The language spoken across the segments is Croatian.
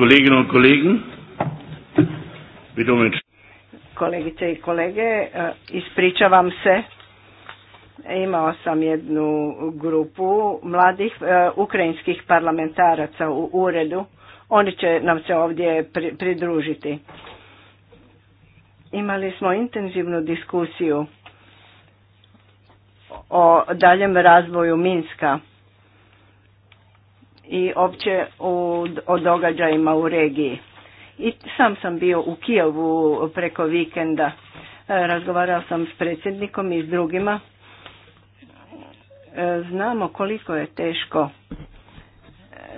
Um Kolegice i kolege, e, ispričavam se. Imao sam jednu grupu mladih e, ukrajinskih parlamentaraca u uredu. Oni će nam se ovdje pridružiti. Imali smo intenzivnu diskusiju o daljem razvoju Minska i opće u, o događajima u regiji. I sam sam bio u Kijevu preko vikenda. E, razgovarao sam s predsjednikom i s drugima. E, znamo koliko je teško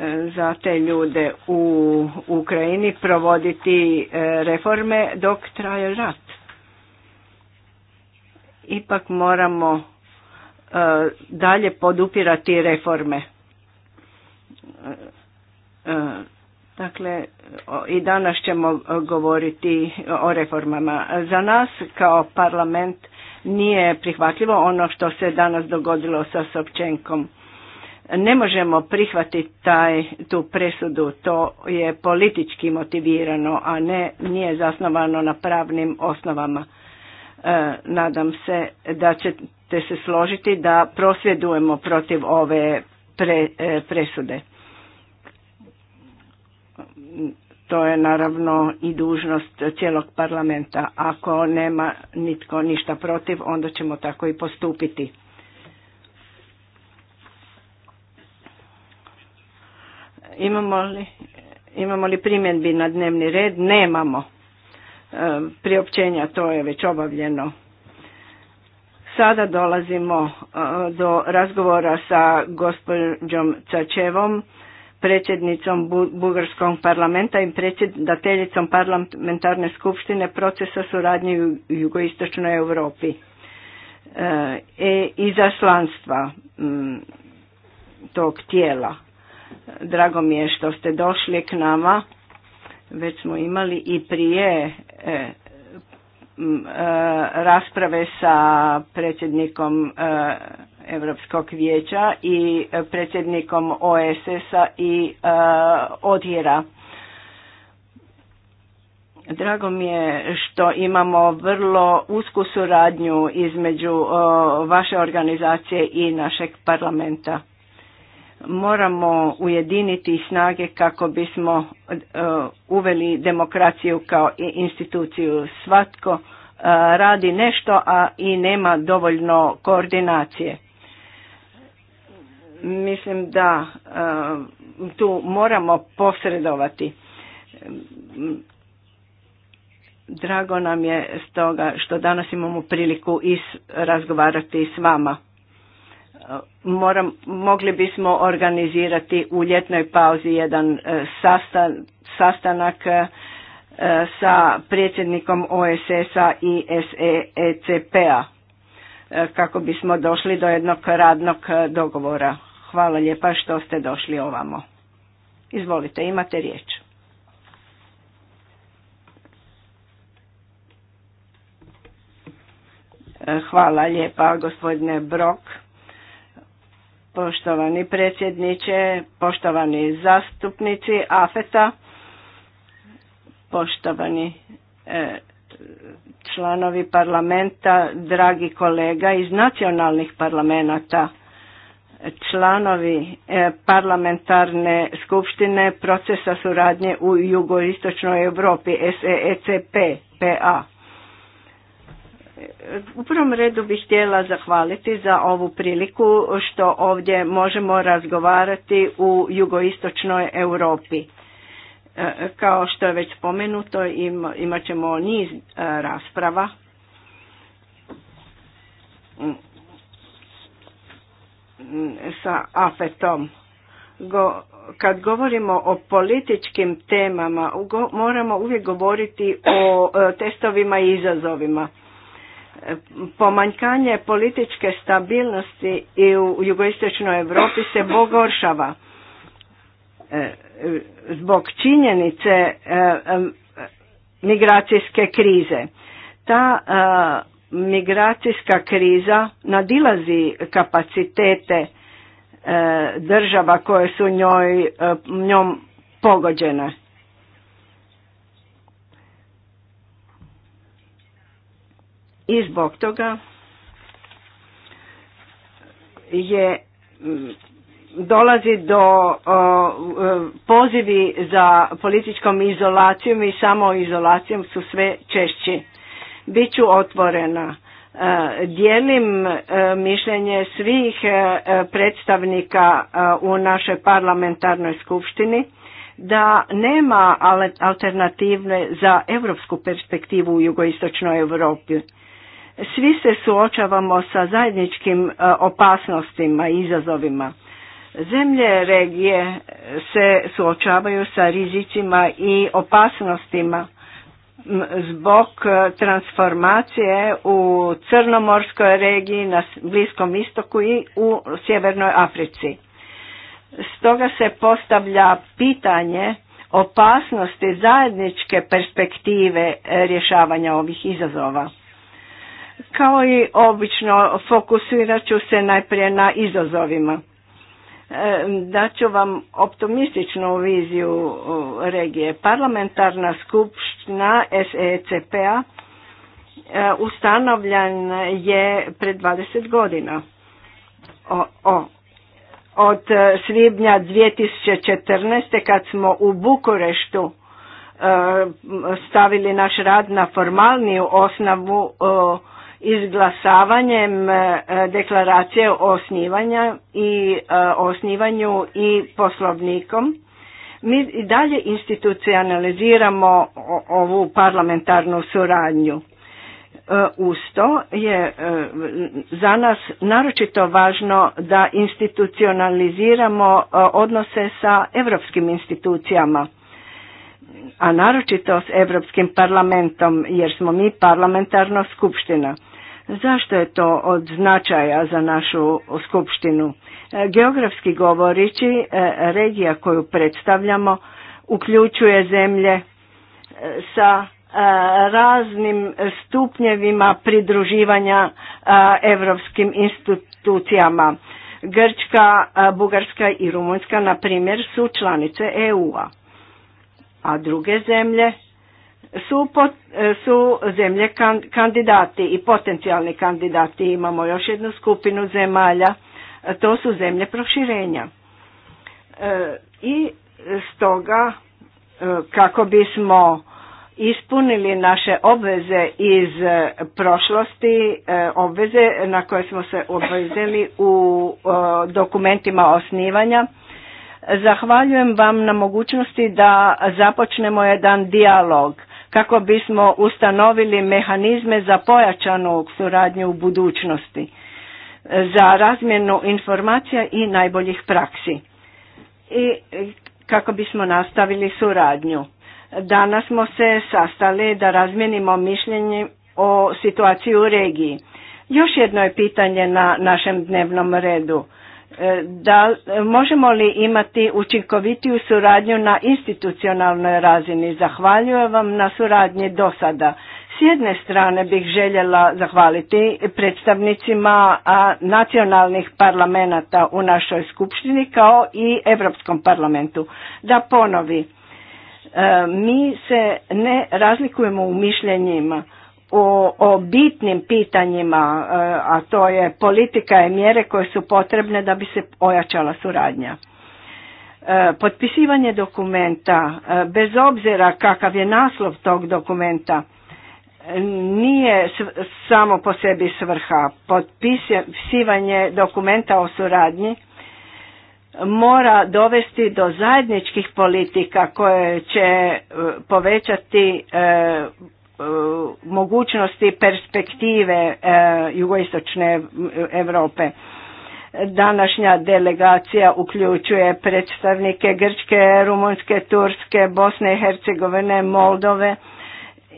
e, za te ljude u Ukrajini provoditi reforme dok traje rat. Ipak moramo dalje podupirati reforme E, e, dakle, i danas ćemo e, govoriti o reformama. Za nas kao parlament nije prihvatljivo ono što se danas dogodilo sa Sopčenkom. Ne možemo prihvatiti taj, tu presudu, to je politički motivirano, a ne nije zasnovano na pravnim osnovama. nadam se da ćete se složiti da prosvjedujemo protiv ove pre, presude. To je naravno i dužnost cijelog parlamenta. Ako nema nitko ništa protiv, onda ćemo tako i postupiti. Imamo li, imamo li primjenbi na dnevni red? Nemamo. E, priopćenja to je već obavljeno. Sada dolazimo e, do razgovora sa gospođom Cačevom predsjednicom Bugarskog parlamenta i predsjedateljicom parlamentarne skupštine procesa suradnje u jugoistočnoj Europi e, e izaslanstva m, mm, tog tijela. Drago mi je što ste došli k nama. Već smo imali i prije e, e, rasprave sa predsjednikom Europskog vijeća i predsjednikom OSS-a i e, odjera. Drago mi je što imamo vrlo usku suradnju između e, vaše organizacije i našeg parlamenta. Moramo ujediniti snage kako bismo e, uveli demokraciju kao instituciju. Svatko radi nešto, a i nema dovoljno koordinacije. Mislim da e, tu moramo posredovati. Drago nam je stoga što danas imamo priliku is razgovarati s vama. E, moram, mogli bismo organizirati u ljetnoj pauzi jedan e, sastanak sa predsjednikom OSS-a i SECP-a kako bismo došli do jednog radnog dogovora hvala lijepa što ste došli ovamo. Izvolite, imate riječ. E, hvala lijepa gospodine Brok, poštovani predsjedniče, poštovani zastupnici AFETA, poštovani e, članovi parlamenta, dragi kolega iz nacionalnih parlamenta, članovi e, parlamentarne skupštine procesa suradnje u jugoistočnoj Europi SEECP PA. U prvom redu bih htjela zahvaliti za ovu priliku što ovdje možemo razgovarati u jugoistočnoj Europi. E, kao što je već spomenuto imat ćemo niz e, rasprava sa afetom. kad govorimo o političkim temama, moramo uvijek govoriti o e, testovima i izazovima. E, pomanjkanje političke stabilnosti i u jugoistočnoj Europi se bogoršava e, zbog činjenice migracijske krize. Ta Migracijska kriza nadilazi kapacitete e, država koje su njoj, e, njom pogođene. I zbog toga je dolazi do e, pozivi za političkom izolacijom i samoizolacijom su sve češći ću otvorena. E, dijelim e, mišljenje svih e, predstavnika u našoj parlamentarnoj skupštini da nema alternative za europsku perspektivu u jugoistočnoj Europi. Svi se suočavamo sa zajedničkim opasnostima i izazovima. Zemlje regije se suočavaju sa rizicima i opasnostima zbog e, transformacije u Crnomorskoj regiji na Bliskom istoku i u Sjevernoj Africi. Stoga se postavlja pitanje opasnosti zajedničke perspektive e, rješavanja ovih izazova. Kao i obično fokusirat ću se najprije na izazovima. E, daću vam optimističnu viziju e, regije. Parlamentarna skupština SECP-a e, ustanovljan je pred 20 godina. O, o, od svibnja 2014. kad smo u Bukureštu stavili naš rad na formalniju osnovu izglasavanjem e, deklaracije o osnivanja i e, osnivanju i poslovnikom mi i dalje institucionaliziramo ovu parlamentarnu suradnju. E, uz to je za nas naročito važno da institucionaliziramo odnose sa europskim institucijama, a naročito s Europskim parlamentom jer smo mi parlamentarna skupština. Zašto je to od značaja za našu skupštinu? E, geografski govoreći, e, regija koju predstavljamo uključuje zemlje e, sa raznim stupnjevima pridruživanja europskim institucijama. Grčka, Bugarska i Rumunjska, na primjer, su članice EU-a, a druge zemlje su, pot, e, su zemlje kandidati i potencijalni kandidati. Imamo još jednu skupinu zemalja, e, to su zemlje proširenja. E, I stoga kako bismo ispunili naše obveze iz prošlosti, obveze na koje smo se obvezeli u dokumentima osnivanja. Zahvaljujem vam na mogućnosti da započnemo jedan dijalog kako bismo ustanovili mehanizme za pojačanu suradnju u budućnosti e, za razmjenu informacija i najboljih praksi i e, kako bismo nastavili suradnju. Danas smo se sastali da razmjenimo mišljenje o situaciji u regiji. Još jedno je pitanje na našem dnevnom redu. E, da, e, možemo li imati učinkovitiju suradnju na institucionalnoj razini? Zahvaljujem vam na suradnji do sada. S jedne strane bih željela zahvaliti predstavnicima nacionalnih parlamenta u našoj skupštini kao i Europskom parlamentu. Da ponovi, e, mi se ne razlikujemo u mišljenjima o, bitnim pitanjima, e, a to je politika i mjere koje su potrebne da bi se ojačala suradnja. E, potpisivanje dokumenta, e, bez obzira kakav je naslov tog dokumenta, nije samo po sebi svrha. Potpisivanje dokumenta o suradnji mora dovesti do zajedničkih politika koje će povećati E, mogućnosti perspektive e, jugoistočne Europe. Današnja delegacija uključuje predstavnike Grčke, Rumunjske, Turske, Bosne i Hercegovine, Moldove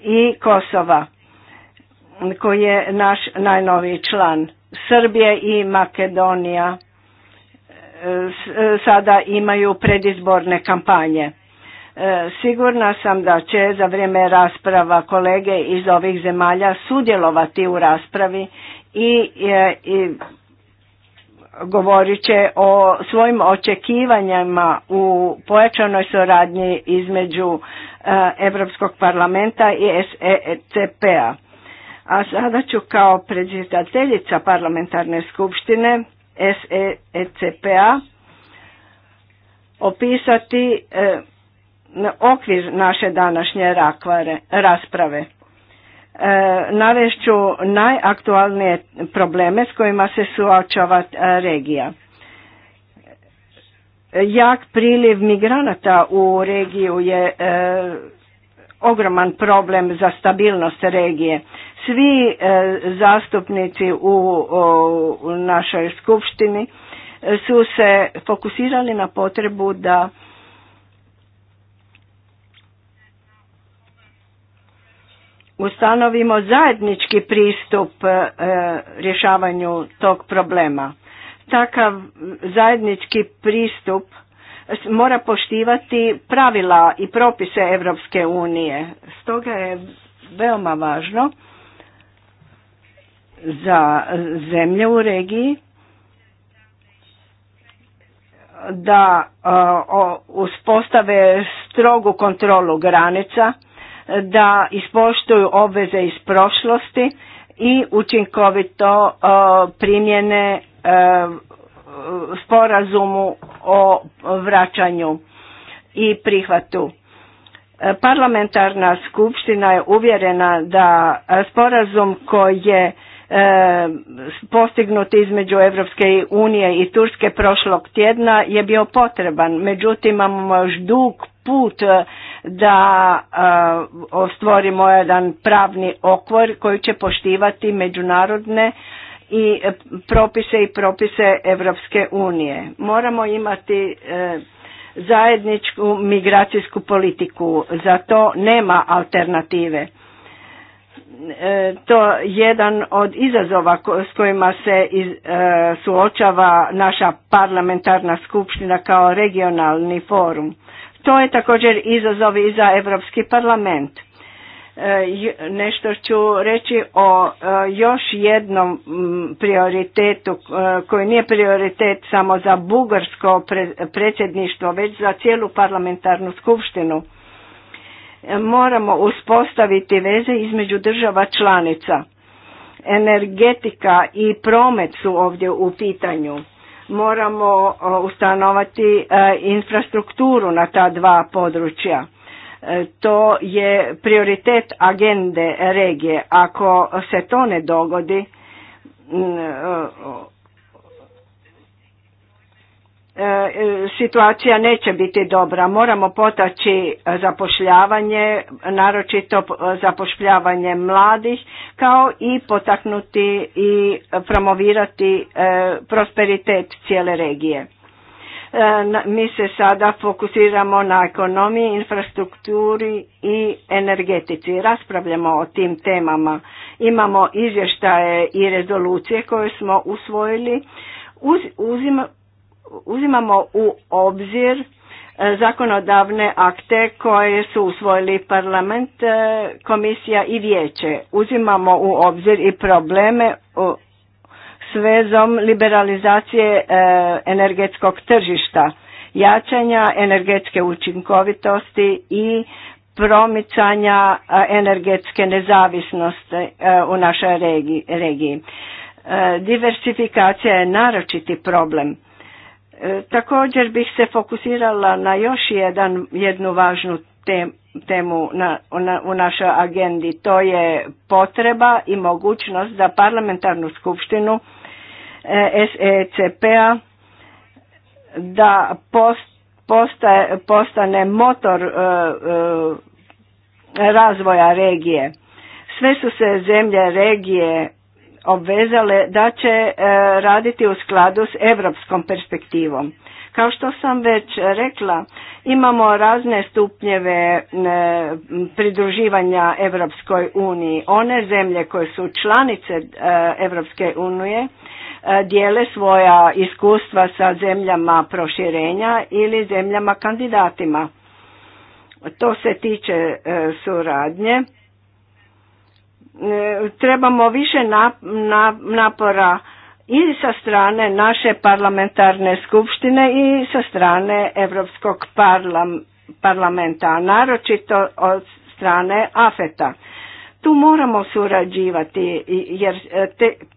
i Kosova koji je naš najnoviji član. Srbije i Makedonija e, sada imaju predizborne kampanje. E, sigurna sam da će za vrijeme rasprava kolege iz ovih zemalja sudjelovati u raspravi i, e, i govorit će o svojim očekivanjima u pojačanoj suradnji između e, Europskog parlamenta i SECP-a. A sada ću kao predsjedateljica parlamentarne skupštine SECP-a opisati okvir naše današnje rakvare, rasprave. E, Navešću najaktualnije probleme s kojima se suočava e, regija. Jak priliv migranata u regiju je e, ogroman problem za stabilnost regije. Svi zastupnici u, u našoj skupštini su se fokusirali na potrebu da ustanovimo zajednički pristup e, rješavanju tog problema. Takav zajednički pristup mora poštivati pravila i propise Europske unije. Stoga je veoma važno za zemlje u regiji da e, uspostave strogu kontrolu granica da ispoštuju obveze iz prošlosti i učinkovito e, primjene e, sporazumu o vraćanju i prihvatu. E, parlamentarna skupština je uvjerena da sporazum koji je postignut između Europske unije i Turske prošlog tjedna je bio potreban. Međutim, imamo još dug put da stvorimo jedan pravni okvor koji će poštivati međunarodne i e, propise i propise Europske unije. Moramo imati e, zajedničku migracijsku politiku, za to nema alternative. E, to je jedan od izazova s kojima se suočava naša parlamentarna skupština kao regionalni forum to je također izazov i za Europski parlament. E, nešto ću reći o e, još jednom prioritetu e, koji nije prioritet samo za bugarsko predsjedništvo, već za cijelu parlamentarnu skupštinu. Moramo uspostaviti veze između država članica energetika i promet su ovdje u pitanju moramo ustanovati e, infrastrukturu na ta dva područja. E, to je prioritet agende regije. Ako se to ne dogodi, e, E, e, situacija neće biti dobra. Moramo potaći e, zapošljavanje, naročito zapošljavanje mladih, kao i potaknuti i promovirati prosperitet cijele regije. Mi se sada fokusiramo na ekonomiji, infrastrukturi i energetici. Raspravljamo o tim temama. Imamo izvještaje i rezolucije koje smo usvojili uz, uzimamo u obzir e, zakonodavne akte koje su usvojili parlament, e, komisija i vijeće. Uzimamo u obzir i probleme s vezom liberalizacije e, energetskog tržišta, jačanja energetske učinkovitosti i promicanja energetske nezavisnosti u našoj regiji. Diversifikacija je naročiti problem E, također bih se fokusirala na još jedan, jednu važnu temu na, na, u našoj agendi. To je potreba i mogućnost da parlamentarnu skupštinu e, SECP-a da postane motor e, razvoja regije. Sve su se zemlje regije obvezale da će e, raditi u skladu s europskom perspektivom. Kao što sam već rekla, imamo razne stupnjeve e, pridruživanja Europskoj uniji. One zemlje koje su članice Europske unije e, dijele svoja iskustva sa zemljama proširenja ili zemljama kandidatima. To se tiče suradnje trebamo više napora i sa strane naše parlamentarne skupštine i sa strane Europskog parlamenta, naročito od strane AFETA. Tu moramo surađivati jer e,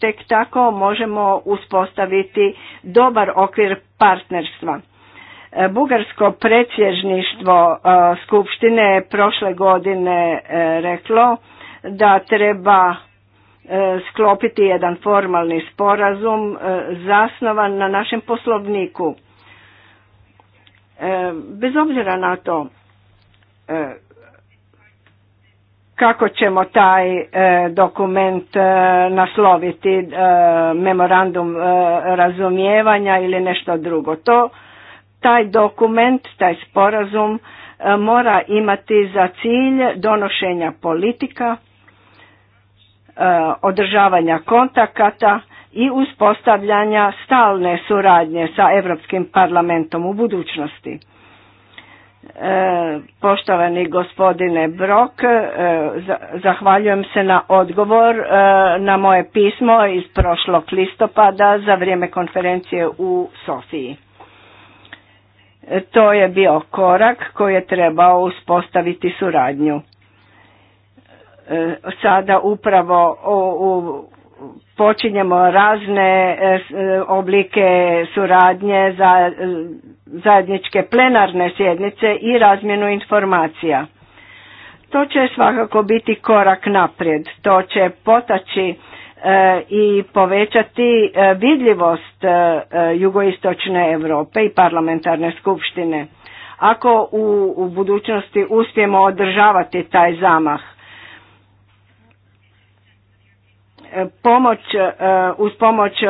tek tako možemo uspostaviti dobar okvir partnerstva. E, bugarsko predsježništvo e, skupštine prošle godine reklo da treba e, sklopiti jedan formalni sporazum e, zasnovan na našem poslovniku. E, bez obzira na to kako ćemo taj dokument nasloviti, memorandum razumijevanja ili nešto drugo. To, taj dokument, taj sporazum mora imati za cilj donošenja politika, E, održavanja kontakata i uspostavljanja stalne suradnje sa Europskim parlamentom u budućnosti. E, poštovani gospodine Brok, e, zahvaljujem se na odgovor na moje pismo iz prošlog listopada za vrijeme konferencije u Sofiji. To je bio korak koji je trebao uspostaviti suradnju. E, sada upravo u počinjemo razne e, e, oblike suradnje za zajedničke plenarne sjednice i razmjenu informacija. To će svakako biti korak naprijed, to će potaći i povećati vidljivost jugoistočne Europe i parlamentarne skupštine. Ako u budućnosti uspijemo održavati taj zamah, pomoć, e, uz pomoć e,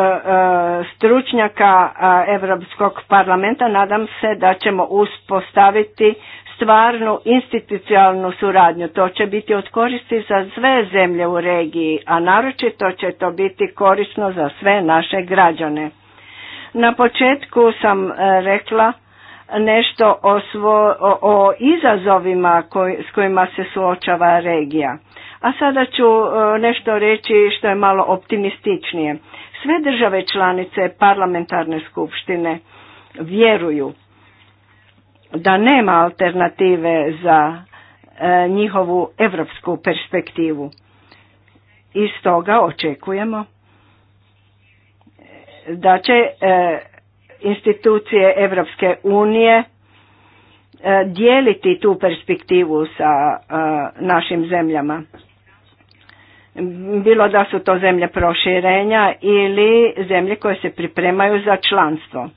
stručnjaka e, Europskog parlamenta nadam se da ćemo uspostaviti stvarnu institucionalnu suradnju. To će biti od koristi za sve zemlje u regiji, a naročito će to biti korisno za sve naše građane. Na početku sam rekla nešto o, izazovima s kojima se suočava regija. A sada ću e, nešto reći što je malo optimističnije. Sve države članice parlamentarne skupštine vjeruju da nema alternative za e, njihovu evropsku perspektivu. I toga očekujemo e, da će institucije Evropske unije dijeliti tu perspektivu sa našim zemljama bilo da su to zemlje proširenja ili zemlje koje se pripremaju za članstvo.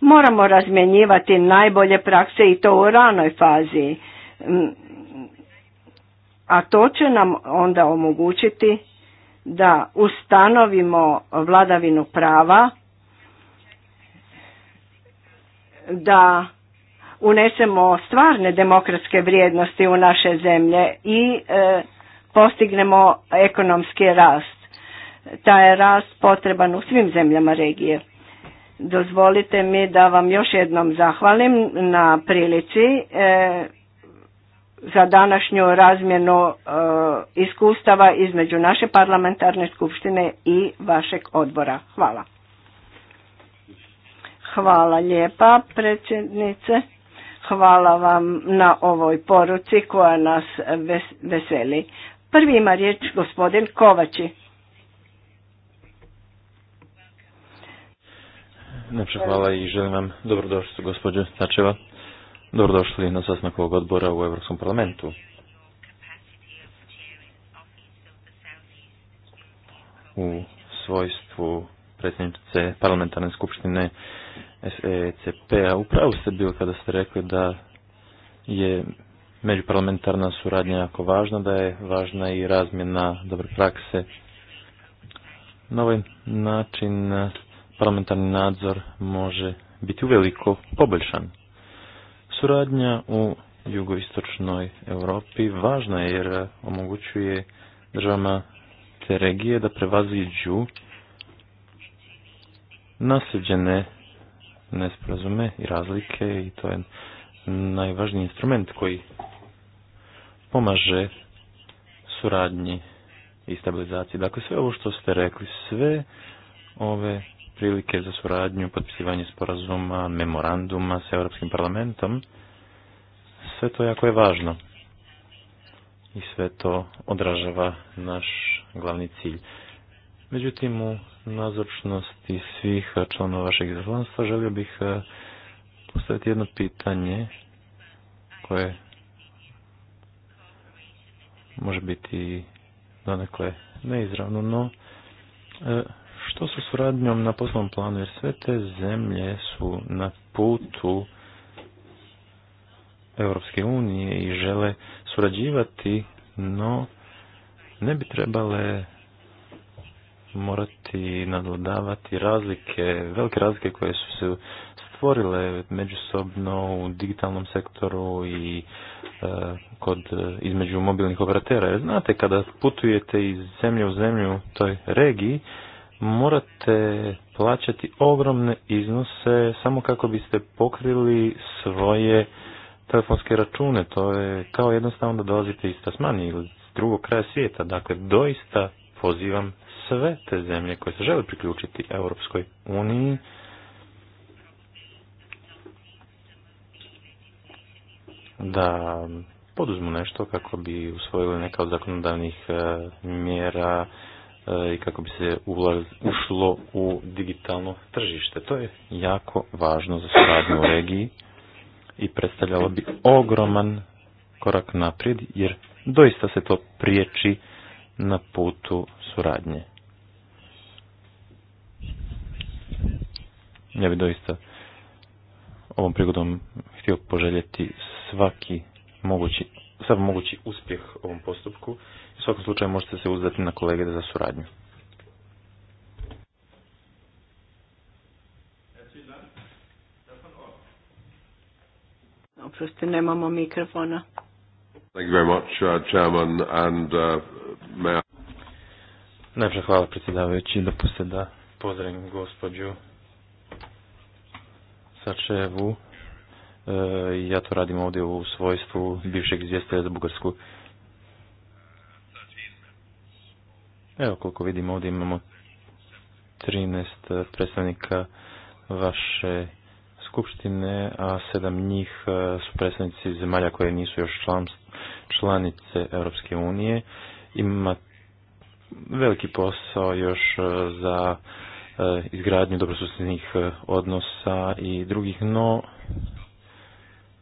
Moramo razmjenjivati najbolje prakse i to u ranoj fazi, mm, a to će nam onda omogućiti da ustanovimo vladavinu prava, da unesemo stvarne demokratske vrijednosti u naše zemlje i e, postignemo ekonomski rast. Taj je rast potreban u svim zemljama regije. Dozvolite mi da vam još jednom zahvalim na prilici e, za današnju razmjenu e, iskustava između naše parlamentarne skupštine i vašeg odbora. Hvala. Hvala lijepa predsjednice. Hvala vam na ovoj poruci koja nas veseli. Prvi ima riječ gospodin Kovači. hvala i želim vam dobrodošli, gospođo Stačeva. Dobrodošli na sasnak ovog odbora u Europskom parlamentu. U svojstvu predsjednice parlamentarne skupštine SECP-a upravo ste bili kada ste rekli da je međuparlamentarna suradnja jako važna, da je važna i razmjena dobre prakse. Na ovaj način parlamentarni nadzor može biti uveliko poboljšan. Suradnja u jugoistočnoj Europi važna je jer omogućuje državama te regije da prevaziđu nasljeđene nesporazume i razlike i to je najvažniji instrument koji pomaže suradnji i stabilizaciji. Dakle, sve ovo što ste rekli, sve ove prilike za suradnju, potpisivanje sporazuma, memoranduma s Europskim parlamentom, sve to jako je važno. I sve to odražava naš glavni cilj. Međutim, u nazočnosti svih članova vašeg izazlanstva želio bih eh, postaviti jedno pitanje koje može biti donekle neizravno, no e, što su suradnjom na poslovnom planu, jer sve te zemlje su na putu Europske unije i žele surađivati, no ne bi trebale morati nadladavati razlike, velike razlike koje su se stvorile međusobno u digitalnom sektoru i e, kod između mobilnih operatera. znate, kada putujete iz zemlje u zemlju toj regiji, morate plaćati ogromne iznose samo kako biste pokrili svoje telefonske račune. To je kao jednostavno da dolazite iz Tasmanije ili iz drugog kraja svijeta. Dakle, doista pozivam sve te zemlje koje se žele priključiti Europskoj uniji da poduzmu nešto kako bi usvojili neka od zakonodavnih e, mjera e, i kako bi se ušlo u digitalno tržište. To je jako važno za suradnju u regiji i predstavljalo bi ogroman korak naprijed jer doista se to priječi na putu suradnje. Ja bi doista ovom prigodom htio poželjeti svaki mogući, sav mogući uspjeh ovom postupku. U svakom slučaju možete se uzeti na kolege za suradnju. Oprosti, nemamo mikrofona. Thank you very much, uh, Chairman, and uh, may I... Najprej hvala predsjedavajući, dopustite da pozdravim gospođu Sačevu. E, ja to radim ovdje u svojstvu bivšeg izvjestitelja za Bugarsku. Evo koliko vidim ovdje imamo 13 predstavnika vaše skupštine, a sedam njih e, su predstavnici zemalja koje nisu još članice Europske unije. Ima veliki posao još e, za E, izgradnju dobrosusjednih e, odnosa i drugih, no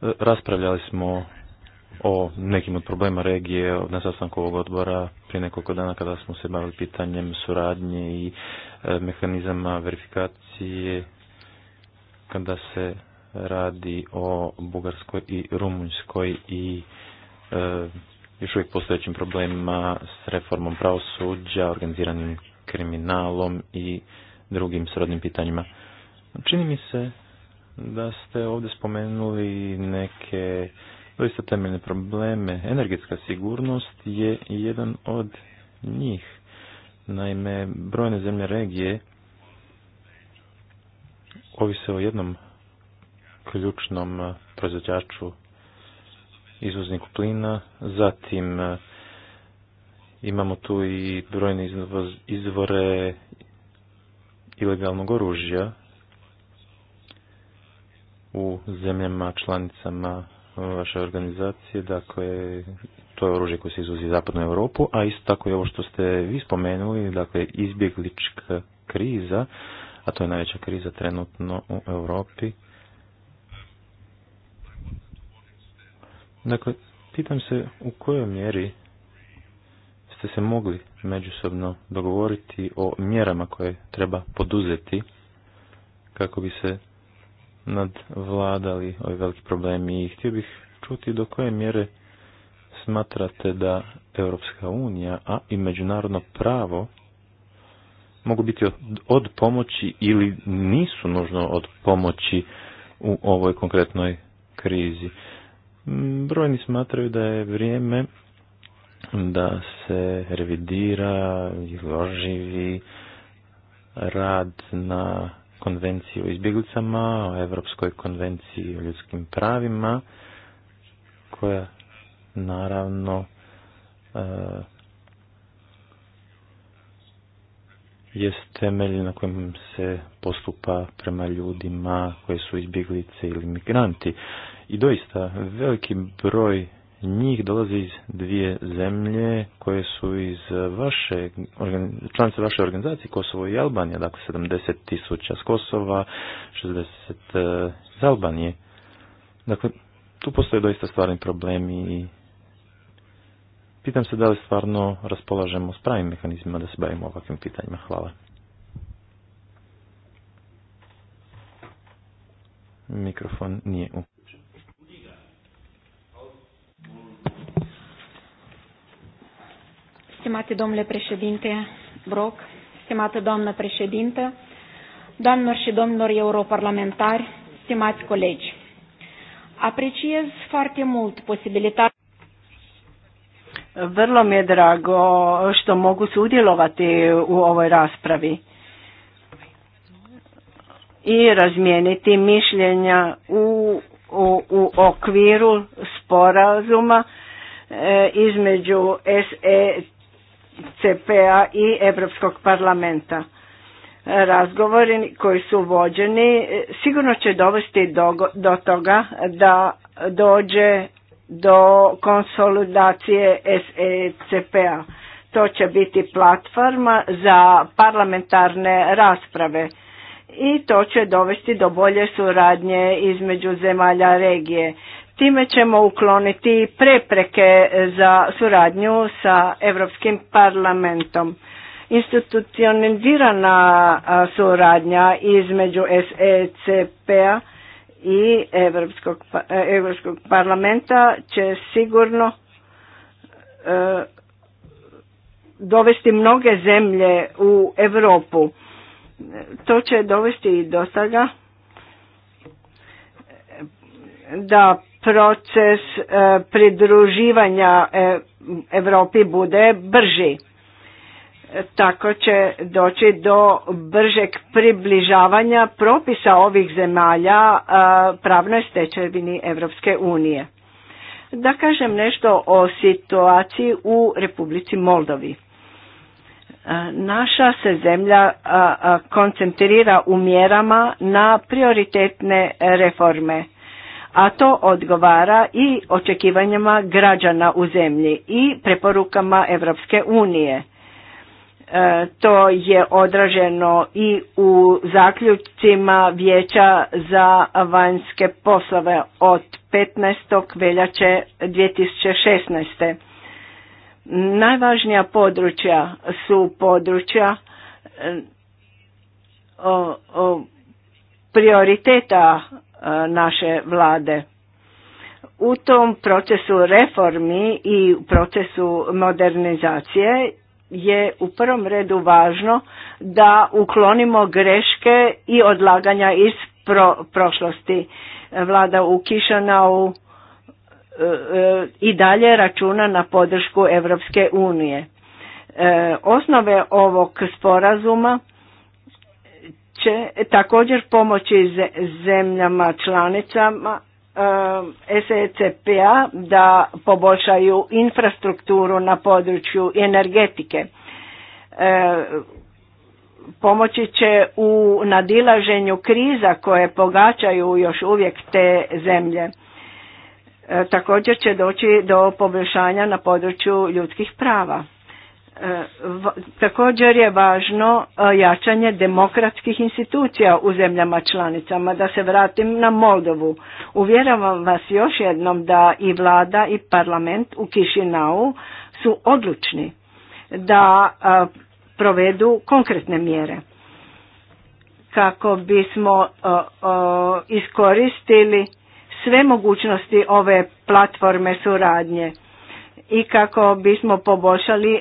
e, raspravljali smo o nekim od problema regije na sastanku ovog odbora prije nekoliko dana kada smo se bavili pitanjem suradnje i mehanizama verifikacije kada se radi o Bugarskoj i Rumunjskoj i još uvijek postojećim problemima s reformom pravosuđa, organiziranim kriminalom i drugim srodnim pitanjima. Čini mi se da ste ovdje spomenuli neke doista temeljne probleme. Energetska sigurnost je jedan od njih. Naime, brojne zemlje regije ovise o jednom ključnom proizvođaču izvozniku plina, zatim eh, imamo tu i brojne izvore ilegalnog oružja u zemljama članicama vaše organizacije, dakle to je oružje koje se izvozi zapadnu Europu, a isto tako i ovo što ste vi spomenuli, dakle izbjeglička kriza, a to je najveća kriza trenutno u Europi. Dakle, pitam se u kojoj mjeri ste se mogli međusobno dogovoriti o mjerama koje treba poduzeti kako bi se nadvladali ovi veliki problemi i htio bih čuti do koje mjere smatrate da Europska unija, a i međunarodno pravo mogu biti od pomoći ili nisu nužno od pomoći u ovoj konkretnoj krizi. Mm, brojni smatraju da je vrijeme da se revidira izloživi rad na konvenciji o izbjeglicama, o Europskoj konvenciji o ljudskim pravima, koja naravno je jest temelj na kojem se postupa prema ljudima koji su izbjeglice ili migranti. I doista veliki broj njih dolazi iz dvije zemlje koje su iz vaše, članice vaše organizacije Kosovo i Albanija, dakle 70 tisuća s Kosova, 60 e, iz Albanije. Dakle, tu postoje doista stvarni problemi i pitam se da li stvarno raspolažemo s pravim mehanizmima da se bavimo ovakvim pitanjima. Hvala. Mikrofon nije u. stimate domnule președinte Brock, stimată doamnă președintă, doamnelor și domnilor europarlamentari, stimați colegi. Apreciez foarte mult posibilitatea Vrlo mi je drago što mogu sudjelovati u ovoj raspravi i razmijeniti mišljenja u, u, u okviru sporazuma e, između SE cp i Europskog parlamenta. Razgovori koji su vođeni e, sigurno će dovesti do, toga da dođe do konsolidacije secp To će biti platforma za parlamentarne rasprave i to će dovesti do bolje suradnje između zemalja regije. Time ćemo ukloniti prepreke za suradnju sa Europskim parlamentom. Institucionalizirana suradnja između SECP-a i Europskog, pa, e, parlamenta će sigurno e, dovesti mnoge zemlje u Europu. To će dovesti i do toga da proces e, pridruživanja Europi bude brži. Tako će doći do bržeg približavanja propisa ovih zemalja e, pravnoj stečevini Europske unije. Da kažem nešto o situaciji u Republici Moldovi. E, naša se zemlja koncentrira u mjerama na prioritetne reforme a to odgovara i očekivanjama građana u zemlji i preporukama Europske unije. E, to je odraženo i u zaključcima Vijeća za vanjske poslove od 15. veljače 2016. Najvažnija područja su područja e, o, o, prioriteta E, naše vlade. U tom procesu reformi i procesu modernizacije je u prvom redu važno da uklonimo greške i odlaganja iz prošlosti. Vlada u e, e, i dalje računa na podršku Europske unije. Osnove ovog sporazuma će također pomoći zemljama članicama um, secp da poboljšaju infrastrukturu na području energetike. Um, pomoći će u nadilaženju kriza koje pogaćaju još uvijek te zemlje. Um, također će doći do poboljšanja na području ljudskih prava. Također je važno e, jačanje demokratskih institucija u zemljama članicama. Da se vratim na Moldovu. Uvjeravam vas još jednom da i vlada i parlament u Kišinau su odlučni da e, provedu konkretne mjere kako bismo e, iskoristili sve mogućnosti ove platforme suradnje i kako bismo poboljšali e,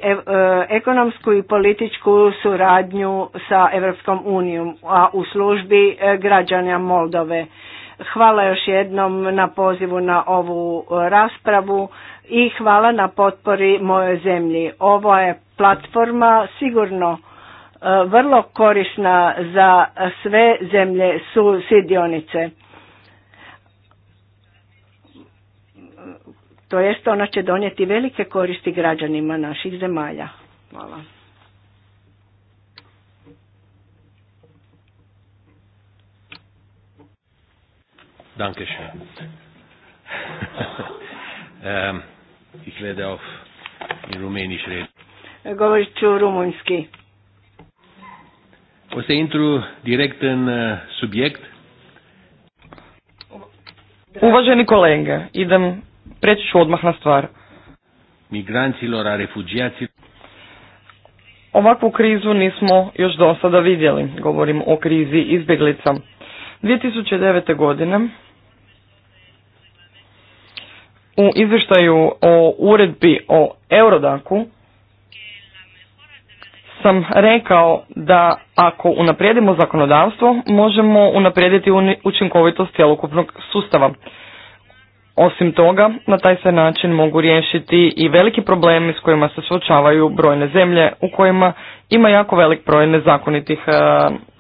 ekonomsku i političku suradnju sa Europskom unijom, a u službi e, građana Moldove. Hvala još jednom na pozivu na ovu raspravu i hvala na potpori mojoj zemlji. Ovo je platforma sigurno e, vrlo korisna za sve zemlje su sidionice. To jest ona će donijeti velike koristi građanima naših zemalja. Hvala. Danke schön. ähm, ich werde auf Rumänisch reden. Govorit ću rumunjski. O se intru direct în eh, subiect. Uvaženi kolege, idem Preći ću odmah na stvar. Migranci lora refugijaci. Ovakvu krizu nismo još do sada vidjeli. Govorim o krizi izbjeglica. 2009. godine u izvještaju o uredbi o Eurodaku sam rekao da ako unaprijedimo zakonodavstvo, možemo unaprijediti učinkovitost cjelokupnog sustava. Osim toga, na taj se način mogu riješiti i veliki problemi s kojima se suočavaju brojne zemlje u kojima ima jako velik broj nezakonitih e,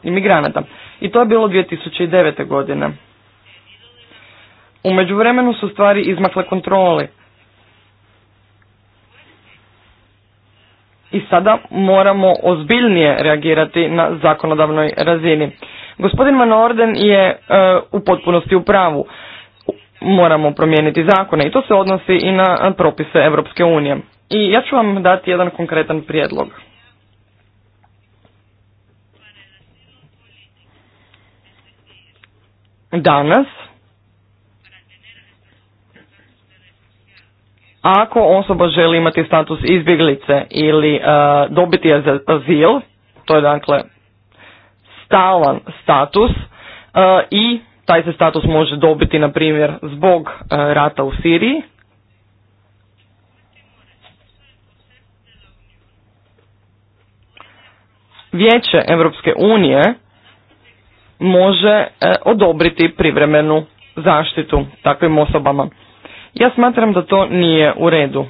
imigranata. I to je bilo 2009. godine. U međuvremenu su stvari izmakle kontroli. I sada moramo ozbiljnije reagirati na zakonodavnoj razini. Gospodin Van Orden je e, u potpunosti u pravu moramo promijeniti zakone i to se odnosi i na propise Europske unije. I ja ću vam dati jedan konkretan prijedlog. Danas, ako osoba želi imati status izbjeglice ili e, dobiti azil, to je dakle stalan status e, i taj se status može dobiti, na primjer, zbog e, rata u Siriji. Vijeće Europske unije može e, odobriti privremenu zaštitu takvim osobama. Ja smatram da to nije u redu.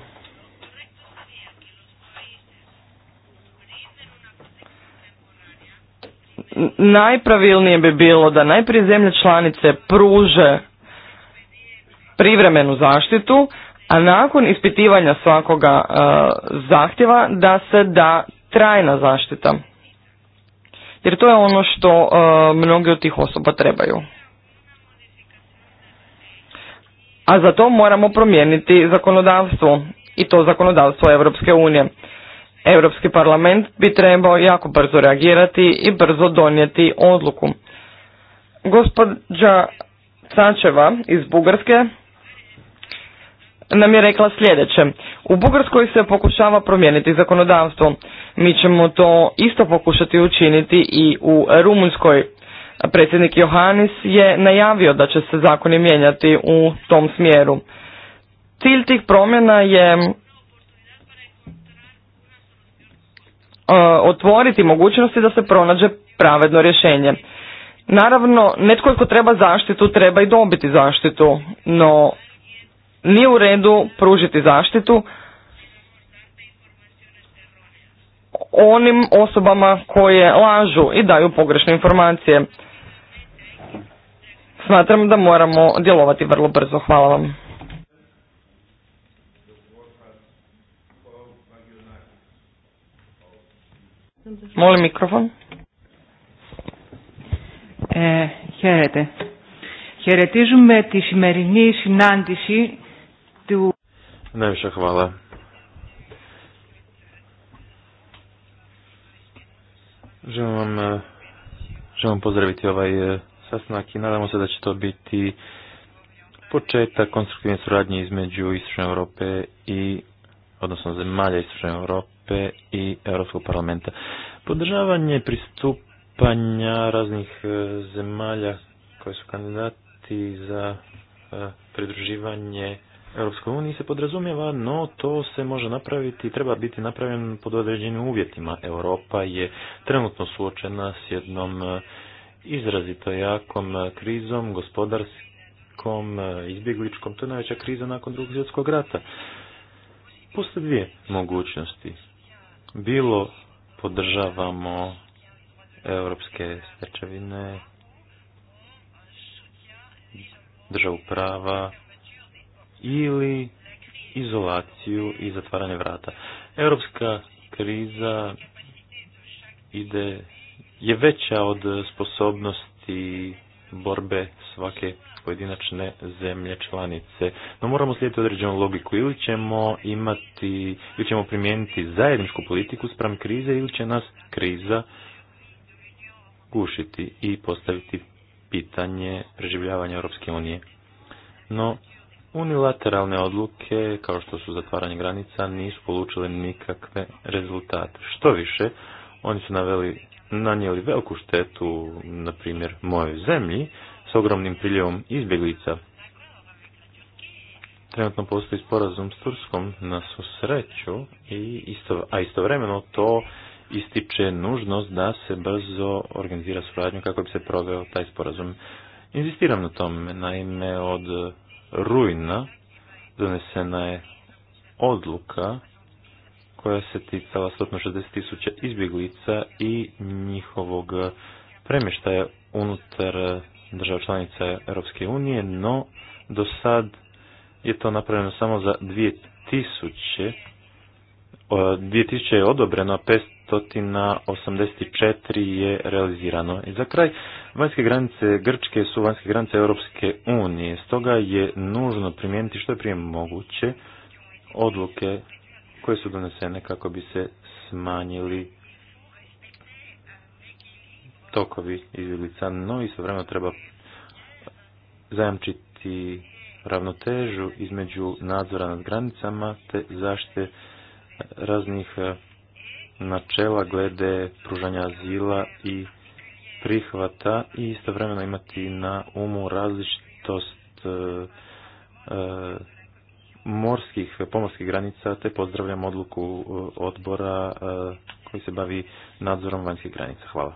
najpravilnije bi bilo da najprije zemlje članice pruže privremenu zaštitu, a nakon ispitivanja svakoga e, zahtjeva da se da trajna zaštita. Jer to je ono što e, mnogi od tih osoba trebaju. A za to moramo promijeniti zakonodavstvo i to zakonodavstvo Europske unije. Europski parlament bi trebao jako brzo reagirati i brzo donijeti odluku. Gospođa Cačeva iz Bugarske nam je rekla sljedeće. U Bugarskoj se pokušava promijeniti zakonodavstvo. Mi ćemo to isto pokušati učiniti i u Rumunjskoj. Predsjednik Johanis je najavio da će se zakoni mijenjati u tom smjeru. Cilj tih promjena je E, otvoriti mogućnosti da se pronađe pravedno rješenje. Naravno, netko ko treba zaštitu treba i dobiti zaštitu, no nije u redu pružiti zaštitu onim osobama koje lažu i daju pogrešne informacije. Smatram da moramo djelovati vrlo brzo. Hvala vam. Molim mikrofon. Ε, χαίρετε. Χαιρετίζουμε τη σημερινή συνάντηση tu Najviše hvala. Želim vam, želim pozdraviti ovaj sastanak i nadamo se da će to biti početak konstruktivne suradnje između Istočne Europe i, odnosno zemalja Istočne Europe i Europskog parlamenta. Podržavanje pristupanja raznih e, zemalja koje su kandidati za e, pridruživanje Europskoj uniji se podrazumijeva, no to se može napraviti i treba biti napravljen pod određenim uvjetima. Europa je trenutno suočena s jednom e, izrazito jakom krizom, gospodarskom, izbjegličkom, to je najveća kriza nakon drugog svjetskog rata. Postoje dvije mogućnosti bilo podržavamo europske stečevine, državu prava ili izolaciju i zatvaranje vrata. Europska kriza ide je veća od sposobnosti borbe svake pojedinačne zemlje članice. No moramo slijediti određenu logiku. Ili ćemo imati, ili ćemo primijeniti zajedničku politiku spram krize ili će nas kriza gušiti i postaviti pitanje preživljavanja Europske unije. No, unilateralne odluke, kao što su zatvaranje granica, nisu polučile nikakve rezultate. Što više, oni su naveli nanijeli veliku štetu, na primjer, mojoj zemlji, s ogromnim priljevom izbjeglica. Trenutno postoji sporazum s Turskom na susreću, a istovremeno to ističe nužnost da se brzo organizira suradnju kako bi se proveo taj sporazum. Inzistiram na tome, naime od rujna donesena je odluka koja se ticala 160.000 izbjeglica i njihovog premještaja unutar država članica Europske unije, no do sad je to napravljeno samo za 2000 2000 je odobreno, a 584 je realizirano. I za kraj, vanjske granice Grčke su vanjske granice Europske unije, stoga je nužno primijeniti što je prije moguće odluke koje su donesene kako bi se smanjili tokovi izbjeglica, no istovremeno treba zajamčiti ravnotežu između nadzora nad granicama te zaštite raznih e, načela glede pružanja azila i prihvata i istovremeno imati na umu različitost e, e, morskih pomorskih granica, te pozdravljam odluku e, odbora e, koji se bavi nadzorom vanjskih granica. Hvala.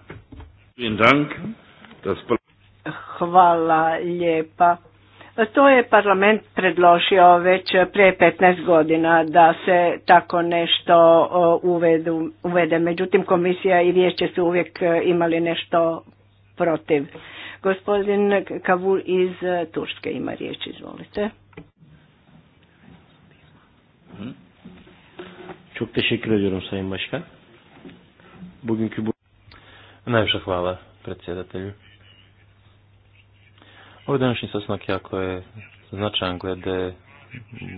Hvala lijepa. To je parlament predložio već prije 15 godina da se tako nešto uvede. Međutim, komisija i vijeće su uvijek e, imali nešto protiv. Gospodin Kavul iz Turske ima riječ, izvolite. Çok teşekkür ediyorum Sayın Başkan. Bugünkü bu... Najviše hvala predsjedatelju. Ovo današnji sastanak jako je značajan glede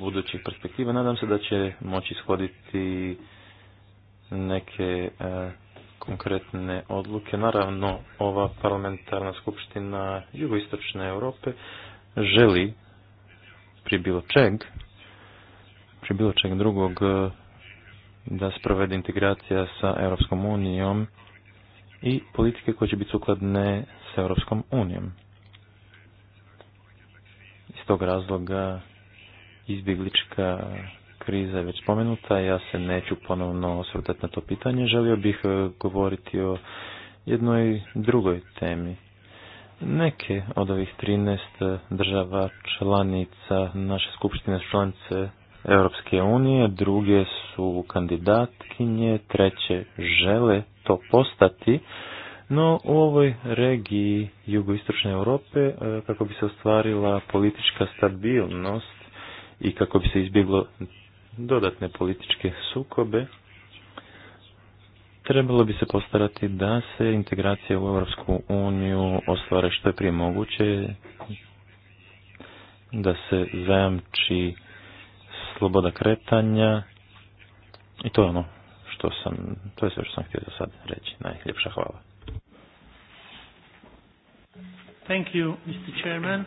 budućih perspektiva. Nadam se da će moći ishoditi neke e, konkretne odluke. Naravno, ova parlamentarna skupština jugoistočne Europe želi pri bilo čeg Pri bilo čeg drugog e, da se provede integracija sa Europskom unijom i politike koje će biti sukladne s Europskom unijom. Iz tog razloga izbjeglička kriza je već spomenuta, ja se neću ponovno osvrtati na to pitanje, želio bih e, govoriti o jednoj drugoj temi. Neke od ovih 13 država članica naše skupštine članice Europske unije, druge su kandidatkinje, treće žele to postati, no u ovoj regiji jugoistočne Europe e, kako bi se ostvarila politička stabilnost i kako bi se izbjeglo dodatne političke sukobe, trebalo bi se postarati da se integracija u Europsku uniju ostvare što je prije moguće, da se zajamči sloboda kretanja i to je ono što sam, to je sve što sam htio za sad reći. Najljepša hvala. Thank you, Mr. Chairman.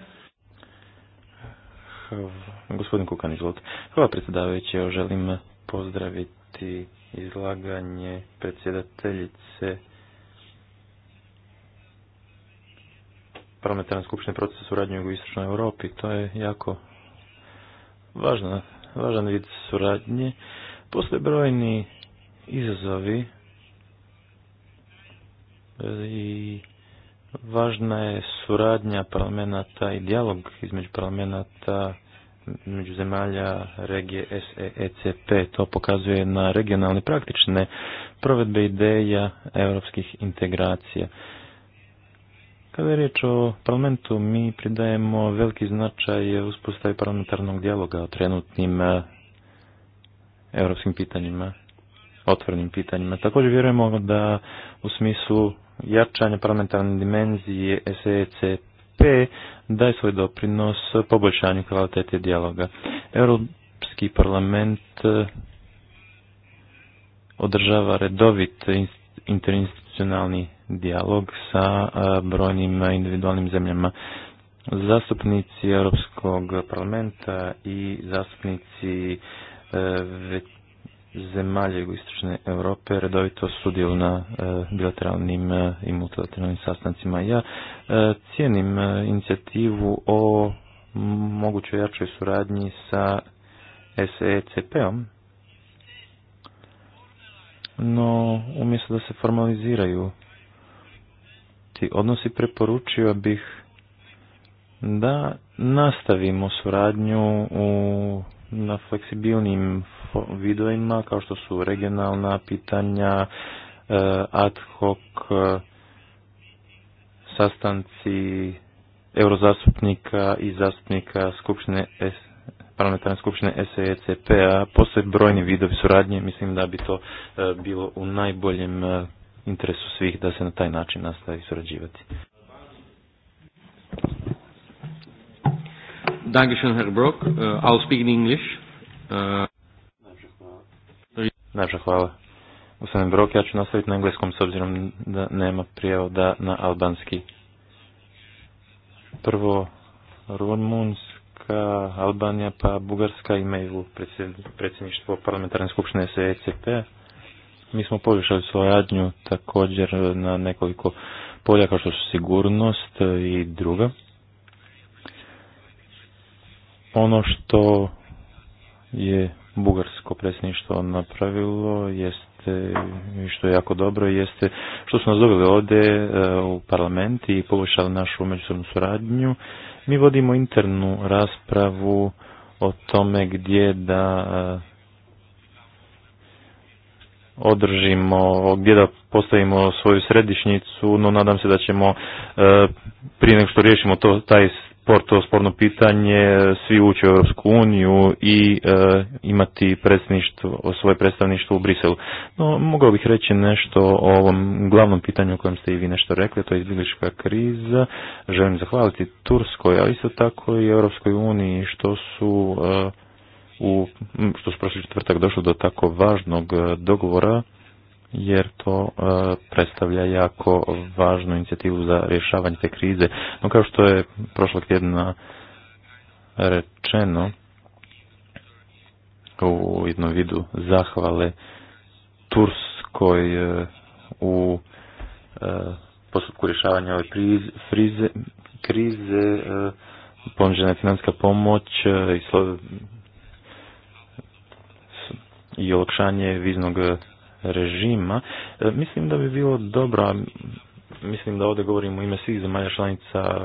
Gospodin Kukan, izvolite. Hvala predsjedavajući, ja želim pozdraviti izlaganje predsjedateljice parlamentarne skupštine procesa suradnje u Istočnoj Europi. To je jako važna važan vid suradnje. Postoje brojni izazovi i važna je suradnja parlamenta i dijalog između parlamenta među zemalja regije SEECP. To pokazuje na regionalne praktične provedbe ideja europskih integracija. Kada je riječ o parlamentu, mi pridajemo veliki značaj uspostavi parlamentarnog dijaloga o trenutnim e, europskim pitanjima, otvorenim pitanjima. Također vjerujemo da u smislu jačanja parlamentarne dimenzije SECP daje svoj doprinos poboljšanju kvalitete dijaloga. Europski parlament e, održava redovit interinstitucionalni institucionalni dijalog sa e, brojnim individualnim zemljama. Zastupnici Europskog parlamenta i zastupnici e, zemalja jugoistočne Europe redovito sudjeluju na e, bilateralnim i multilateralnim sastancima. Ja cijenim inicijativu o mogućoj jačoj suradnji sa SECP-om no umjesto da se formaliziraju ti odnosi preporučio bih da nastavimo suradnju u, na fleksibilnim vidovima kao što su regionalna pitanja, e, ad hoc e, sastanci eurozastupnika i zastupnika Skupštine parlamentarne skupštine SECP-a, postoje brojni vidovi suradnje, mislim da bi to e, bilo u najboljem e, interesu svih da se na taj način nastavi surađivati. Dankeschön, Herr Brock. Uh, I'll speak in English. Uh, Najpša hvala. Gospodin Brok, ja ću nastaviti na engleskom s obzirom da nema prijevoda na albanski. Prvo, Rumuns, Hrvatska, Albanija, pa Bugarska imaju predsjedništvo parlamentarne skupštine SECP. Mi smo povišali suradnju također na nekoliko polja kao što su sigurnost i druga. Ono što je bugarsko predsjedništvo napravilo jeste i što je jako dobro jeste što su nas doveli ovdje e, u parlament i poboljšali našu međusobnu suradnju. Mi vodimo internu raspravu o tome gdje da e, održimo, gdje da postavimo svoju središnjicu, no nadam se da ćemo e, prije nego što riješimo to, taj sport, sporno pitanje, svi ući u Europsku uniju i e, imati predstavništvo, svoje predstavništvo u Briselu. No, mogao bih reći nešto o ovom glavnom pitanju o kojem ste i vi nešto rekli, to je izbjeglička kriza. Želim zahvaliti Turskoj, ali isto tako i Europskoj uniji što su e, u, što su prošli četvrtak došli do tako važnog e, dogovora jer to e, predstavlja jako važnu inicijativu za rješavanje te krize. No kao što je prošlog tjedna rečeno u jednom vidu zahvale Turskoj e, u e, postupku rješavanja ove frize, krize, ponuđena je financijska pomoć i, slo, i olakšanje viznog režima. E, mislim da bi bilo dobro, mislim da ovdje govorimo u ime svih zemalja članica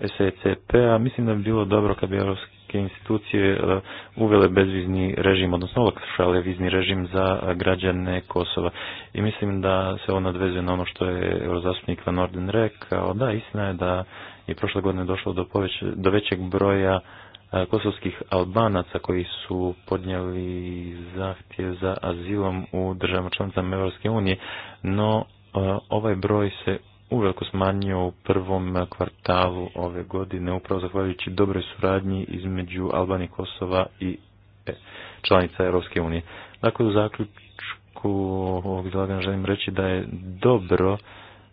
e, SECP-a, mislim da bi bilo dobro kad bi europske institucije e, uvele bezvizni režim, odnosno olakšale vizni režim za građane Kosova. I mislim da se ono nadvezuje na ono što je eurozastupnik Van Orden rekao. Da, istina je da je prošle godine došlo do, do većeg broja E, kosovskih albanaca koji su podnijeli zahtjev za azilom u državama članicama Europske unije, no e, ovaj broj se uveliko smanjio u prvom kvartalu ove godine, upravo zahvaljujući dobroj suradnji između Albanije, Kosova i e, članica Europske unije. Dakle, u zaključku ovog izlaganja želim reći da je dobro,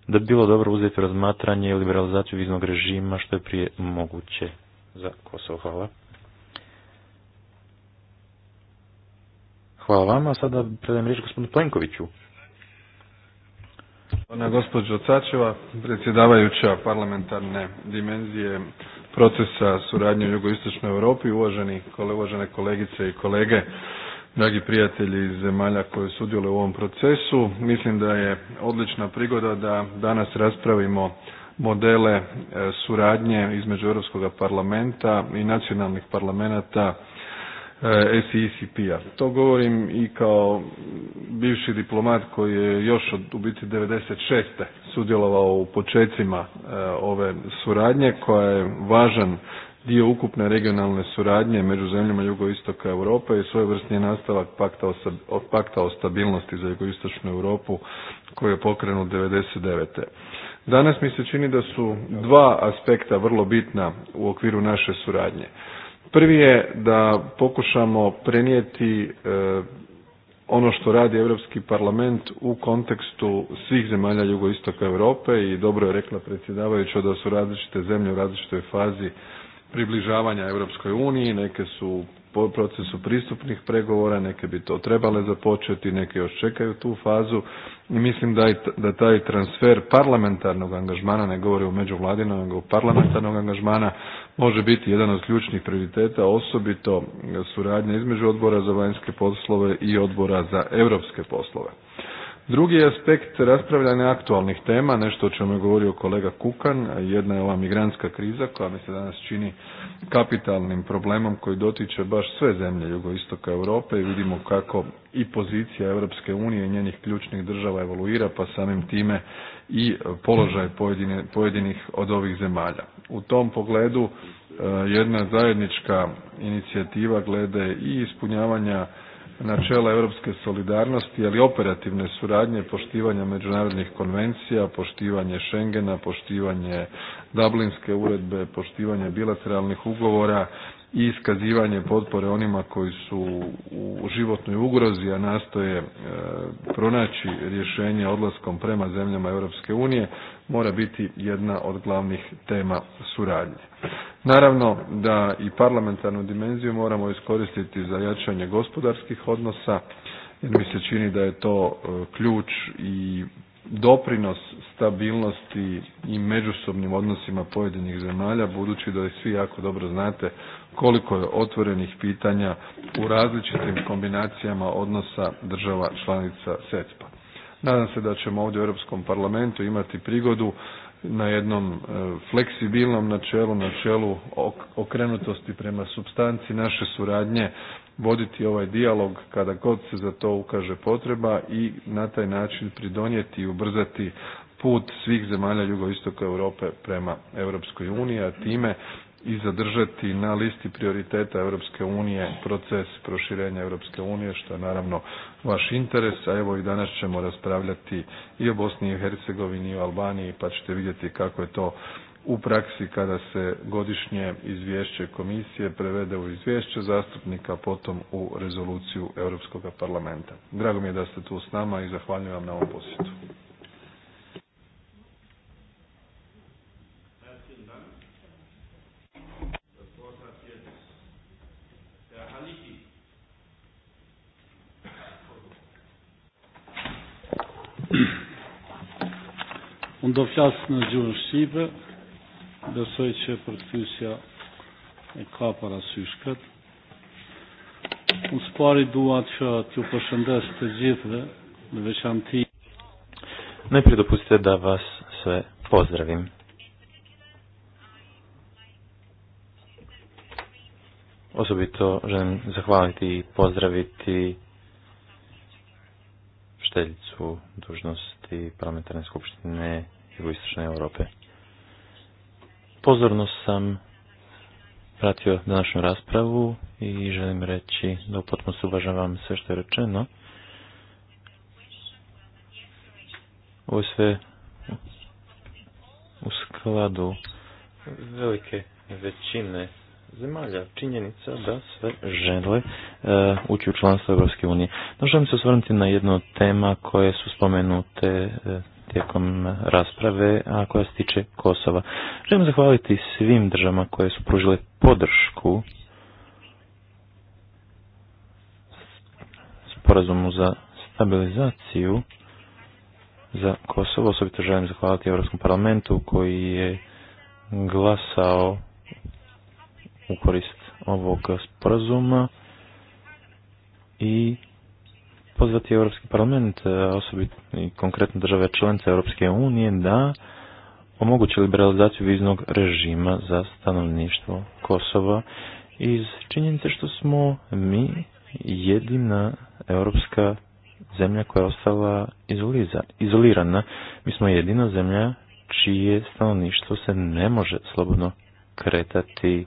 da bi bilo dobro uzeti razmatranje i liberalizaciju viznog režima što je prije moguće za Kosovo. Hvala. Hvala vama. Sada predajem riječ gospodinu Plenkoviću. Ona gospođo Cačeva, predsjedavajuća parlamentarne dimenzije procesa suradnje u jugoistočnoj Europi, uvaženi, kole, uvažene kolegice i kolege, dragi prijatelji iz zemalja koji sudjeluju u ovom procesu. Mislim da je odlična prigoda da danas raspravimo modele e, suradnje između Europskog parlamenta i nacionalnih parlamenta e, SICP-a. To govorim i kao bivši diplomat koji je još od u biti 96. sudjelovao u početcima e, ove suradnje koja je važan dio ukupne regionalne suradnje među zemljama jugoistoka Europe i svojevrsni nastavak pakta o, pakta o stabilnosti za jugoistočnu Europu koji je pokrenut 99. Danas mi se čini da su dva aspekta vrlo bitna u okviru naše suradnje. Prvi je da pokušamo prenijeti e, ono što radi Europski parlament u kontekstu svih zemalja jugoistoka Europe i dobro je rekla predsjedavajuća da su različite zemlje u različitoj fazi približavanja Europskoj uniji, neke su u procesu pristupnih pregovora, neke bi to trebale započeti, neke još čekaju tu fazu i mislim da, da taj transfer parlamentarnog angažmana, ne govori o međuvladinom, nego parlamentarnog angažmana, može biti jedan od ključnih prioriteta, osobito suradnja između odbora za vanjske poslove i odbora za europske poslove. Drugi aspekt raspravljanja aktualnih tema, nešto o čemu je govorio kolega Kukan, jedna je ova migrantska kriza koja mi se danas čini kapitalnim problemom koji dotiče baš sve zemlje jugoistoka Europe i vidimo kako i pozicija Europske unije i njenih ključnih država evoluira pa samim time i položaj pojedine, pojedinih od ovih zemalja. U tom pogledu e, jedna zajednička inicijativa glede i ispunjavanja načela europske solidarnosti, ali operativne suradnje, poštivanja međunarodnih konvencija, poštivanje Schengena, poštivanje Dublinske uredbe, poštivanje bilateralnih ugovora i iskazivanje potpore onima koji su u životnoj ugrozi, a nastoje e, pronaći rješenje odlaskom prema zemljama Europske unije, mora biti jedna od glavnih tema suradnje. Naravno da i parlamentarnu dimenziju moramo iskoristiti za jačanje gospodarskih odnosa jer mi se čini da je to e, ključ i doprinos stabilnosti i međusobnim odnosima pojedinih zemalja budući da svi jako dobro znate koliko je otvorenih pitanja u različitim kombinacijama odnosa država članica SECPA. Nadam se da ćemo ovdje u Europskom parlamentu imati prigodu na jednom e, fleksibilnom načelu, načelu okrenutosti prema substanci naše suradnje voditi ovaj dijalog kada god se za to ukaže potreba i na taj način pridonijeti i ubrzati put svih zemalja jugoistoka Europe prema Europskoj uniji, a time i zadržati na listi prioriteta Europske unije proces proširenja Europske unije što je naravno vaš interes, a evo i danas ćemo raspravljati i o Bosni i Hercegovini i o Albaniji pa ćete vidjeti kako je to u praksi kada se godišnje izvješće komisije prevede u izvješće zastupnika, potom u rezoluciju Europskog parlamenta. Drago mi je da ste tu s nama i zahvaljujem vam na ovom posjetu. unë do flasë në gjuhën Shqipe, besoj që përthysja e ka para këtë. Unë spari dua që t'ju përshëndes të gjithve në Najprije dopustite da vas sve pozdravim. Osobito želim zahvaliti i pozdraviti šteljicu dužnost i parlamentarne skupštine Jugoistočne Europe. Pozorno sam pratio današnju raspravu i želim reći da u se uvažavam sve što je rečeno. Ovo je sve u skladu velike većine zemalja činjenica da sve žele e, ući u članstvo Europske unije. No želim se osvrnuti na jednu tema koje su spomenute eh, tijekom rasprave, a koja se tiče Kosova. Želim zahvaliti svim državama koje su pružile podršku sporazumu za stabilizaciju za Kosovo. Osobito želim zahvaliti Europskom parlamentu koji je glasao u korist ovog sporazuma i pozvati Europski parlament, e, i konkretno države članice Europske unije, da omogući liberalizaciju viznog režima za stanovništvo Kosova iz činjenice što smo mi jedina europska zemlja koja je ostala izolirana. Mi smo jedina zemlja čije stanovništvo se ne može slobodno kretati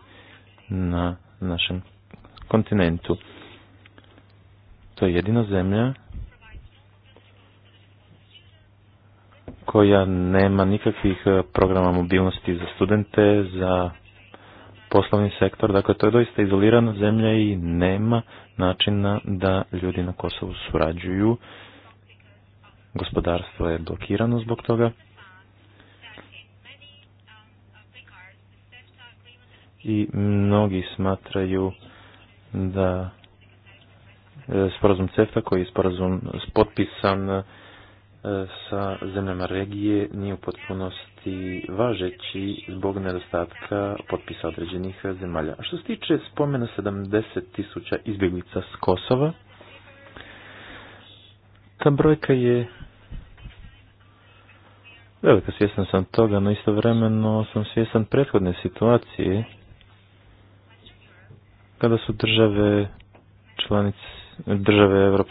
na našem kontinentu. To je jedina zemlja koja nema nikakvih e, programa mobilnosti za studente, za poslovni sektor. Dakle, to je doista izolirana zemlja i nema načina da ljudi na Kosovu surađuju. Gospodarstvo je blokirano zbog toga. i mnogi smatraju da e, sporazum CEFTA koji je sporazum potpisan e, sa zemljama regije nije u potpunosti važeći zbog nedostatka potpisa određenih zemalja. A što se tiče spomena 70 tisuća izbjeglica s Kosova, ta brojka je velika, svjestan sam toga, no istovremeno sam svjestan prethodne situacije kada su države članice, države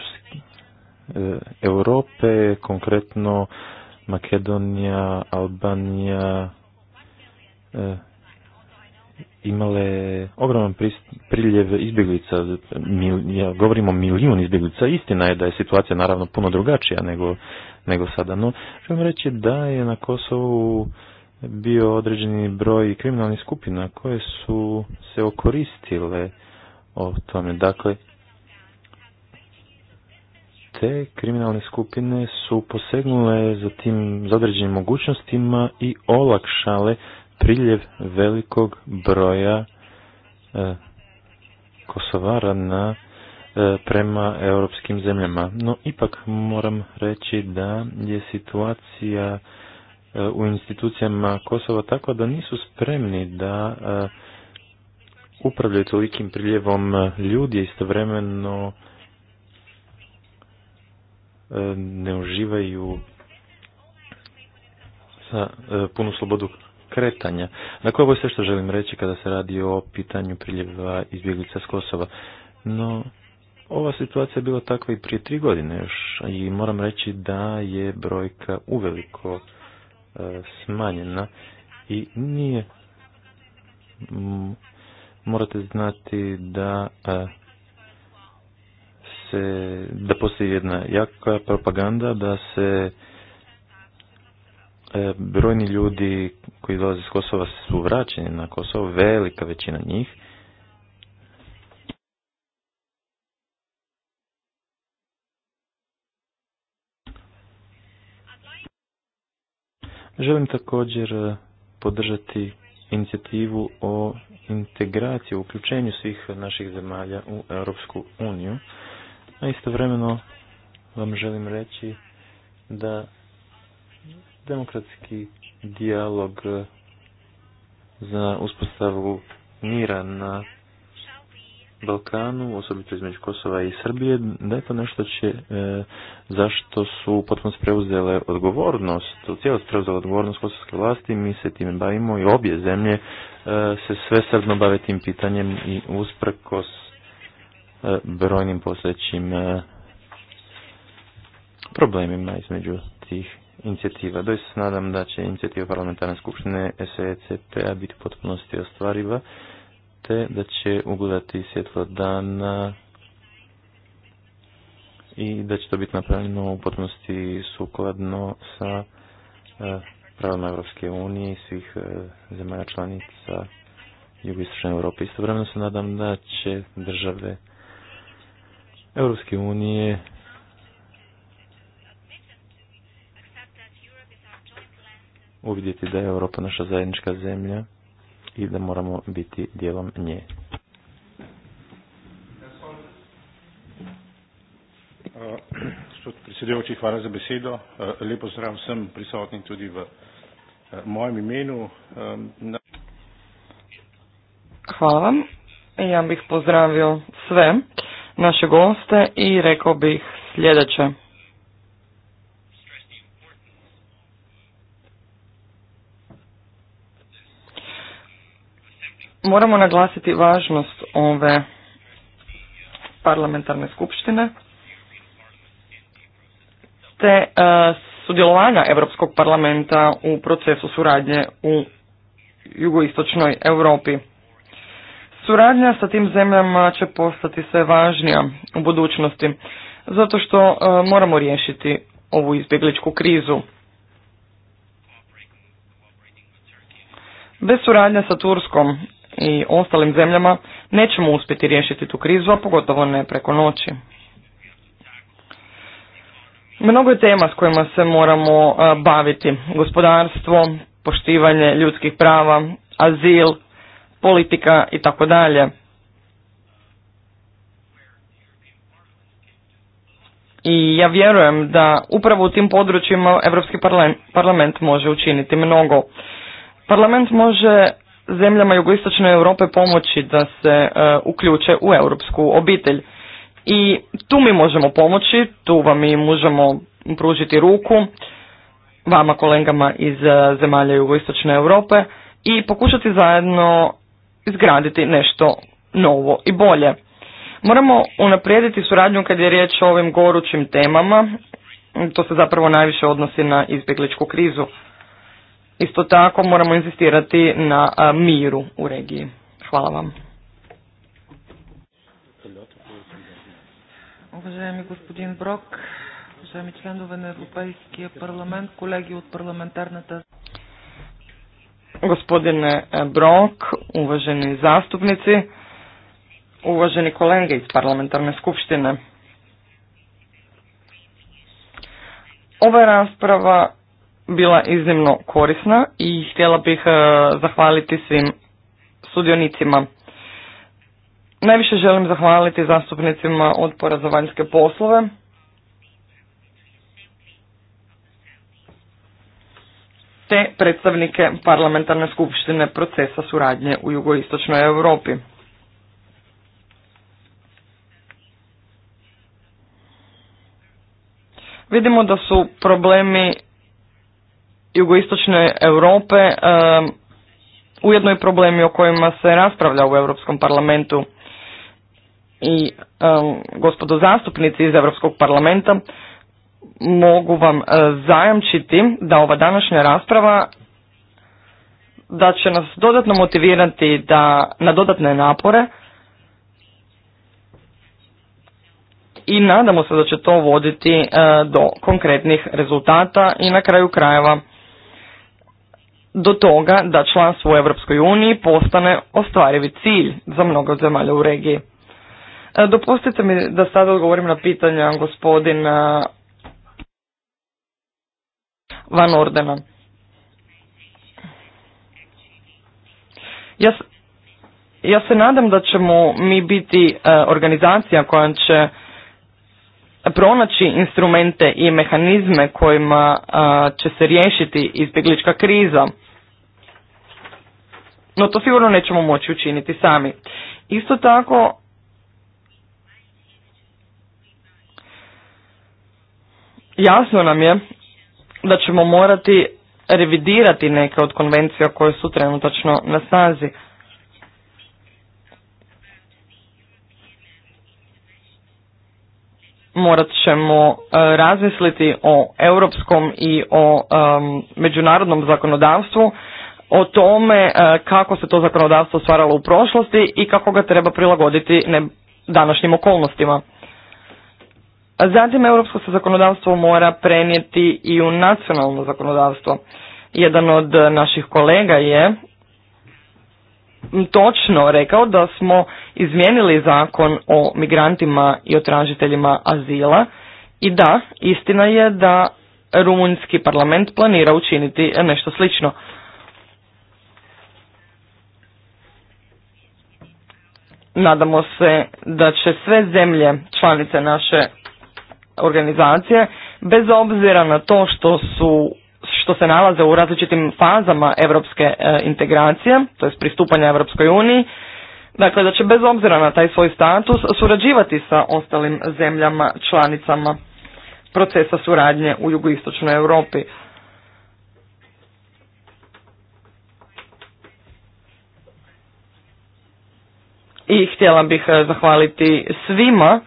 eh, Europe, konkretno Makedonija, Albanija, eh, imale ogroman priljev izbjeglica, ja govorimo milijun izbjeglica, istina je da je situacija naravno puno drugačija nego, nego sada, no želim reći da je na Kosovu bio određeni broj kriminalnih skupina koje su se okoristile o tome. Dakle, te kriminalne skupine su posegnule za tim za određenim mogućnostima i olakšale priljev velikog broja e, kosovara na e, prema europskim zemljama. No ipak moram reći da je situacija u institucijama Kosova tako da nisu spremni da e, upravljaju tolikim priljevom ljudi istovremeno e, ne uživaju sa e, punu slobodu kretanja. Dakle, ovo je sve što želim reći kada se radi o pitanju priljeva izbjeglica s Kosova. No, ova situacija je bila takva i prije tri godine još i moram reći da je brojka uveliko smanjena i nije morate znati da e, se da postoji jedna jaka propaganda da se e, brojni ljudi koji dolaze iz Kosova su vraćeni na Kosovo, velika većina njih Želim također e, podržati inicijativu o integraciji, uključenju svih naših zemalja u Europsku uniju. A istovremeno vam želim reći da demokratski dijalog e, za uspostavu mira na Balkanu, osobito između Kosova i Srbije, da je to nešto će, e, zašto su potpuno preuzele odgovornost, u cijelost preuzele odgovornost kosovske vlasti, mi se time bavimo i obje zemlje e, se svesrdno bave tim pitanjem i usprkos e, brojnim postojećim e, problemima između tih inicijativa. Doista se nadam da će inicijativa parlamentarne skupštine SECP-a biti potpunosti ostvariva da će ugledati svjetlo dana i da će to biti napravljeno u potpunosti sukladno sa e, pravilima Europske unije i svih e, zemalja članica jugoistočne Europe. Istovremeno se nadam da će države Europske unije uvidjeti da je Europa naša zajednička zemlja i da moramo biti dijelom nje. Eh, gospod predsedujoči, hvala za besedo. Eh, Lepo zdrav vsem prisotnim tudi v eh, mojem imenu. Hvala vam. Ja bih pozdravio sve naše goste i rekao bih sljedeće. Moramo naglasiti važnost ove parlamentarne skupštine te e, sudjelovanja Europskog parlamenta u procesu suradnje u jugoistočnoj Europi. Suradnja sa tim zemljama će postati sve važnija u budućnosti zato što e, moramo riješiti ovu izbjegličku krizu. Bez suradnje sa Turskom i ostalim zemljama nećemo uspjeti riješiti tu krizu, a pogotovo ne preko noći. Mnogo je tema s kojima se moramo e, baviti. Gospodarstvo, poštivanje ljudskih prava, azil, politika i tako dalje. I ja vjerujem da upravo u tim područjima Europski parlament može učiniti mnogo. Parlament može zemljama jugoistočne Europe pomoći da se e, uključe u europsku obitelj. I tu mi možemo pomoći, tu vam i možemo pružiti ruku, vama kolegama iz e, zemalja jugoistočne Europe i pokušati zajedno izgraditi nešto novo i bolje. Moramo unaprijediti suradnju kad je riječ o ovim gorućim temama, to se zapravo najviše odnosi na izbjegličku krizu. Isto tako moramo insistirati na miru u regiji. Hvala vam. gospodin brok Брок, уважаеми членове на parlament kolegi od Gospodine Brok, uvaženi zastupnici, uvaženi kolege iz parlamentarne skupštine. Ova rasprava bila iznimno korisna i htjela bih e, zahvaliti svim sudionicima. Najviše želim zahvaliti zastupnicima odpora za vanjske poslove. te predstavnike parlamentarne skupštine procesa suradnje u jugoistočnoj Europi. Vidimo da su problemi jugoistočne Europe uh, ujedno i problemi o kojima se raspravlja u Europskom parlamentu i gospodo zastupnici iz Europskog parlamenta mogu vam e, zajamčiti da ova današnja rasprava da će nas dodatno motivirati da na dodatne napore i nadamo se da će to voditi e, do konkretnih rezultata i na kraju krajeva do toga da članstvo u Europskoj uniji postane ostvarivi cilj za mnogo zemalja u regiji. E, dopustite mi da sada odgovorim na pitanja gospodina Van Ordena. Ja, ja se nadam da ćemo mi biti e, organizacija koja će pronaći instrumente i mehanizme kojima će se riješiti izbjeglička kriza no to sigurno nećemo moći učiniti sami. Isto tako, jasno nam je da ćemo morati revidirati neke od konvencija koje su trenutačno na snazi. Morat ćemo e, razmisliti o europskom i o međunarodnom zakonodavstvu o tome e, kako se to zakonodavstvo stvaralo u prošlosti i kako ga treba prilagoditi današnjim okolnostima. Zatim europsko se zakonodavstvo mora prenijeti i u nacionalno zakonodavstvo. Jedan od naših kolega je točno rekao da smo izmijenili zakon o migrantima i o tražiteljima azila i da, istina je da rumunjski parlament planira učiniti nešto slično. Nadamo se da će sve zemlje članice naše organizacije, bez obzira na to što su što se nalaze u različitim fazama europske e, integracije, to jest pristupanja Europskoj uniji, dakle da će bez obzira na taj svoj status surađivati sa ostalim zemljama članicama procesa suradnje u jugoistočnoj Europi. i htjela bih e, zahvaliti svima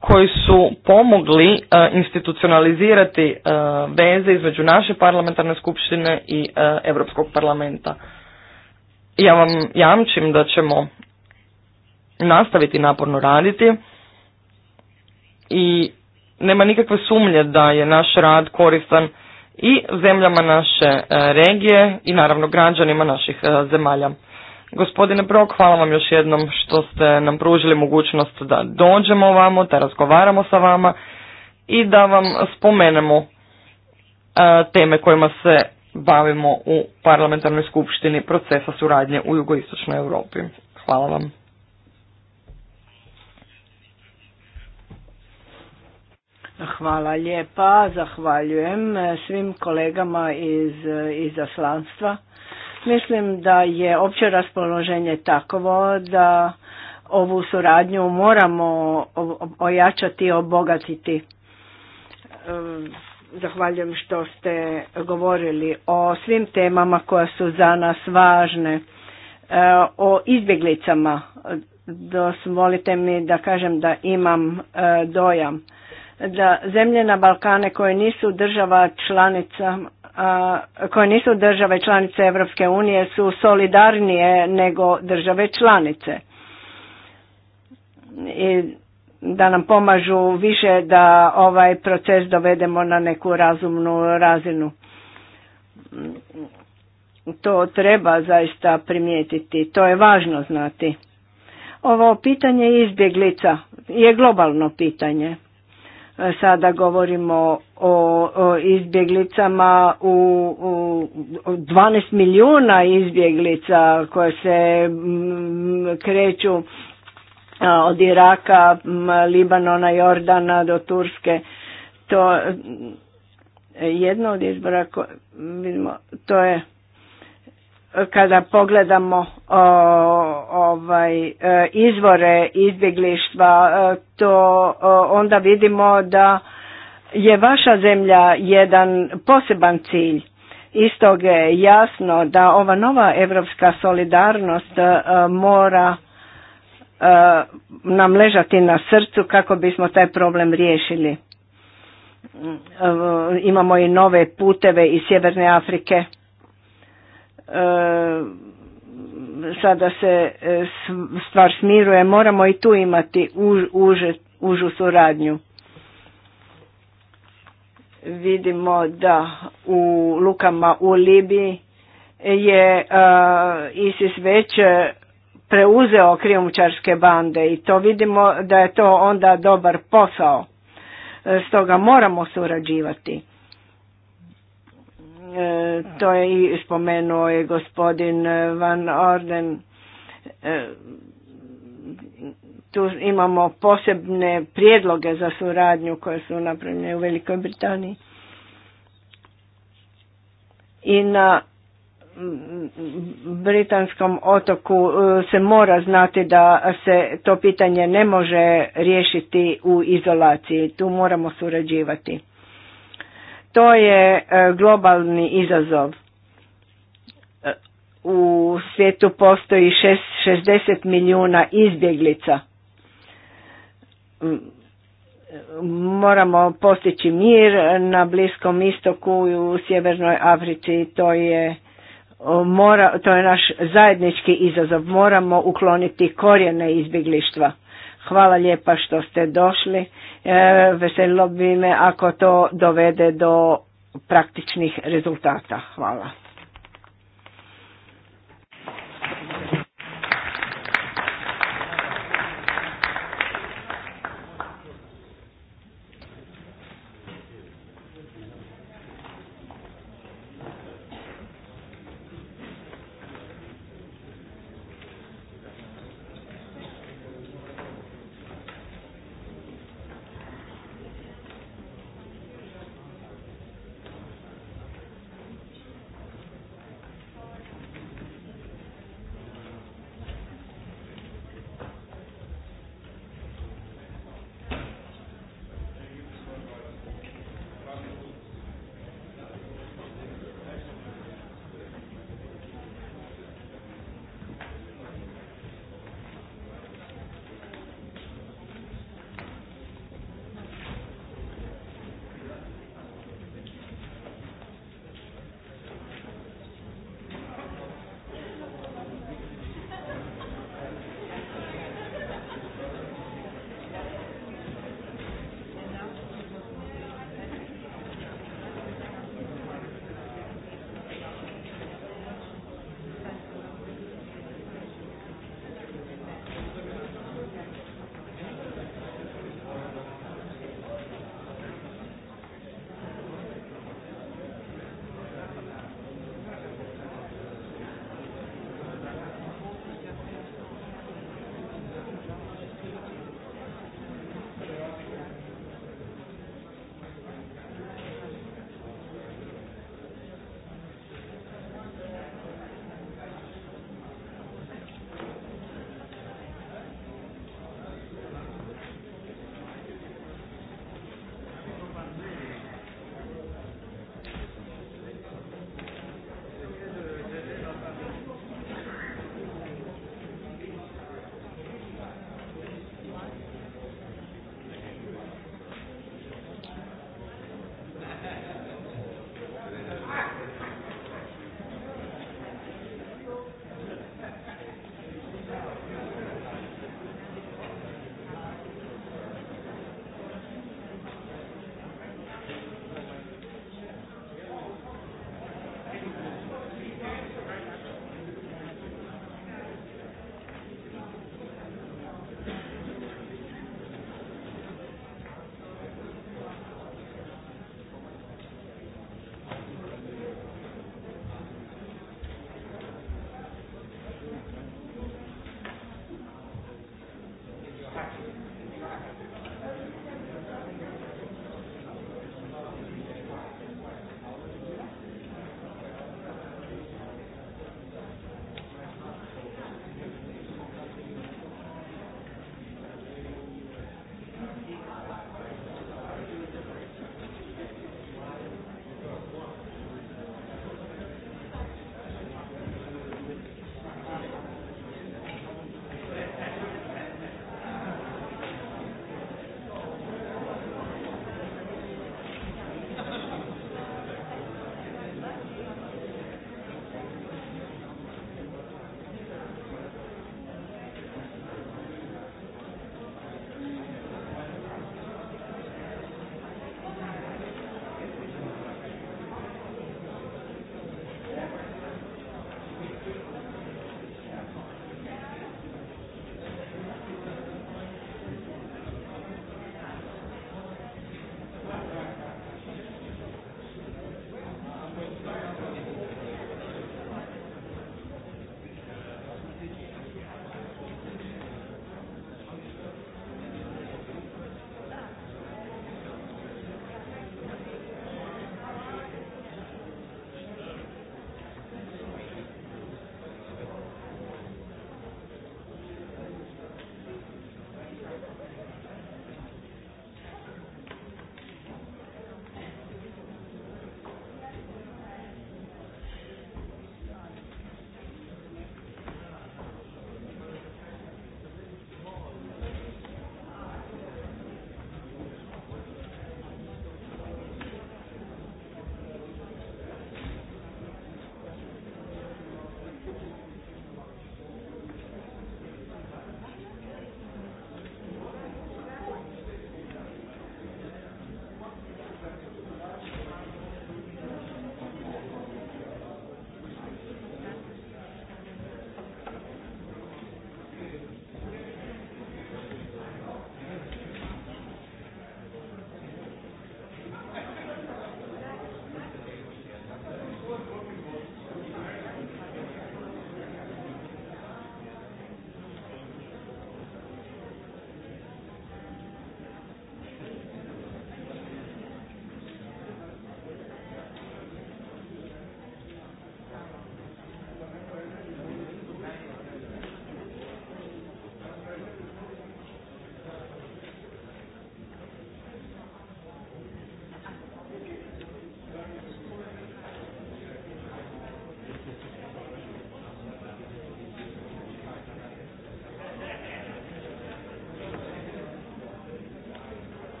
koji su pomogli e, institucionalizirati e, veze između naše parlamentarne skupštine i Europskog parlamenta. Ja vam jamčim da ćemo nastaviti naporno raditi i nema nikakve sumnje da je naš rad koristan i zemljama naše regije i naravno građanima naših zemalja. Gospodine Brok, hvala vam još jednom što ste nam pružili mogućnost da dođemo vamo, da razgovaramo sa vama i da vam spomenemo e, teme kojima se bavimo u parlamentarnoj skupštini procesa suradnje u jugoistočnoj Europi. Hvala vam. lijepa, zahvaljujem svim kolegama iz izaslanstva. Mislim da je opće raspoloženje takovo da ovu suradnju moramo ojačati i obogatiti. E, zahvaljujem što ste govorili o svim temama koja su za nas važne, e, o izbjeglicama. Dozvolite mi da kažem da imam e, dojam da zemlje na Balkane koje nisu država članica koje nisu države članice Europske unije su solidarnije nego države članice. I da nam pomažu više da ovaj proces dovedemo na neku razumnu razinu. To treba zaista primijetiti, to je važno znati. Ovo pitanje izbjeglica je globalno pitanje Sada govorimo o, izbjeglicama u, 12 milijuna izbjeglica koje se mm, kreću od Iraka, Libanona, Jordana do Turske. To mm, jedno od izbora, ko, to je kada pogledamo ovaj e, izvore izbjeglištva e, to onda vidimo da je vaša zemlja jedan poseban cilj Istog je jasno da ova nova evropska solidarnost e, mora nam ležati na srcu kako bismo taj problem riješili. Imamo i nove puteve iz Sjeverne Afrike E, sada se e, stvar smiruje, moramo i tu imati už, užu suradnju. Vidimo da u lukama u Libiji je e, ISIS već preuzeo krijumčarske bande i to vidimo da je to onda dobar posao. Stoga moramo surađivati. E, to je i spomenuo je gospodin Van Orden. E, tu imamo posebne prijedloge za suradnju koje su napravljene u Velikoj Britaniji. I na britanskom otoku e, se mora znati da se to pitanje ne može riješiti u izolaciji. Tu moramo surađivati. To je e, globalni izazov. E, u svijetu postoji 60 milijuna izbjeglica. Moramo postići mir na Bliskom istoku i u Sjevernoj Africi. To je, mora, to je naš zajednički izazov. Moramo ukloniti korijene izbjeglištva Hvala lijepa što ste došli. E, veselilo bi me ako to dovede do praktičnih rezultata. Hvala.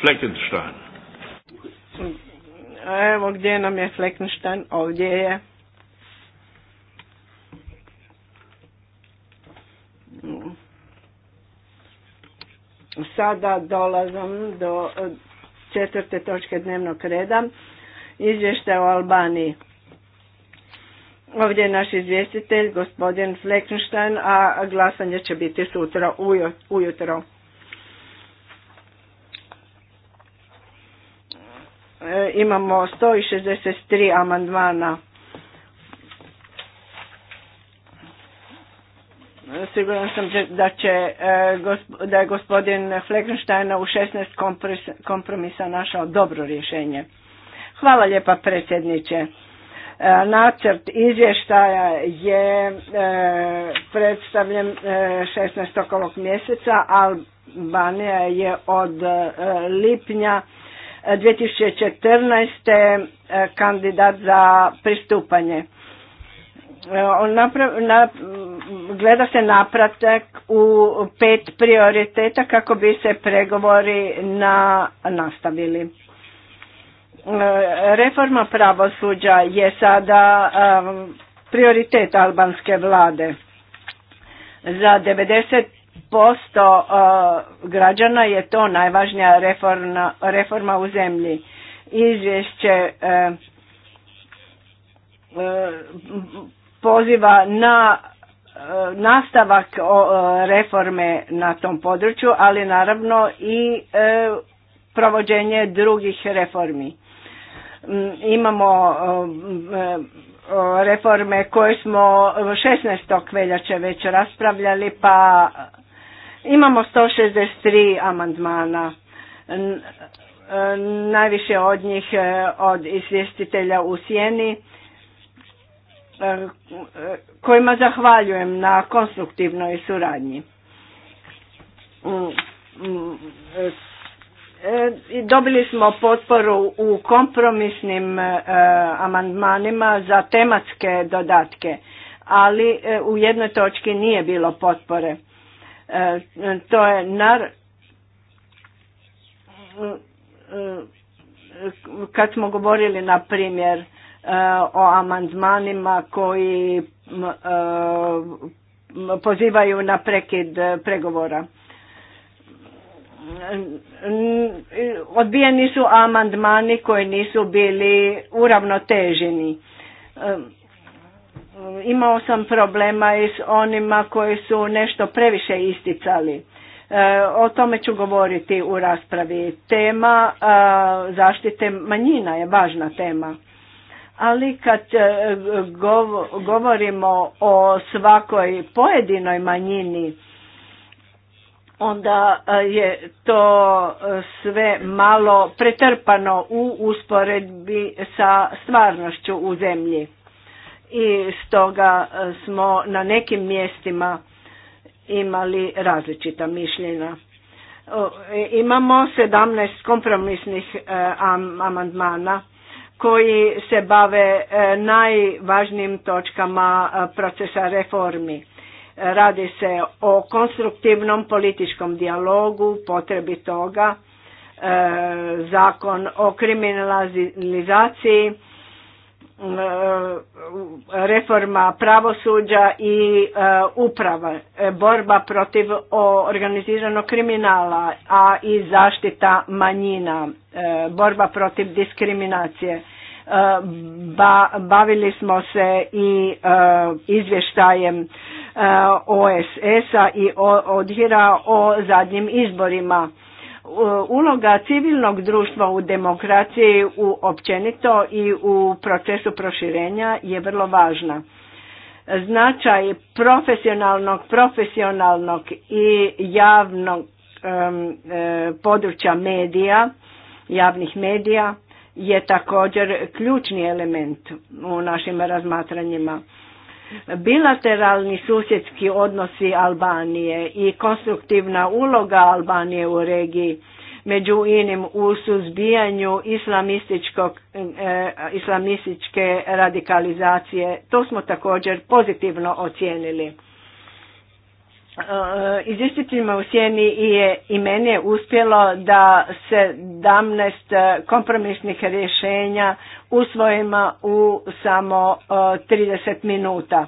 Fleckenstein? Evo gdje nam je Fleckenstein, ovdje je. Sada dolazam do e, četvrte točke dnevnog reda, izvještaj o Albaniji. Ovdje je naš izvjestitelj, gospodin Fleckenstein, a glasanje će biti sutra ujutro. imamo 163 amandmana. Siguran sam da, će, e, da je gospodin Fleckensteina u 16 kompromisa našao dobro rješenje. Hvala lijepa predsjedniče. E, nacrt izvještaja je e, predstavljen 16. ovog mjeseca, Albanija je od lipnja 2014. E, kandidat za pristupanje. E, na, gleda se napratak u pet prioriteta kako bi se pregovori na, nastavili. E, reforma pravosuđa je sada prioritet albanske vlade. Za 90 posto uh, građana je to najvažnija reforma, u zemlji. Izvješće uh, uh, poziva na nastavak reforme na tom području, ali naravno i provođenje drugih reformi. Mm, imamo reforme koje smo 16. veljače već raspravljali, pa Imamo 163 amandmana, e, najviše od njih e, od izvjestitelja u Sjeni, e, kojima zahvaljujem na konstruktivnoj suradnji. Mm, mm, dobili smo potporu u kompromisnim amandmanima za tematske dodatke, ali u jednoj točki nije bilo potpore E, to je nar... E, kad smo govorili, na primjer, e, o amandmanima koji pozivaju na prekid pregovora. Odbijeni su amandmani koji nisu bili uravnoteženi. E, imao sam problema i s onima koji su nešto previše isticali. E, o tome ću govoriti u raspravi. Tema e, zaštite manjina je važna tema. Ali kad govorimo o svakoj pojedinoj manjini, onda je to sve malo pretrpano u usporedbi sa stvarnošću u zemlji i stoga e, smo na nekim mjestima imali različita mišljenja. E, imamo 17 kompromisnih e, amandmana koji se bave najvažnijim točkama procesa reformi. Radi se o konstruktivnom političkom dijalogu, potrebi toga, zakon o kriminalizaciji, E, reforma pravosuđa i e, uprava, e, borba protiv organiziranog kriminala, a i zaštita manjina, borba protiv diskriminacije. Bavili smo se i izvještajem OSS-a i odhira o zadnjim izborima uloga civilnog društva u demokraciji u općenito i u procesu proširenja je vrlo važna. Značaj profesionalnog, profesionalnog i javnog e, područja medija, javnih medija je također ključni element u našim razmatranjima Bilateralni susjedski odnosi Albanije i konstruktivna uloga Albanije u regiji među inim u suzbijanju e, islamističke radikalizacije. To smo također pozitivno ocijenili. Eh, izvjestiteljima u sjeni je i meni je uspjelo da se 17 eh, kompromisnih rješenja usvojima u samo 30 eh, minuta.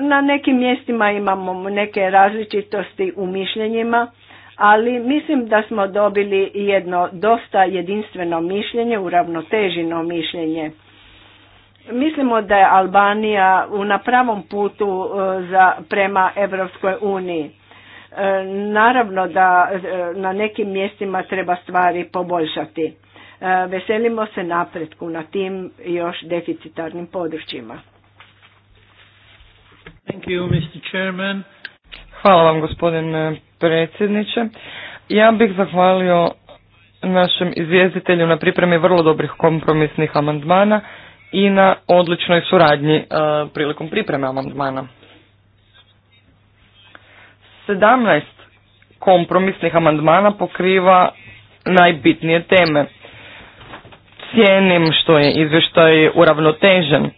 Na nekim mjestima imamo neke različitosti u mišljenjima, ali mislim da smo dobili jedno dosta jedinstveno mišljenje, uravnoteženo mišljenje. Mislimo da je Albanija na pravom putu e, za, prema Evropskoj uniji. E, naravno da e, na nekim mjestima treba stvari poboljšati. Veselimo se napretku na tim još deficitarnim područjima. Thank you, Mr. Chairman. Hvala vam gospodine predsjedniče. Ja bih zahvalio našem izvjestitelju na pripremi vrlo dobrih kompromisnih amandmana i na odličnoj suradnji e, prilikom pripreme amandmana. Sedamnaest kompromisnih amandmana pokriva najbitnije teme. Cijenim što je izvještaj uravnotežen.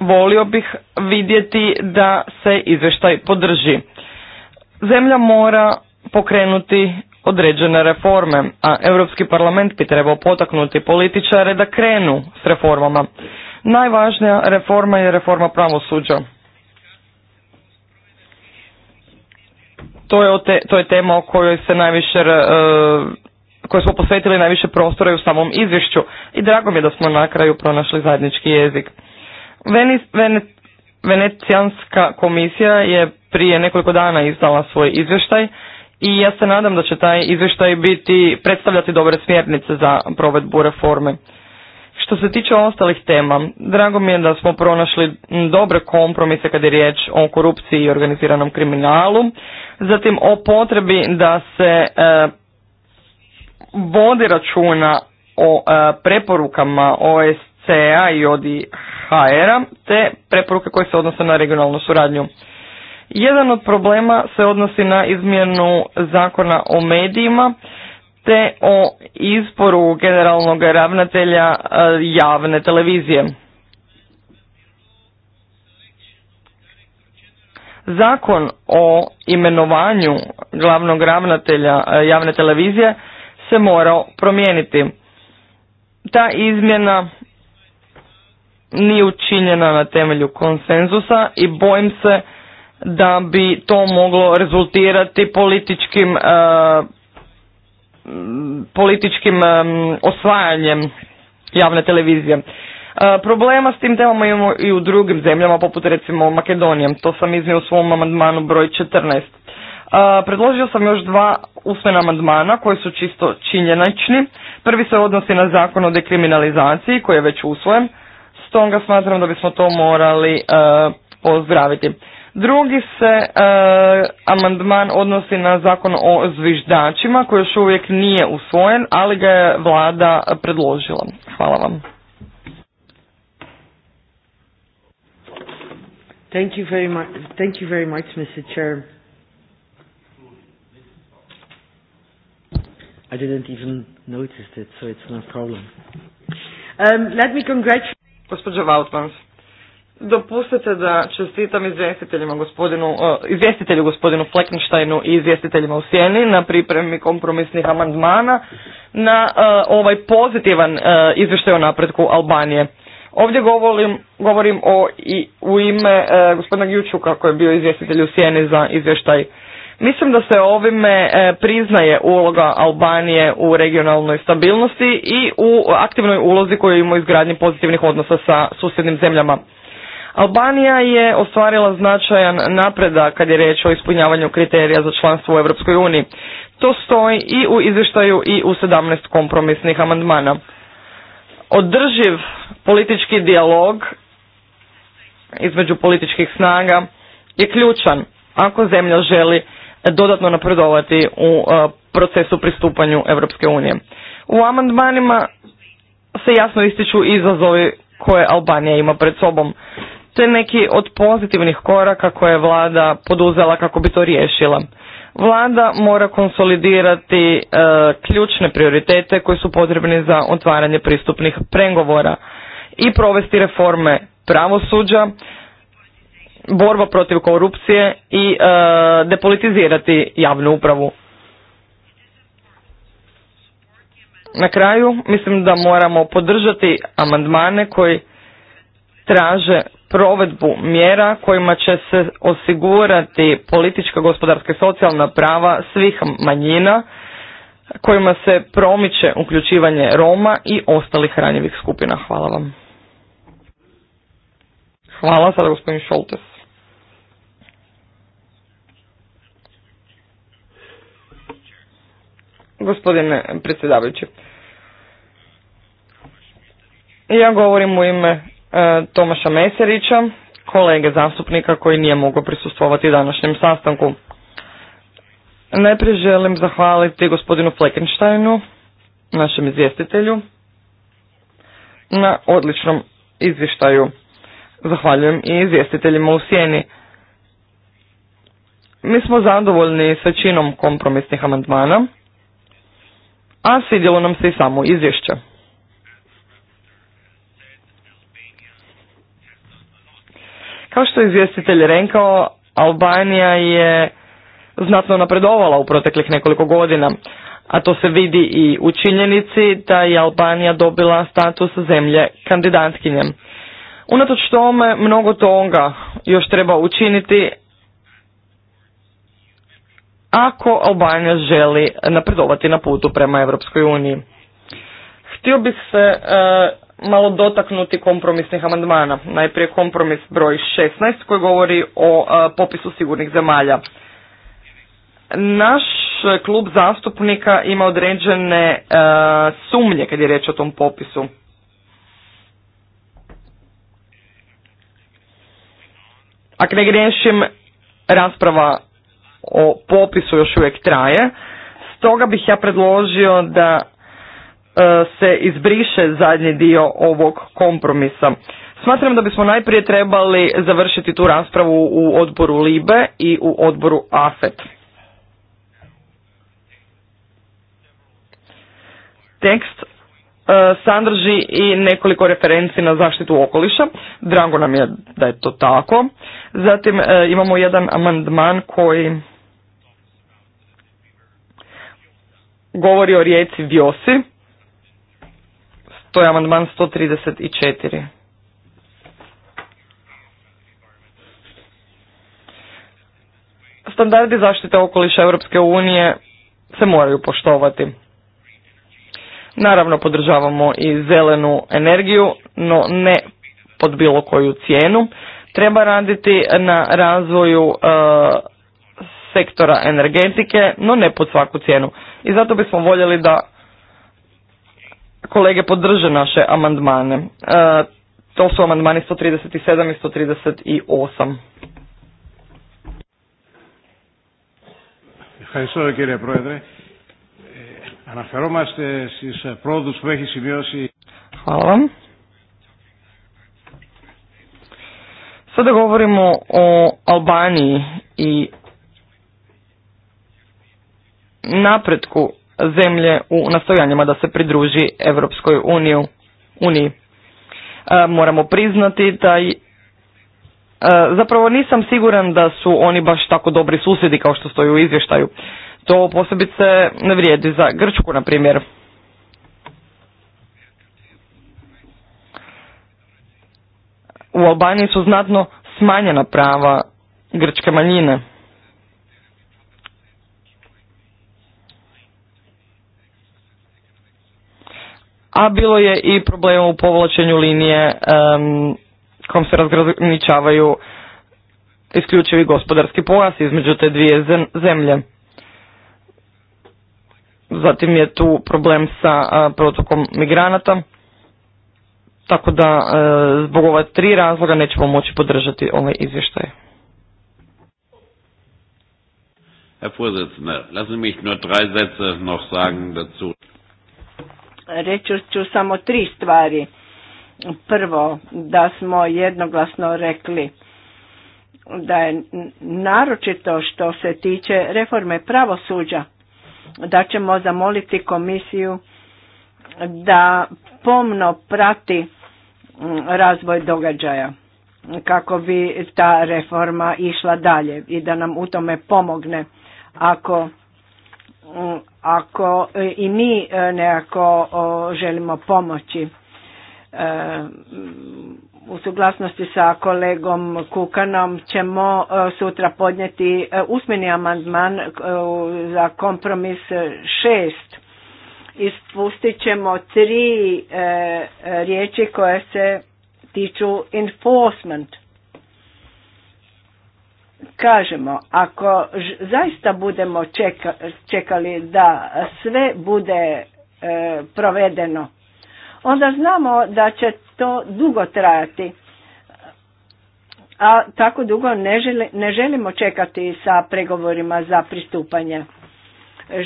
Volio bih vidjeti da se izvještaj podrži. Zemlja mora pokrenuti određene reforme, a Europski parlament bi trebao potaknuti političare da krenu s reformama. Najvažnija reforma je reforma pravosuđa. To je, to je tema o kojoj se najviše e, koje smo posvetili najviše prostora u samom izvješću i drago mi je da smo na kraju pronašli zajednički jezik. Venecijanska komisija je prije nekoliko dana izdala svoj izvještaj i ja se nadam da će taj izvještaj biti predstavljati dobre smjernice za provedbu reforme. Što se tiče ostalih tema, drago mi je da smo pronašli dobre kompromise kad je riječ o korupciji i organiziranom kriminalu, zatim o potrebi da se e, vodi računa o e, preporukama osca i ODIHR-a, te preporuke koje se odnose na regionalnu suradnju. Jedan od problema se odnosi na izmjenu zakona o medijima te o izboru generalnog ravnatelja e, javne televizije. Zakon o imenovanju glavnog ravnatelja e, javne televizije se morao promijeniti. Ta izmjena nije učinjena na temelju konsenzusa i bojim se da bi to moglo rezultirati političkim e, političkim e, osvajanjem javne televizije. E, problema s tim temama imamo i u drugim zemljama, poput recimo makedonijom To sam iznio u svom amandmanu broj 14. Predložio sam još dva usmena amandmana koji su čisto činjenačni. Prvi se odnosi na zakon o dekriminalizaciji koji je već usvojen. Stoga smatram da bismo to morali pozdraviti. Drugi se e, amandman odnosi na zakon o zviždačima koji još uvijek nije usvojen, ali ga je vlada predložila. Hvala vam. Thank you very much, thank you very much Mr. Chair. I didn't even notice it, so it's no problem. Um, let me congratulate... Gospodža Vautmans. Dopustite da čestitam izvjestiteljima gospodinu, e, izvjestitelju gospodinu Fleckensteinu i izvjestiteljima u Sjeni na pripremi kompromisnih amandmana na e, ovaj pozitivan e, izvještaj o napretku Albanije. Ovdje govorim, govorim o, i, u ime gospodina Gjučuka koji je bio izvjestitelj u Sjeni za izvještaj. Mislim da se ovime priznaje uloga Albanije u regionalnoj stabilnosti i u aktivnoj ulozi koju ima u izgradnji pozitivnih odnosa sa susjednim zemljama. Albanija je ostvarila značajan napredak kad je riječ o ispunjavanju kriterija za članstvo u Europskoj uniji. To stoji i u izvještaju i u 17 kompromisnih amandmana. Održiv politički dijalog između političkih snaga je ključan ako zemlja želi dodatno napredovati u e, procesu pristupanju Europske unije. U amandmanima se jasno ističu izazovi koje Albanija ima pred sobom. To je neki od pozitivnih koraka koje je vlada poduzela kako bi to riješila. Vlada mora konsolidirati e, ključne prioritete koji su potrebni za otvaranje pristupnih pregovora i provesti reforme pravosuđa, borba protiv korupcije i e, depolitizirati javnu upravu. Na kraju mislim da moramo podržati amandmane koji traže provedbu mjera kojima će se osigurati politička, gospodarska i socijalna prava svih manjina kojima se promiče uključivanje Roma i ostalih ranjivih skupina. Hvala vam. Hvala, sada gospodin Šoltes. Gospodine predsjedavajući, ja govorim u ime E, Tomaša Meserića, kolege zastupnika koji nije mogao prisustvovati današnjem sastanku. Najprije želim zahvaliti gospodinu Fleckensteinu, našem izvjestitelju, na odličnom izvještaju. Zahvaljujem i izvjestiteljima u sjeni. Mi smo zadovoljni s većinom kompromisnih amandmana, a svidjelo nam se i samo izvješće. Kao što je izvjestitelj rekao, Albanija je znatno napredovala u proteklih nekoliko godina, a to se vidi i u činjenici da je Albanija dobila status zemlje kandidatkinje. Unatoč tome, mnogo toga još treba učiniti ako Albanija želi napredovati na putu prema Europskoj uniji. Htio bih se e, malo dotaknuti kompromisnih amandmana. Najprije kompromis broj 16 koji govori o e, popisu sigurnih zemalja. Naš klub zastupnika ima određene e, sumnje kad je riječ o tom popisu. Ako ne griješim, rasprava o popisu još uvijek traje. Stoga bih ja predložio da E, se izbriše zadnji dio ovog kompromisa. Smatram da bismo najprije trebali završiti tu raspravu u odboru LIBE i u odboru AFET. Tekst e, sadrži i nekoliko referenci na zaštitu okoliša. Drago nam je da je to tako. Zatim e, imamo jedan amandman koji govori o rijeci Vjosi to je amandman 134. Standardi zaštite okoliša Europske unije se moraju poštovati. Naravno podržavamo i zelenu energiju, no ne pod bilo koju cijenu. Treba raditi na razvoju e, sektora energetike, no ne pod svaku cijenu. I zato bismo voljeli da kolege podrže naše amandmane. E, to su amandmani 137 i 138. Ευχαριστώ κύριε Πρόεδρε. Αναφερόμαστε στις πρόοδους που έχει σημειώσει... Χαλά. Σε δε γόβριμο ο Αλμπάνι η... napretku zemlje u nastojanjima da se pridruži Europskoj uniji. E, moramo priznati da e, zapravo nisam siguran da su oni baš tako dobri susjedi kao što stoji u izvještaju. To posebice ne vrijedi za Grčku, na primjer. U Albaniji su znatno smanjena prava grčke manjine. a bilo je i problema u povlačenju linije um, kom se razgraničavaju isključivi gospodarski pojas između te dvije zemlje. Zatim je tu problem sa protokom migranata, tako da e, zbog ova tri razloga nećemo moći podržati ovaj izvještaj. Herr Vorsitzender, lassen Sie mich nur drei Sätze noch sagen dazu. Reći ću samo tri stvari. Prvo, da smo jednoglasno rekli da je naročito što se tiče reforme pravosuđa, da ćemo zamoliti komisiju da pomno prati mm, razvoj događaja kako bi ta reforma išla dalje i da nam u tome pomogne ako mm, ako e, i mi e, nekako želimo pomoći. E, u suglasnosti sa kolegom Kukanom ćemo sutra podnijeti usmeni amandman za kompromis šest. Ispustit ćemo tri riječi koje se tiču enforcement kažemo, ako zaista budemo čekali da sve bude e, provedeno, onda znamo da će to dugo trajati. A tako dugo ne, želi, ne želimo čekati sa pregovorima za pristupanje.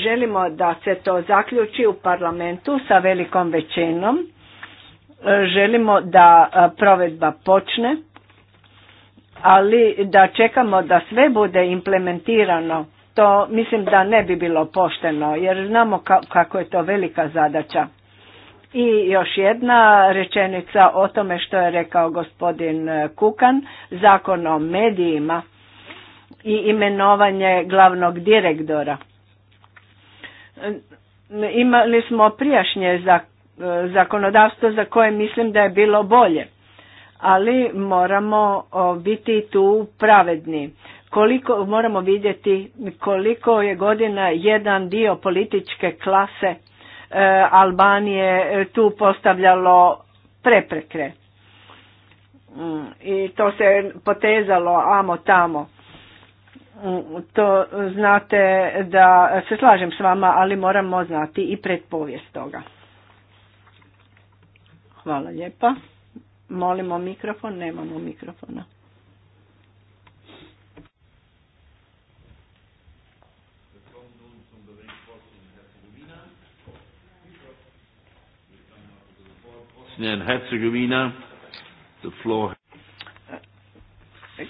Želimo da se to zaključi u parlamentu sa velikom većinom. E, želimo da e, provedba počne ali da čekamo da sve bude implementirano, to mislim da ne bi bilo pošteno, jer znamo kako je to velika zadaća. I još jedna rečenica o tome što je rekao gospodin e, Kukan, zakon o medijima i imenovanje glavnog direktora. E, imali smo prijašnje e, zakonodavstvo za koje mislim da je bilo bolje ali moramo biti tu pravedni. Koliko, moramo vidjeti koliko je godina jedan dio političke klase e, Albanije e, tu postavljalo prepreke. Mm, I to se potezalo amo tamo. Mm, to znate da se slažem s vama, ali moramo znati i predpovijest toga. Hvala lijepa. Molimo mikrofon, nemamo mikrofona. Bosnia Herzegovina.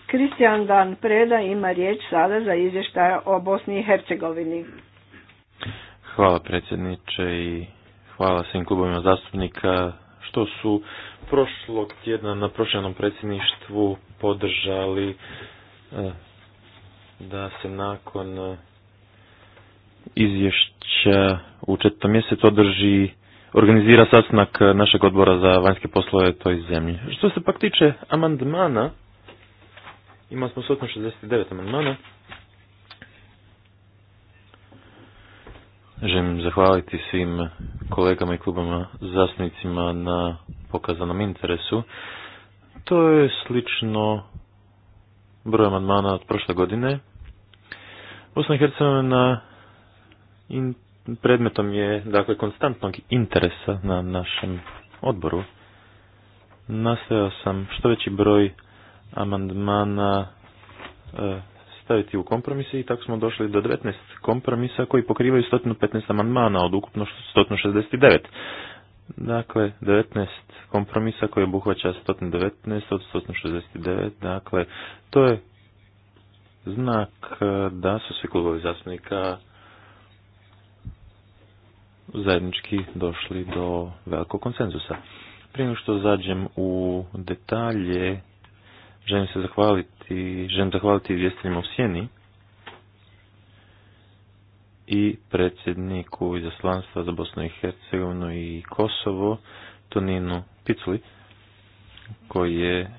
Kristijan Dan Preda ima riječ sada za izvještaj o Bosni i Hercegovini. Hvala predsjedniče i hvala svim klubovima zastupnika to su prošlog tjedna na prošljenom predsjedništvu podržali e, da se nakon e, izvješća u četvrtom mjesecu održi organizira sastanak našeg odbora za vanjske poslove toj zemlji. Što se pak tiče amandmana, imali smo 169 amandmana, Želim zahvaliti svim kolegama i klubama zastupnicima na pokazanom interesu. To je slično broj amandmana od prošle godine. Bosna i Hercegovina predmetom je dakle konstantnog interesa na našem odboru. Nastojao sam što veći broj amandmana eh, staviti u kompromise i tako smo došli do 19 kompromisa koji pokrivaju 115 amandmana od ukupno 169. Dakle, 19 kompromisa koji obuhvaća 119 od 169. Dakle, to je znak e, da su svi klubovi zastupnika zajednički došli do velikog konsenzusa. Prije što zađem u detalje Želim se zahvaliti, želim zahvaliti izvjestiteljima u Sjeni i predsjedniku izaslanstva za Bosnu i Hercegovinu i Kosovo, Toninu Piculi, koji je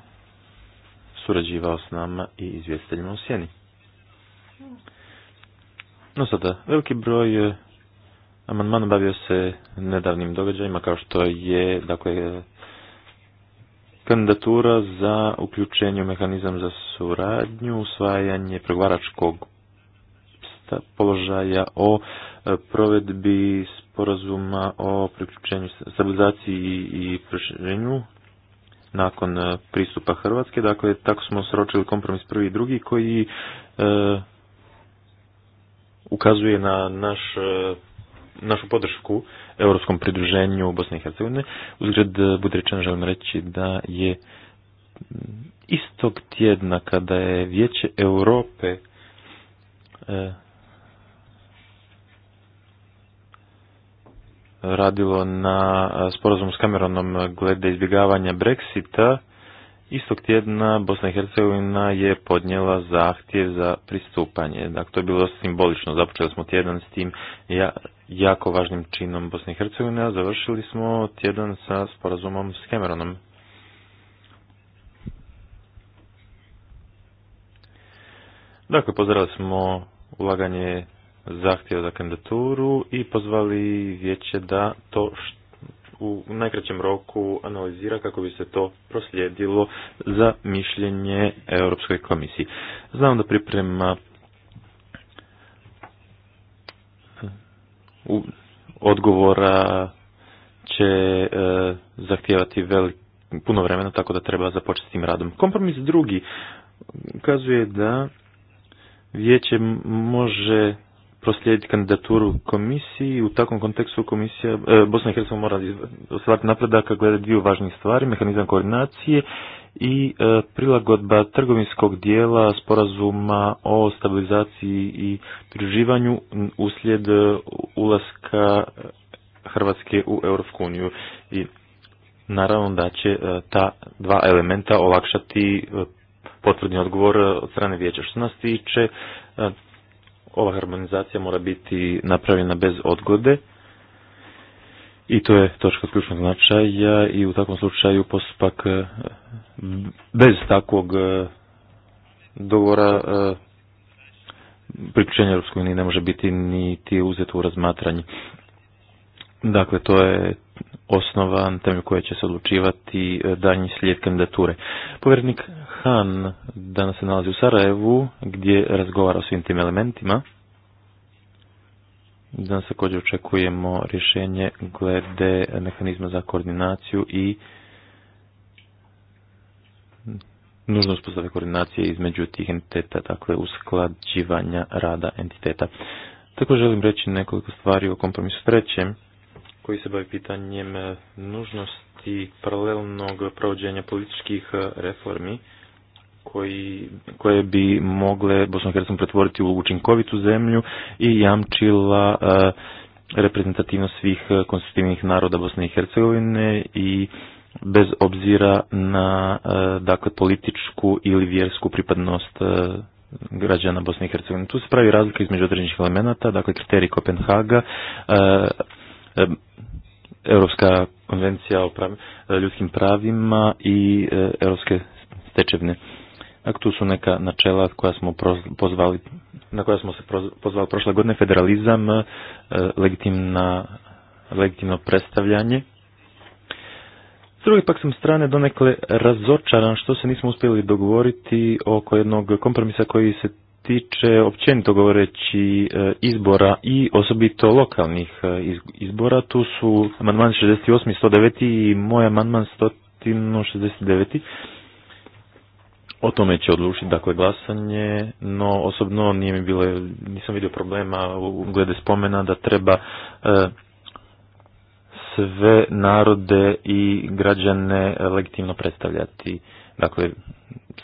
surađivao s nama i izvjestiteljima u Sjeni. No sada, veliki broj eh, amandmana bavio se nedavnim događajima kao što je dakle kandidatura za uključenje u mehanizam za suradnju, usvajanje pregovaračkog položaja o e, provedbi sporazuma o priključenju, stabilizaciji i proširenju nakon e, pristupa Hrvatske. Dakle, tako smo sročili kompromis prvi i drugi koji e, ukazuje na naš našu podršku europskom pridruženju Bosne i Hercegovine. Uzgled, eh, bude rečeno, želim reći da je mm, istog tjedna kada je Vijeće Europe eh, radilo na eh, sporazumu s kameranom glede izbjegavanja Brexita, Istog tjedna Bosna i Hercegovina je podnijela zahtjev za pristupanje. Dakle, to je bilo simbolično. Započeli smo tjedan s tim jako važnim činom Bosne i Hercegovine, a završili smo tjedan sa sporazumom s Cameronom. Dakle, pozdravili smo ulaganje zahtjeva za kandidaturu i pozvali vijeće da to što u najkraćem roku analizira kako bi se to proslijedilo za mišljenje Europskoj komisiji. Znam da priprema odgovora će e, zahtijevati velik, puno vremena, tako da treba započeti s tim radom. Kompromis drugi ukazuje da vijeće može proslijediti kandidaturu komisiji. U takvom kontekstu komisija, e, Bosna i Hercegovina mora ostvariti napredaka glede dviju važnih stvari, mehanizam koordinacije i e, prilagodba trgovinskog dijela sporazuma o stabilizaciji i pridruživanju uslijed e, ulaska Hrvatske u Europsku uniju. I naravno da će e, ta dva elementa olakšati potvrdni odgovor od strane vijeća. Što nas tiče ova harmonizacija mora biti napravljena bez odgode i to je točka ključnog značaja i u takvom slučaju postupak e, bez takvog e, dogora e, priključenja Europskoj uniji ne može biti niti uzeto u razmatranje. Dakle, to je osnova na temelju koje će se odlučivati e, daljnji slijed kandidature. Povjerenik Han danas se nalazi u Sarajevu gdje razgovara o svim tim elementima. Danas također očekujemo rješenje glede mehanizma za koordinaciju i nužno uspostave koordinacije između tih entiteta, dakle usklađivanja rada entiteta. Tako želim reći nekoliko stvari o kompromisu trećem koji se bavi pitanjem e, nužnosti paralelnog provođenja političkih e, reformi koji, koje bi mogle Bosnu i pretvoriti u učinkovitu zemlju i jamčila e, reprezentativnost svih konstitutivnih naroda Bosne i Hercegovine i bez obzira na dakle političku ili vjersku pripadnost građana Bosne i Hercegovine. Tu se pravi razlika između određenih elemenata, dakle kriterij Kopenhaga, Europska konvencija o e, ljudskim pravima i e, europske stečevne. Dakle, tu su neka načela koja smo pozvali, na koja smo se pozvali prošle godine, federalizam, e, legitimna, legitimno predstavljanje. S druge pak sam strane donekle razočaran što se nismo uspjeli dogovoriti oko jednog kompromisa koji se tiče općenito govoreći e, izbora i osobito lokalnih e, izbora, tu su amandman 68 i 109 i moj amandman 169. O tome će odlučiti dakle glasanje, no osobno nije mi bilo, nisam vidio problema u glede spomena da treba e, sve narode i građane legitimno predstavljati. Dakle,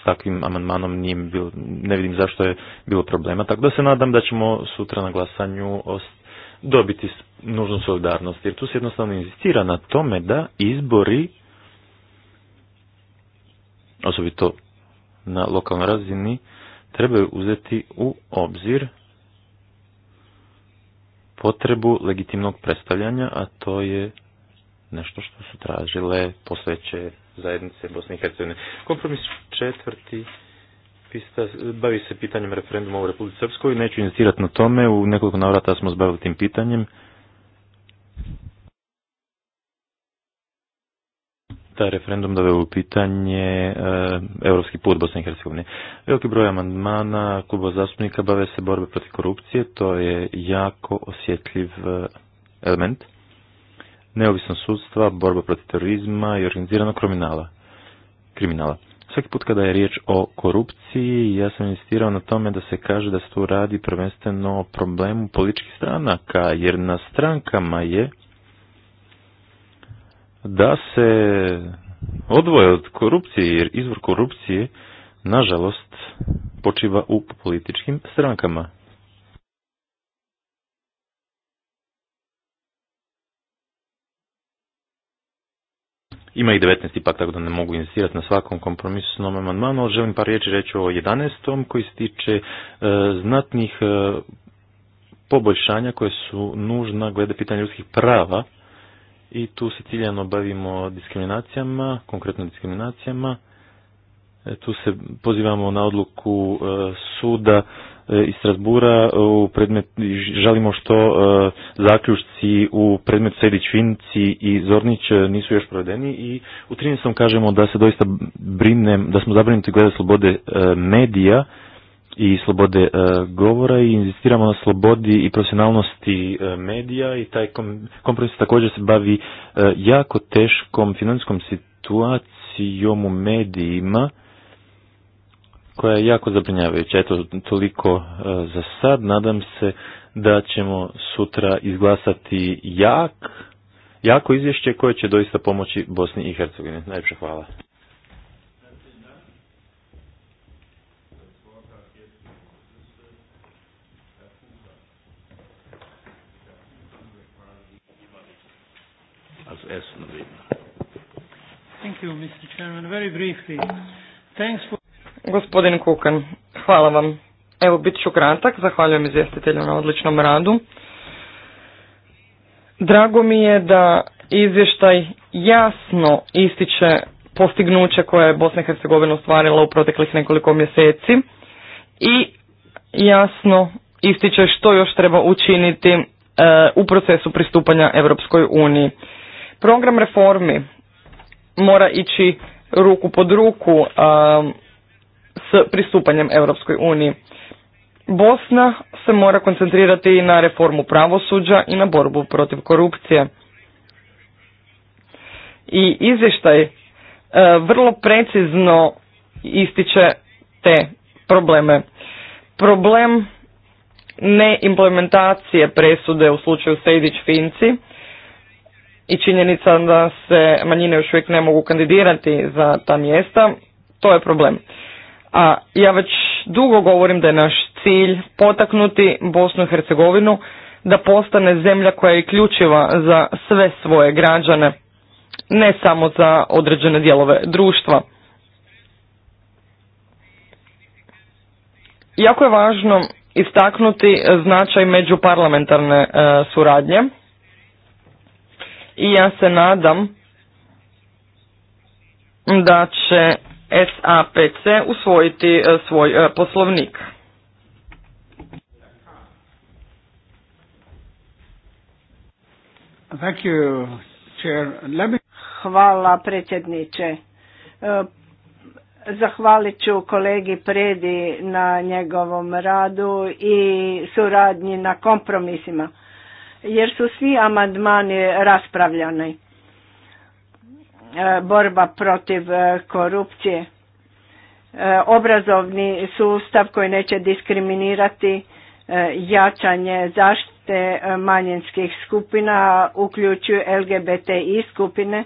s takvim amandmanom nije bilo, ne vidim zašto je bilo problema. Tako da se nadam da ćemo sutra na glasanju dobiti nužnu solidarnost. Jer tu se jednostavno insistira na tome da izbori, osobito na lokalnoj razini, trebaju uzeti u obzir potrebu legitimnog predstavljanja, a to je nešto što su tražile posveće zajednice Bosne i Hercegovine. Kompromis četvrti pista, bavi se pitanjem referenduma u Republici Srpskoj. Neću inicirati na tome. U nekoliko navrata smo zbavili tim pitanjem. taj referendum doveo u pitanje europski eh, put Bosne i Hercegovine. Veliki broj amandmana kluba zastupnika bave se borbe protiv korupcije, to je jako osjetljiv eh, element neovisno sudstva, borba protiv terorizma i organiziranog kriminala. kriminala. Svaki put kada je riječ o korupciji, ja sam investirao na tome da se kaže da se tu radi prvenstveno o problemu političkih stranaka, jer na strankama je da se odvoje od korupcije, jer izvor korupcije, nažalost, počiva u političkim strankama. Ima ih 19 ipak, tako da ne mogu insistirati na svakom kompromisnom amandmanu, ali želim par riječi reći o 11. koji se tiče e, znatnih e, poboljšanja koje su nužna glede pitanja ljudskih prava i tu se ciljano bavimo diskriminacijama, konkretno diskriminacijama. E, tu se pozivamo na odluku suda E, iz Strasbura e, u predmet, žalimo što e, zaključci u predmet Sedić Finci i Zornić nisu još provedeni i u 13. kažemo da se doista brinem, da smo zabrinuti glede slobode medija i slobode govora i inzistiramo na slobodi i profesionalnosti medija i taj kompromis također se bavi jako teškom financijskom situacijom u medijima koja je jako zabrinjavajuća. Eto, toliko e, za sad. Nadam se da ćemo sutra izglasati jak, jako izvješće koje će doista pomoći Bosni i Hercegovini. Najljepše hvala. Thank you, Mr. Chairman. Very briefly, thanks for Gospodin Kukan, hvala vam. Evo, bit ću kratak, zahvaljujem izvjestitelju na odličnom radu. Drago mi je da izvještaj jasno ističe postignuće koje je Bosna i Hercegovina ostvarila u proteklih nekoliko mjeseci i jasno ističe što još treba učiniti e, u procesu pristupanja Europskoj uniji. Program reformi mora ići ruku pod ruku a pristupanjem Europskoj uniji. Bosna se mora koncentrirati i na reformu pravosuđa i na borbu protiv korupcije. I izvještaj e, vrlo precizno ističe te probleme. Problem neimplementacije presude u slučaju Sejdić Finci i činjenica da se manjine još uvijek ne mogu kandidirati za ta mjesta, to je problem. A ja već dugo govorim da je naš cilj potaknuti Bosnu i Hercegovinu da postane zemlja koja je ključiva za sve svoje građane, ne samo za određene dijelove društva. Jako je važno istaknuti značaj međuparlamentarne e, suradnje i ja se nadam da će SAPC usvojiti e, svoj e, poslovnik. Hvala predsjedniče. E, zahvalit ću kolegi Predi na njegovom radu i suradnji na kompromisima, jer su svi amandmani raspravljani. E, borba protiv e, korupcije, e, obrazovni sustav koji neće diskriminirati, jačanje zaštite manjinskih skupina, uključuju LGBTI skupine,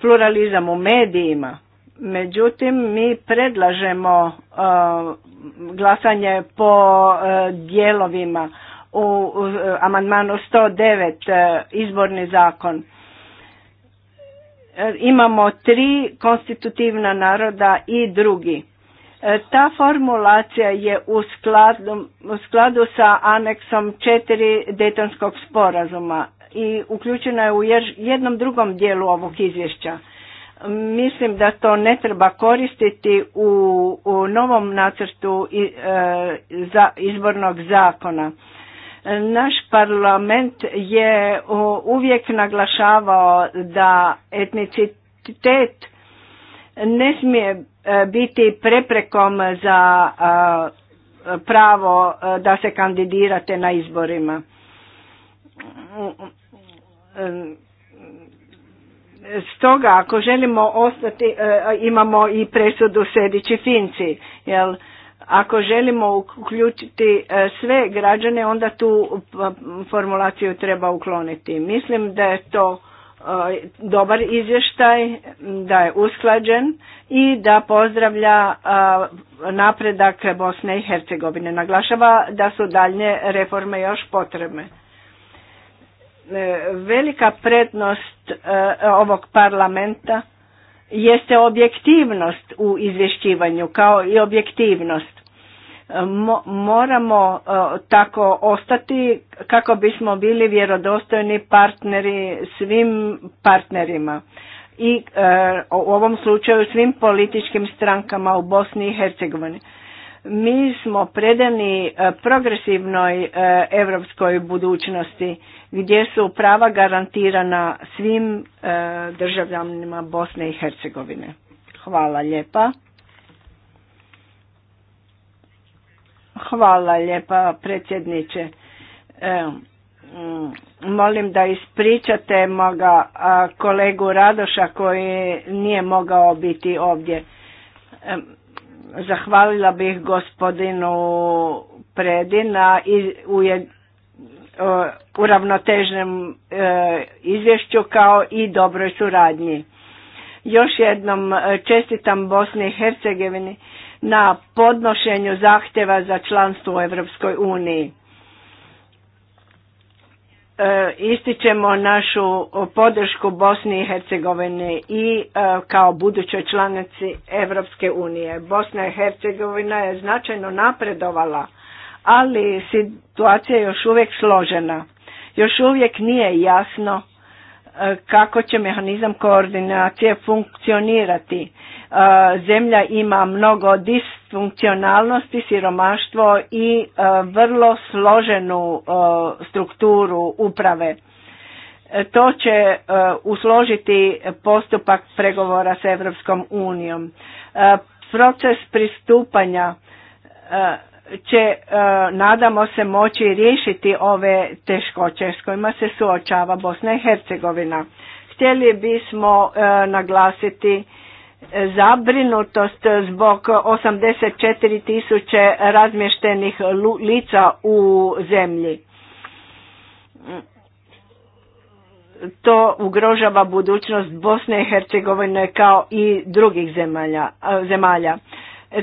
pluralizam u medijima. Međutim, mi predlažemo glasanje po dijelovima u amandmanu 109 izborni zakon E, imamo tri konstitutivna naroda i drugi. E, ta formulacija je u skladu, u skladu sa aneksom četiri detonskog sporazuma i uključena je u jednom drugom dijelu ovog izvješća. Mislim da to ne treba koristiti u, u novom nacrtu e, za izbornog zakona. Naš parlament je uvijek naglašavao da etnicitet ne smije e, biti preprekom za pravo e, da se kandidirate na izborima. Stoga ako želimo ostati e, imamo i presudu Sedići Finci jel ako želimo uključiti e, sve građane, onda tu e, formulaciju treba ukloniti. Mislim da je to e, dobar izvještaj, da je usklađen i da pozdravlja napredak Bosne i Hercegovine. Naglašava da su daljnje reforme još potrebne. Velika prednost ovog parlamenta jeste objektivnost u izvješćivanju kao i objektivnost. Mo, moramo e, tako ostati kako bismo bili vjerodostojni partneri svim partnerima i e, u ovom slučaju svim političkim strankama u Bosni i Hercegovini. Mi smo predani e, progresivnoj europskoj budućnosti gdje su prava garantirana svim e, državljanima Bosne i Hercegovine. Hvala lijepa. Hvala lijepa predsjedniče. E, mm, molim da ispričate moga kolegu Radoša koji nije mogao biti ovdje zahvalila bih gospodinu Predi na e, uravnotežnem e, izvješću kao i dobroj suradnji. Još jednom e, čestitam Bosni i Hercegovini na podnošenju zahtjeva za članstvo u Europskoj uniji. E, ističemo našu podršku Bosni i Hercegovine i e, kao budućoj članici Europske unije. Bosna i Hercegovina je značajno napredovala, ali situacija je još uvijek složena. Još uvijek nije jasno kako će mehanizam koordinacije funkcionirati. E, zemlja ima mnogo disfunkcionalnosti, siromaštvo i e, vrlo složenu e, strukturu uprave. To će usložiti postupak pregovora s Europskom unijom. Proces pristupanja će, e, nadamo se, moći riješiti ove teškoće s kojima se suočava Bosna i Hercegovina. Htjeli bismo e, naglasiti e, zabrinutost zbog 84 tisuće razmještenih lica u zemlji. To ugrožava budućnost Bosne i Hercegovine kao i drugih zemalja. zemalja.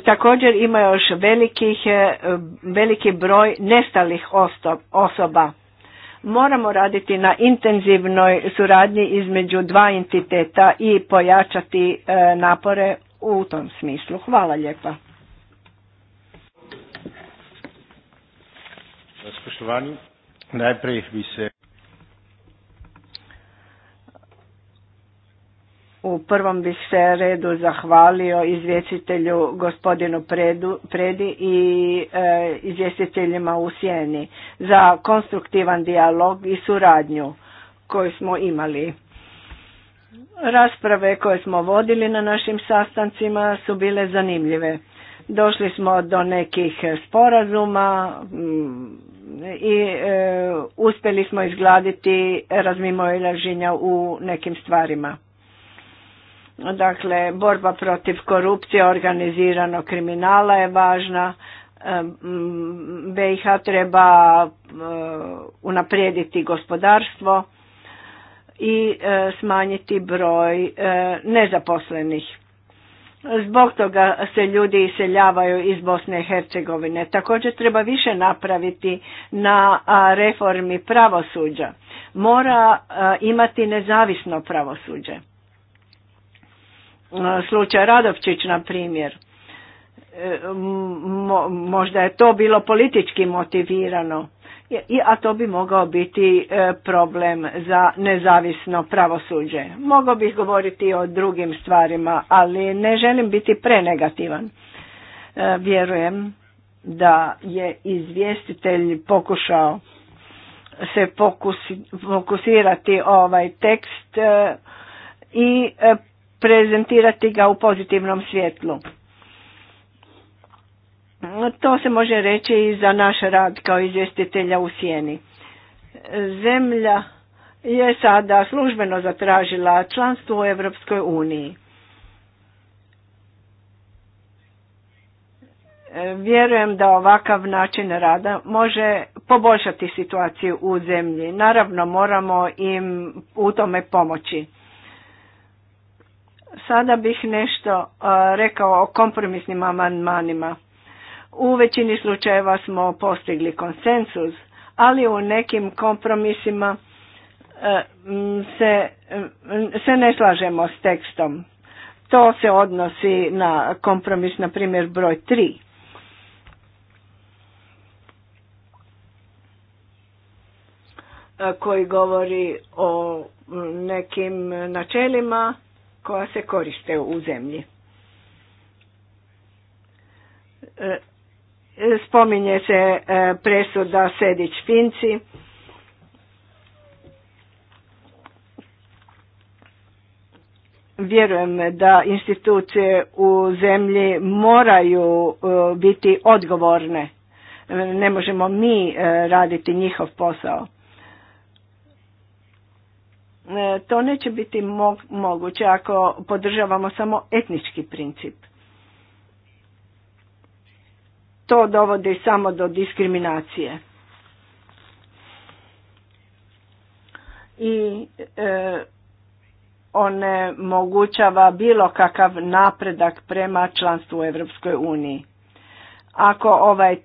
Također ima još velikih, e, veliki broj nestalih osoba. Moramo raditi na intenzivnoj suradnji između dva entiteta i pojačati e, napore u tom smislu. Hvala lijepa. Spoštovani, bi se U prvom bih se redu zahvalio izvjestitelju gospodinu Predi i e, izvjestiteljima u Sjeni za konstruktivan dijalog i suradnju koju smo imali. Rasprave koje smo vodili na našim sastancima su bile zanimljive. Došli smo do nekih sporazuma mm, i e, uspjeli smo izgladiti razmimoilaženja u nekim stvarima. Dakle, borba protiv korupcije, organiziranog kriminala je važna. E, BiH treba e, unaprijediti gospodarstvo i e, smanjiti broj nezaposlenih. Zbog toga se ljudi iseljavaju iz Bosne i Hercegovine. Također treba više napraviti na reformi pravosuđa. Mora imati nezavisno pravosuđe slučaj Radovčić, na primjer. E, možda je to bilo politički motivirano, a to bi mogao biti e, problem za nezavisno pravosuđe. Mogao bih govoriti o drugim stvarima, ali ne želim biti prenegativan. E, vjerujem da je izvjestitelj pokušao se fokusirati ovaj tekst i prezentirati ga u pozitivnom svjetlu. To se može reći i za naš rad kao izvjestitelja u sjeni. Zemlja je sada službeno zatražila članstvo u Europskoj uniji. Vjerujem da ovakav način rada može poboljšati situaciju u zemlji. Naravno moramo im u tome pomoći. Sada bih nešto uh, rekao o kompromisnim amandmanima. U većini slučajeva smo postigli konsensus, ali u nekim kompromisima uh, se, se ne slažemo s tekstom. To se odnosi na kompromis, na primjer, broj 3. Uh, koji govori o nekim načelima koja se koriste u zemlji. E, spominje se e, presuda Sedić Finci. Vjerujem da institucije u zemlji moraju e, biti odgovorne. Ne možemo mi raditi njihov posao. E, to neće biti moguće ako podržavamo samo etnički princip. To dovodi samo do diskriminacije. I e, one mogućava bilo kakav napredak prema članstvu u Europskoj uniji. Ako ovaj e,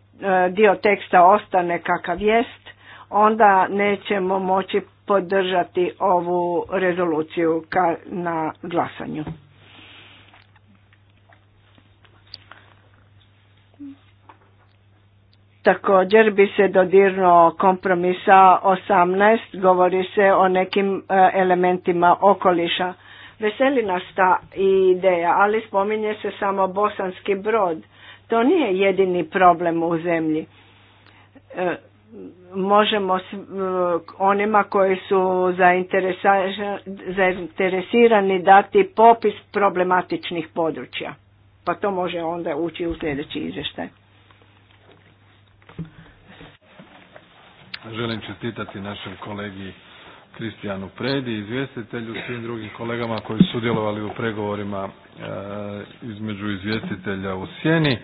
dio teksta ostane kakav jest, onda nećemo moći podržati ovu rezoluciju na glasanju. Također bi se dodirnuo kompromisa 18, govori se o nekim e, elementima okoliša. Veseli nas ta ideja, ali spominje se samo bosanski brod. To nije jedini problem u zemlji. E, možemo e, onima koji su zainteresirani dati popis problematičnih područja. Pa to može onda ući u sljedeći izvještaj. Želim čestitati našem kolegi Kristijanu Predi, izvjestitelju, svim drugim kolegama koji su sudjelovali u pregovorima e, između izvjestitelja u Sjeni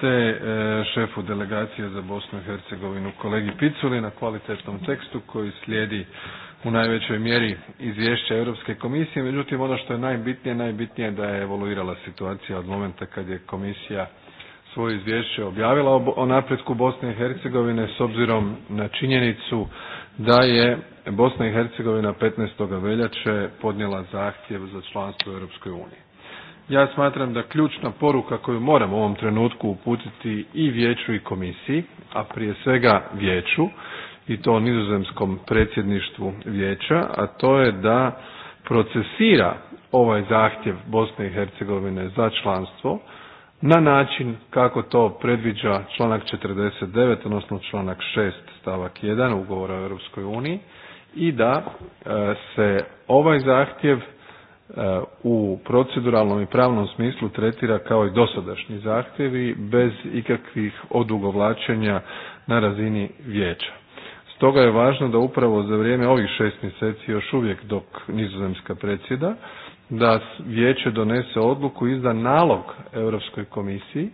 te e, šefu delegacije za Bosnu i Hercegovinu kolegi Piculi na kvalitetnom tekstu koji slijedi u najvećoj mjeri izvješća Europske komisije. Međutim, ono što je najbitnije, najbitnije je da je evoluirala situacija od momenta kad je komisija svoje izvješće objavila o napretku Bosne i Hercegovine s obzirom na činjenicu da je Bosna i Hercegovina 15. veljače podnijela zahtjev za članstvo u Europskoj uniji. Ja smatram da ključna poruka koju moram u ovom trenutku uputiti i vijeću i komisiji, a prije svega vijeću i to nizozemskom predsjedništvu vijeća, a to je da procesira ovaj zahtjev Bosne i Hercegovine za članstvo na način kako to predviđa članak 49, odnosno članak 6 stavak 1 ugovora o Europskoj uniji i da e, se ovaj zahtjev u proceduralnom i pravnom smislu tretira kao i dosadašnji zahtjevi bez ikakvih odugovlačenja na razini vijeća. Stoga je važno da upravo za vrijeme ovih šest mjeseci još uvijek dok Nizozemska predsjeda da vijeće donese odluku izda nalog Europskoj komisiji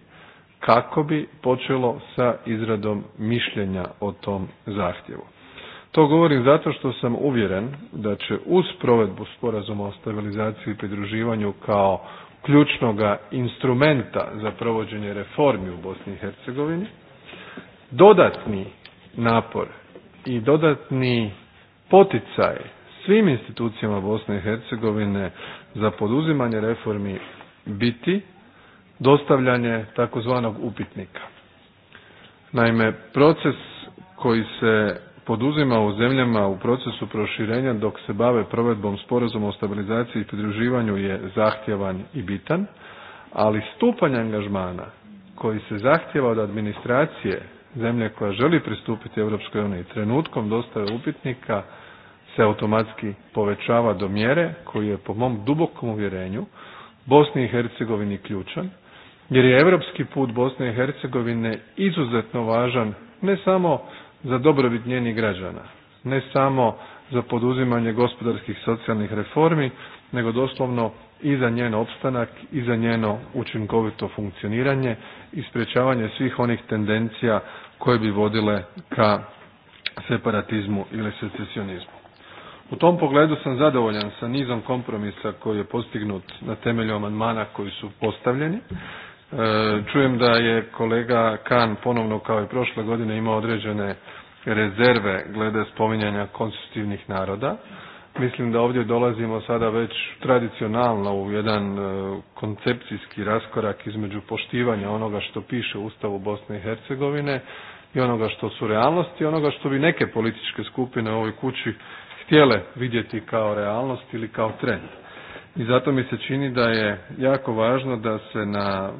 kako bi počelo sa izradom mišljenja o tom zahtjevu. To govorim zato što sam uvjeren da će uz provedbu sporazuma o stabilizaciji i pridruživanju kao ključnoga instrumenta za provođenje reformi u Bosni i Hercegovini dodatni napor i dodatni poticaj svim institucijama Bosne i Hercegovine za poduzimanje reformi biti dostavljanje takozvanog upitnika. Naime, proces koji se poduzima u zemljama u procesu proširenja dok se bave provedbom sporazuma o stabilizaciji i pridruživanju je zahtjevan i bitan, ali stupanj angažmana koji se zahtjeva od administracije zemlje koja želi pristupiti Europskoj uniji trenutkom dostave upitnika se automatski povećava do mjere koji je po mom dubokom uvjerenju Bosni i Hercegovini ključan, jer je europski put Bosne i Hercegovine izuzetno važan ne samo za dobrobit njenih građana, ne samo za poduzimanje gospodarskih socijalnih reformi, nego doslovno i za njen opstanak i za njeno učinkovito funkcioniranje i sprječavanje svih onih tendencija koje bi vodile ka separatizmu ili secesionizmu. U tom pogledu sam zadovoljan sa nizom kompromisa koji je postignut na temelju amandmana koji su postavljeni E, čujem da je kolega Kan ponovno kao i prošle godine imao određene rezerve glede spominjanja konstitutivnih naroda. Mislim da ovdje dolazimo sada već tradicionalno u jedan e, koncepcijski raskorak između poštivanja onoga što piše u Ustavu Bosne i Hercegovine i onoga što su realnosti onoga što bi neke političke skupine u ovoj kući htjele vidjeti kao realnost ili kao trend i zato mi se čini da je jako važno da se na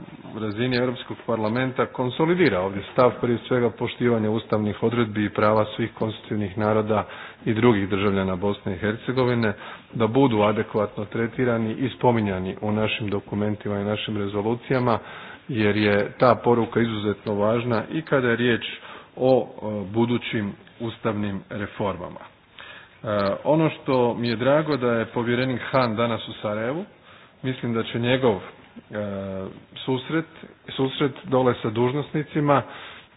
razini Europskog parlamenta konsolidira ovdje stav prije svega poštivanja ustavnih odredbi i prava svih konstitutivnih naroda i drugih državljana Bosne i Hercegovine da budu adekvatno tretirani i spominjani u našim dokumentima i našim rezolucijama jer je ta poruka izuzetno važna i kada je riječ o e, budućim ustavnim reformama. Eh, ono što mi je drago da je povjerenik Han danas u Sarajevu, mislim da će njegov eh, susret, susret dole sa dužnosnicima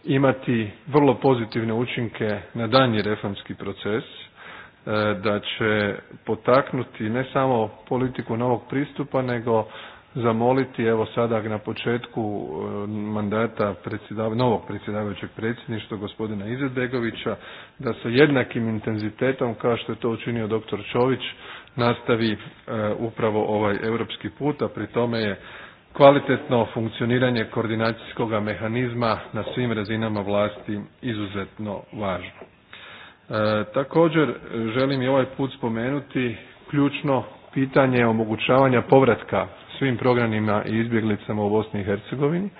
imati vrlo pozitivne učinke na danji reformski proces, eh, da će potaknuti ne samo politiku novog pristupa nego zamoliti evo sada na početku e, mandata predsjedava, novog predsjedavajućeg predsjedništva gospodina Izetbegovića da sa jednakim intenzitetom kao što je to učinio dr. Čović nastavi e, upravo ovaj europski put, a pri tome je kvalitetno funkcioniranje koordinacijskog mehanizma na svim razinama vlasti izuzetno važno. E, također želim i ovaj put spomenuti ključno pitanje omogućavanja povratka svim programima i izbjeglicama u Bosni i Hercegovini,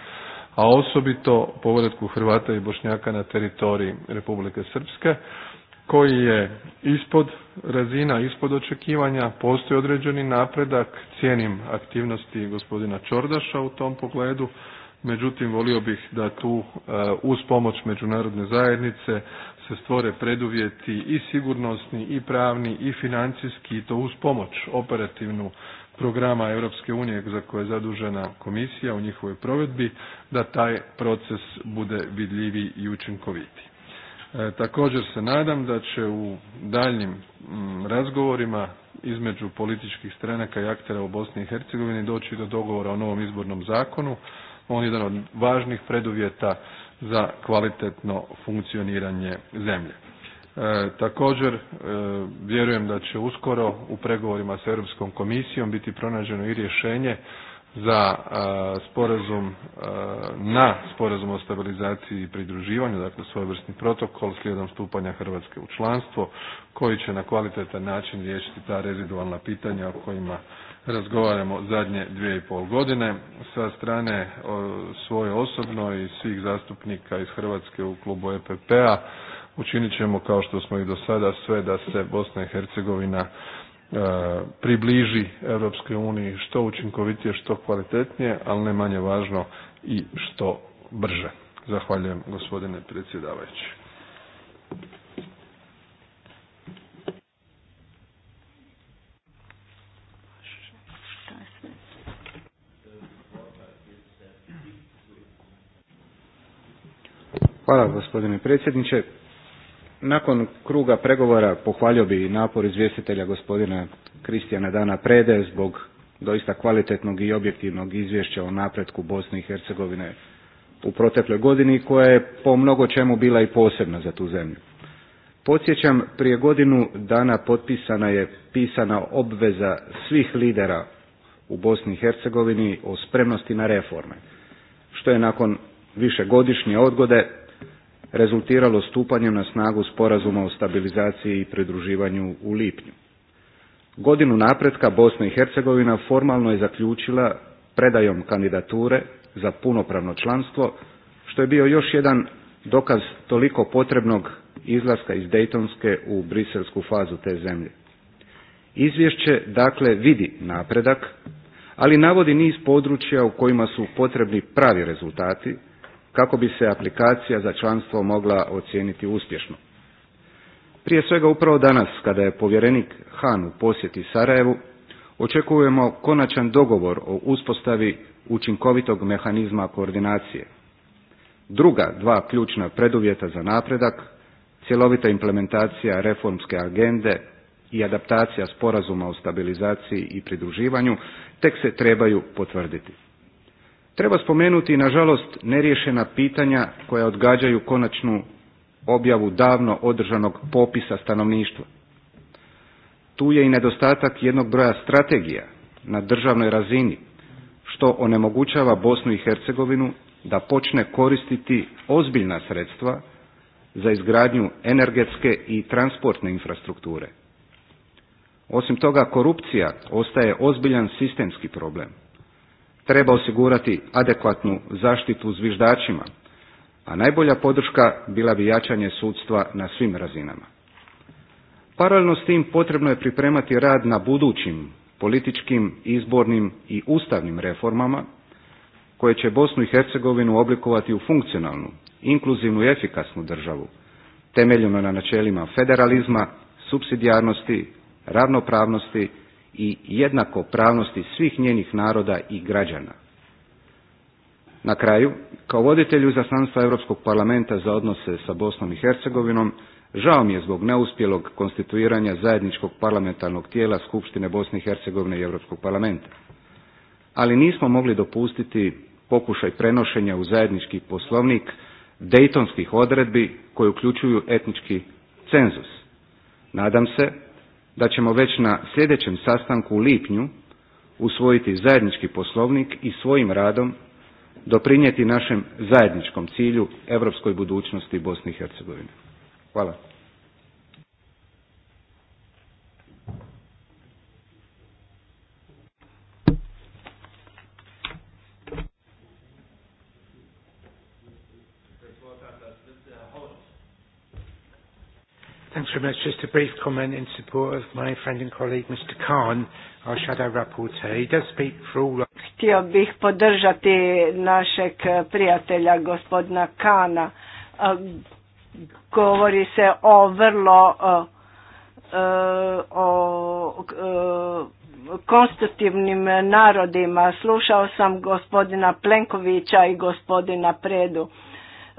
a osobito povratku Hrvata i Bošnjaka na teritoriji Republike Srpske koji je ispod razina, ispod očekivanja, postoji određeni napredak, cijenim aktivnosti gospodina Čordaša u tom pogledu, međutim volio bih da tu e, uz pomoć međunarodne zajednice se stvore preduvjeti i sigurnosni i pravni i financijski i to uz pomoć operativnu programa Europske unije za koje je zadužena komisija u njihovoj provedbi, da taj proces bude vidljiviji i učinkovitiji. E, također se nadam da će u daljnjim mm, razgovorima između političkih stranaka i aktera u Bosni i Hercegovini doći do dogovora o novom izbornom zakonu. On je jedan od važnih preduvjeta za kvalitetno funkcioniranje zemlje. E, također e, vjerujem da će uskoro u pregovorima s Europskom komisijom biti pronađeno i rješenje za e, sporazum e, na sporazum o stabilizaciji i pridruživanju, dakle svojevrsni protokol slijedom stupanja Hrvatske u članstvo koji će na kvalitetan način riješiti ta rezidualna pitanja o kojima razgovaramo zadnje dvije i pol godine. Sa strane svoje osobno i svih zastupnika iz Hrvatske u klubu EPP-a učinit ćemo kao što smo i do sada sve da se Bosna i Hercegovina e, približi Europskoj uniji što učinkovitije, što kvalitetnije, ali ne manje važno i što brže. Zahvaljujem gospodine predsjedavajući. Hvala gospodine predsjedniče nakon kruga pregovora pohvalio bi napor izvjestitelja gospodina Kristijana Dana Prede zbog doista kvalitetnog i objektivnog izvješća o napretku Bosne i Hercegovine u protekloj godini koja je po mnogo čemu bila i posebna za tu zemlju. Podsjećam, prije godinu dana potpisana je pisana obveza svih lidera u Bosni i Hercegovini o spremnosti na reforme, što je nakon višegodišnje odgode rezultiralo stupanjem na snagu sporazuma o stabilizaciji i pridruživanju u lipnju. Godinu napretka Bosna i Hercegovina formalno je zaključila predajom kandidature za punopravno članstvo, što je bio još jedan dokaz toliko potrebnog izlaska iz Dejtonske u briselsku fazu te zemlje. Izvješće dakle vidi napredak, ali navodi niz područja u kojima su potrebni pravi rezultati, kako bi se aplikacija za članstvo mogla ocijeniti uspješno. Prije svega upravo danas kada je povjerenik Han u posjeti Sarajevu očekujemo konačan dogovor o uspostavi učinkovitog mehanizma koordinacije. Druga dva ključna preduvjeta za napredak, cjelovita implementacija reformske agende i adaptacija sporazuma o stabilizaciji i pridruživanju tek se trebaju potvrditi. Treba spomenuti nažalost neriješena pitanja koja odgađaju konačnu objavu davno održanog popisa stanovništva. Tu je i nedostatak jednog broja strategija na državnoj razini što onemogućava Bosnu i Hercegovinu da počne koristiti ozbiljna sredstva za izgradnju energetske i transportne infrastrukture. Osim toga korupcija ostaje ozbiljan sistemski problem. Treba osigurati adekvatnu zaštitu zviždačima, a najbolja podrška bila bi jačanje sudstva na svim razinama. Paralelno s tim potrebno je pripremati rad na budućim političkim, izbornim i ustavnim reformama koje će Bosnu i Hercegovinu oblikovati u funkcionalnu, inkluzivnu i efikasnu državu temeljeno na načelima federalizma, supsidijarnosti, ravnopravnosti i jednakopravnosti svih njenih naroda i građana. Na kraju, kao voditelju Izaslanstva Europskog parlamenta za odnose sa Bosnom i Hercegovinom, žao mi je zbog neuspjelog konstituiranja zajedničkog parlamentarnog tijela Skupštine Bosne i Hercegovine i Europskog parlamenta. Ali nismo mogli dopustiti pokušaj prenošenja u zajednički poslovnik dejtonskih odredbi koje uključuju etnički cenzus. Nadam se da ćemo već na sljedećem sastanku u lipnju usvojiti zajednički poslovnik i svojim radom doprinijeti našem zajedničkom cilju europskoj budućnosti Bosne i Hercegovine. Hvala. Htio bih podržati našeg prijatelja gospodina Kana. E, govori se o vrlo e, e, o, konstruktivnim narodima. Slušao sam gospodina Plenkovića i gospodina Predu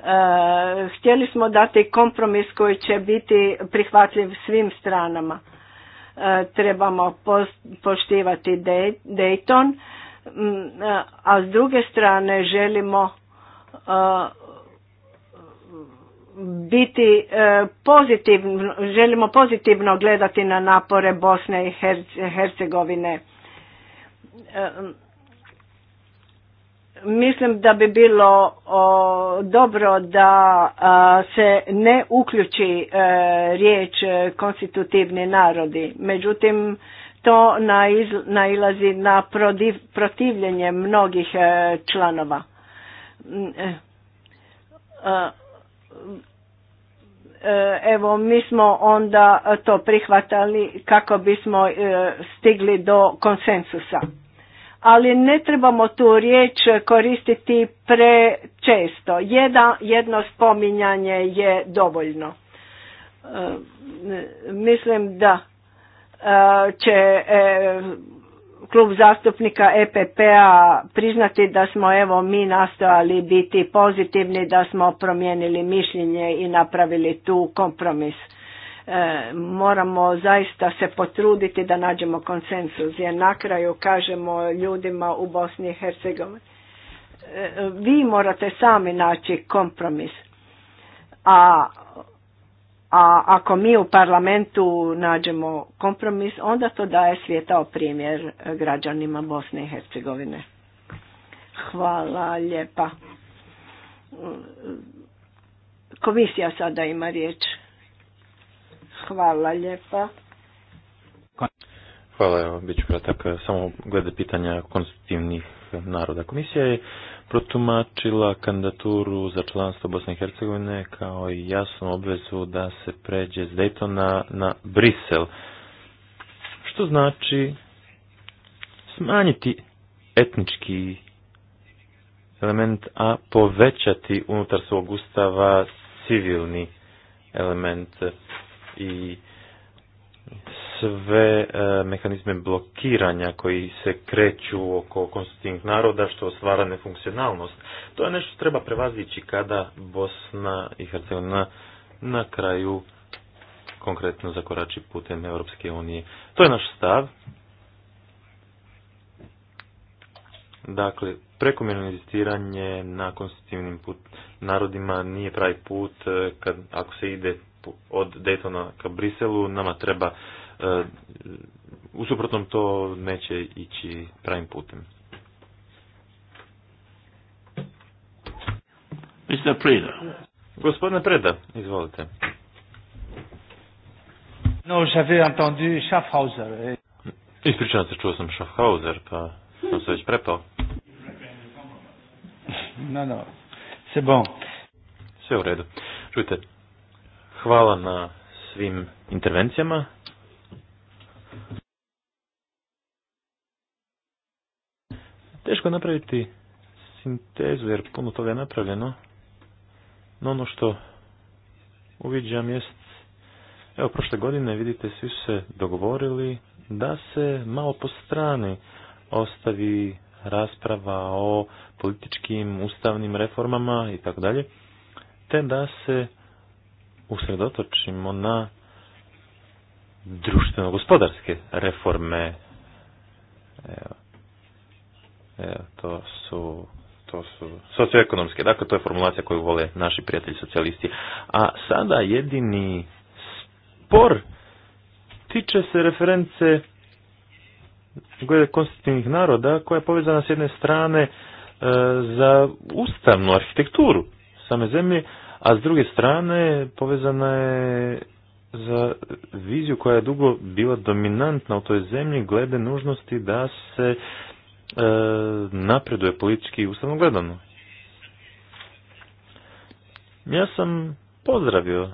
Eh, htjeli smo dati kompromis koji će biti prihvatljiv svim stranama. Eh, trebamo poštivati Dayton, mm, eh, a s druge strane želimo biti pozitivno, želimo pozitivno gledati na napore Bosne i Hercegovine Mislim da bi bilo dobro da se ne uključi e, riječ e, konstitutivni narodi. Međutim, to nailazi na protivljenje mnogih e, članova. Mm, evo mi smo onda to prihvatali kako bismo stigli do konsensusa ali ne trebamo tu riječ koristiti prečesto. jedno spominjanje je dovoljno. E, mislim da e, će e, klub zastupnika EPP-a priznati da smo evo mi nastojali biti pozitivni, da smo promijenili mišljenje i napravili tu kompromis. E, moramo zaista se potruditi da nađemo konsensus jer na kraju kažemo ljudima u Bosni i Hercegovini e, vi morate sami naći kompromis a a ako mi u parlamentu nađemo kompromis, onda to daje svijetao primjer građanima Bosne i Hercegovine. Hvala lijepa. Komisija sada ima riječ. Hvala lijepa. Hvala, evo, bit ću kratak. Samo glede pitanja konstitutivnih naroda. Komisija je protumačila kandidaturu za članstvo Bosne i Hercegovine kao i jasnu obvezu da se pređe s Daytona na Brisel. Što znači smanjiti etnički element, a povećati unutar svog ustava civilni element i sve e, mehanizme blokiranja koji se kreću oko konstitutivnih naroda što stvara nefunkcionalnost. To je nešto treba prevazići kada Bosna i Hercegovina na kraju konkretno zakorači putem Europske unije. To je naš stav. Dakle, prekomjerno investiranje na konstitutivnim put, narodima nije pravi put e, kad, ako se ide od Daytona ka Briselu, nama treba, e, u suprotnom to neće ići pravim putem. Mr. Preda. Gospodine Preda, izvolite. No, j'avais entendu Schaffhauser. Eh. Ispričan se, čuo sam Schaffhauser, pa sam se već prepao. No, no, c'est bon. Sve u redu. Čujte, Hvala na svim intervencijama. Teško je napraviti sintezu jer puno toga je napravljeno. No ono što uviđam jest, evo prošle godine vidite svi su se dogovorili da se malo po strani ostavi rasprava o političkim, ustavnim reformama i tako dalje, te da se usredotočimo na društveno-gospodarske reforme. Evo, evo, to su to su socioekonomske, dakle to je formulacija koju vole naši prijatelji socijalisti. A sada jedini spor tiče se reference konstitutivnih naroda koja je povezana s jedne strane e, za ustavnu arhitekturu same zemlje, a s druge strane povezana je za viziju koja je dugo bila dominantna u toj zemlji glede nužnosti da se e, napreduje politički i ustavno gledano. Ja sam pozdravio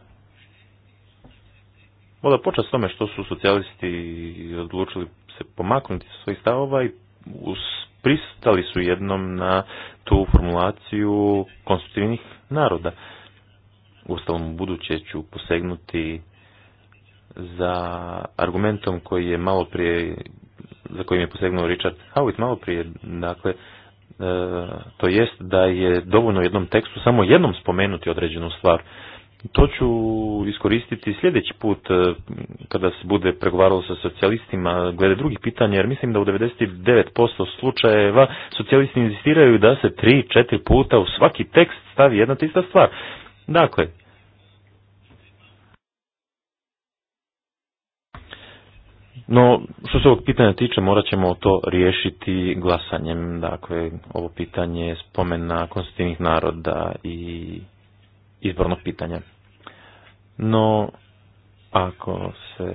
voda počas tome što su socijalisti odlučili se pomaknuti sa svojih stavova i pristali su jednom na tu formulaciju konstitutivnih naroda. Ustavom buduće ću posegnuti za argumentom koji je malo prije, za kojim je posegnuo Richard Howitt malo prije, dakle, e, to jest da je dovoljno u jednom tekstu samo jednom spomenuti određenu stvar. To ću iskoristiti sljedeći put e, kada se bude pregovaralo sa socijalistima glede drugih pitanja, jer mislim da u 99% slučajeva socijalisti inzistiraju da se 3-4 puta u svaki tekst stavi jedna te ista stvar. Dakle, No, što se ovog pitanja tiče, morat ćemo to riješiti glasanjem. Dakle, ovo pitanje spomena konstitutivnih naroda i izbornog pitanja. No, ako se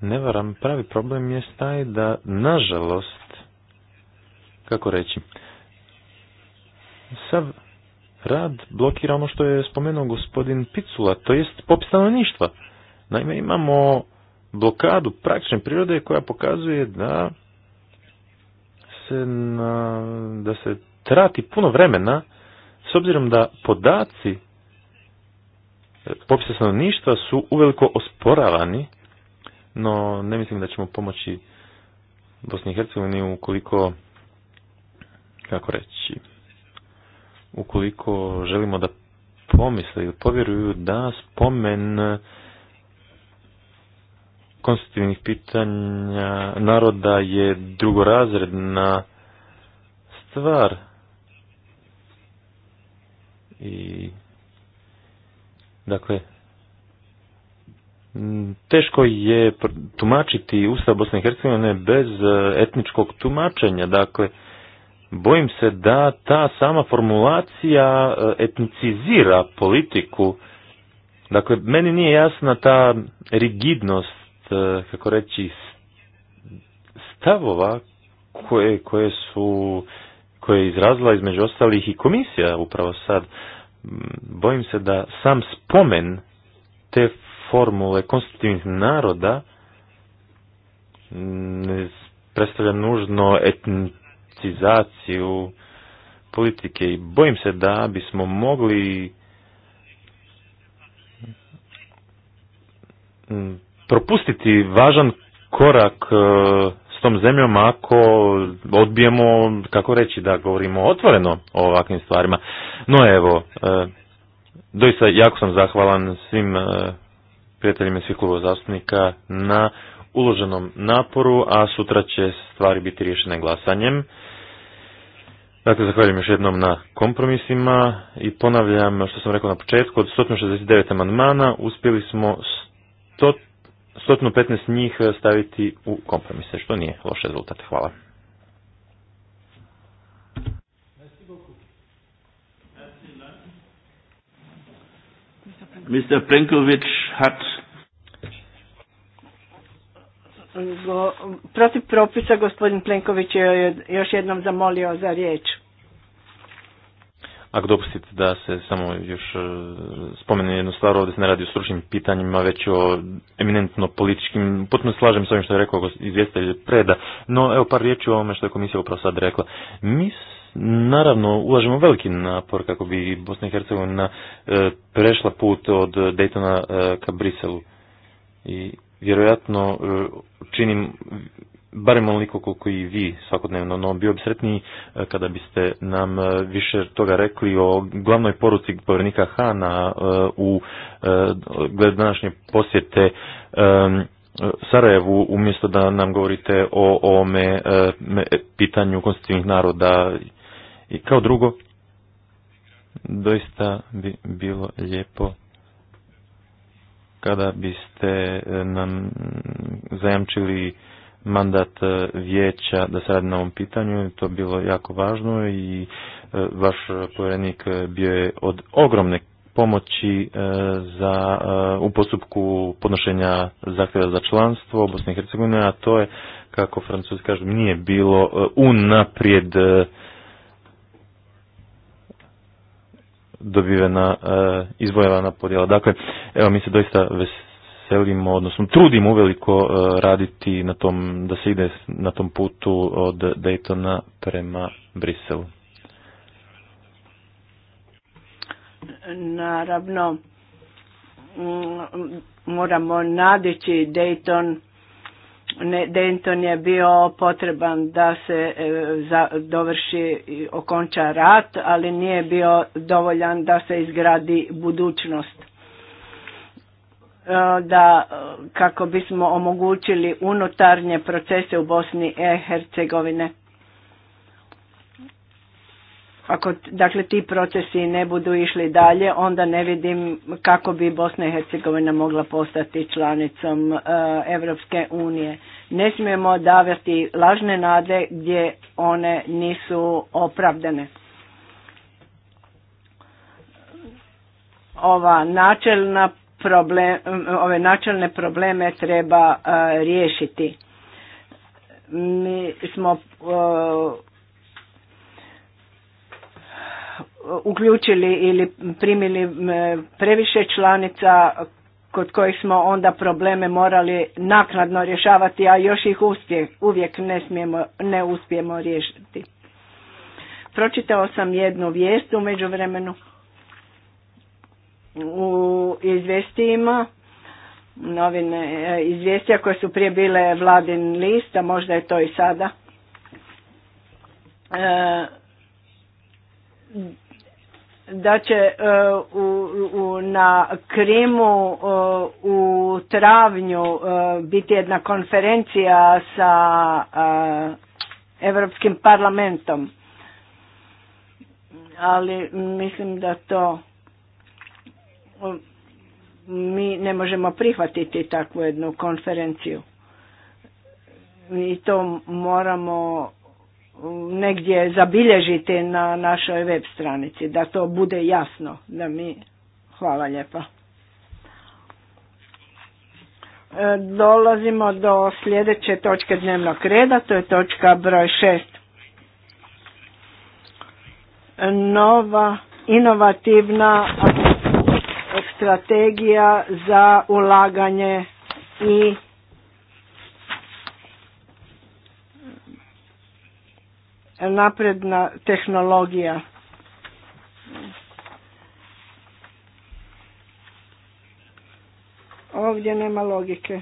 ne varam, pravi problem je taj da, nažalost, kako reći, sav rad blokira ono što je spomenuo gospodin Picula, to jest popis stanovništva. Naime, imamo blokadu praktične prirode koja pokazuje da se, na, da se trati puno vremena s obzirom da podaci e, popisa stanovništva su uveliko osporavani, no ne mislim da ćemo pomoći Bosni i Hercegovini ukoliko, kako reći, ukoliko želimo da pomisle ili povjeruju da spomen konstitutivnih pitanja naroda je drugorazredna stvar i dakle teško je tumačiti Ustav Bosne i Hercegovine bez e, etničkog tumačenja. Dakle, bojim se da ta sama formulacija e, etnicizira politiku. Dakle, meni nije jasna ta rigidnost E, kako reći, stavova koje, koje su koje je izrazila između ostalih i komisija upravo sad. Bojim se da sam spomen te formule konstitutivnih naroda predstavlja nužno etnicizaciju politike i bojim se da bismo mogli propustiti važan korak e, s tom zemljom ako odbijemo, kako reći, da govorimo otvoreno o ovakvim stvarima. No evo, e, doista jako sam zahvalan svim e, prijateljima svih klubova zastupnika na uloženom naporu, a sutra će stvari biti riješene glasanjem. Dakle, zahvaljujem još jednom na kompromisima i ponavljam ono što sam rekao na početku, od 169 amandmana uspjeli smo to 115 njih e, staviti u kompromise, što nije loš rezultat. Hvala. Mr. Plenković hat protiv propisa gospodin Plenković je još jednom zamolio za riječ. Ako dopustite da se samo još e, spomene jednu stvar, ovdje se ne radi o stručnim pitanjima, već o eminentno političkim, potpuno slažem s ovim što je rekao izvjestitelj Preda, no evo par riječi o ovome što je komisija upravo sad rekla. Mi naravno ulažemo veliki napor kako bi Bosna i Hercegovina e, prešla put od Daytona e, ka Briselu i vjerojatno činim barem onoliko koliko i vi svakodnevno, no bio bi sretniji e, kada biste nam e, više toga rekli o glavnoj poruci povjerenika Hana e, u glede današnje posjete Sarajevu, umjesto da nam govorite o ovome pitanju konstitutivnih naroda i kao drugo, doista bi bilo lijepo kada biste nam zajamčili mandat e, vijeća da se radi na ovom pitanju, to je bilo jako važno i e, vaš povjerenik bio je od ogromne pomoći e, za, u postupku podnošenja zahtjeva za članstvo Bosne i Hercegovine, a to je, kako francuski kažu, nije bilo unaprijed dobivena izvojevana podjela. Dakle, evo mi se doista selimo, odnosno trudimo uveliko e, raditi na tom, da se ide na tom putu od Daytona prema Briselu. Naravno, mm, moramo nadići Dayton. Dayton je bio potreban da se e, dovrši i okonča rat, ali nije bio dovoljan da se izgradi budućnost E, da e, kako bismo omogućili unutarnje procese u Bosni i Hercegovine. Ako dakle ti procesi ne budu išli dalje, onda ne vidim kako bi Bosna i Hercegovina mogla postati članicom uh, e, Europske unije. Ne smijemo davati lažne nade gdje one nisu opravdane. Ova načelna problem, ove načelne probleme treba e, riješiti. Mi smo e, uključili ili primili e, previše članica kod kojih smo onda probleme morali naknadno rješavati, a još ih uvijek ne, smijemo, ne uspijemo riješiti. Pročitao sam jednu vijest u međuvremenu u izvjestima, novine e, izvjestija koje su prije bile vladin list, a možda je to i sada. E, da će e, u, na Krimu u travnju biti jedna konferencija sa Europskim parlamentom. Ali mislim da to mi ne možemo prihvatiti takvu jednu konferenciju. Mi to moramo negdje zabilježiti na našoj web stranici, da to bude jasno, da mi... Hvala lijepa. E, dolazimo do sljedeće točke dnevnog reda, to je točka broj šest. Nova inovativna strategija za ulaganje i napredna tehnologija. Ovdje nema logike.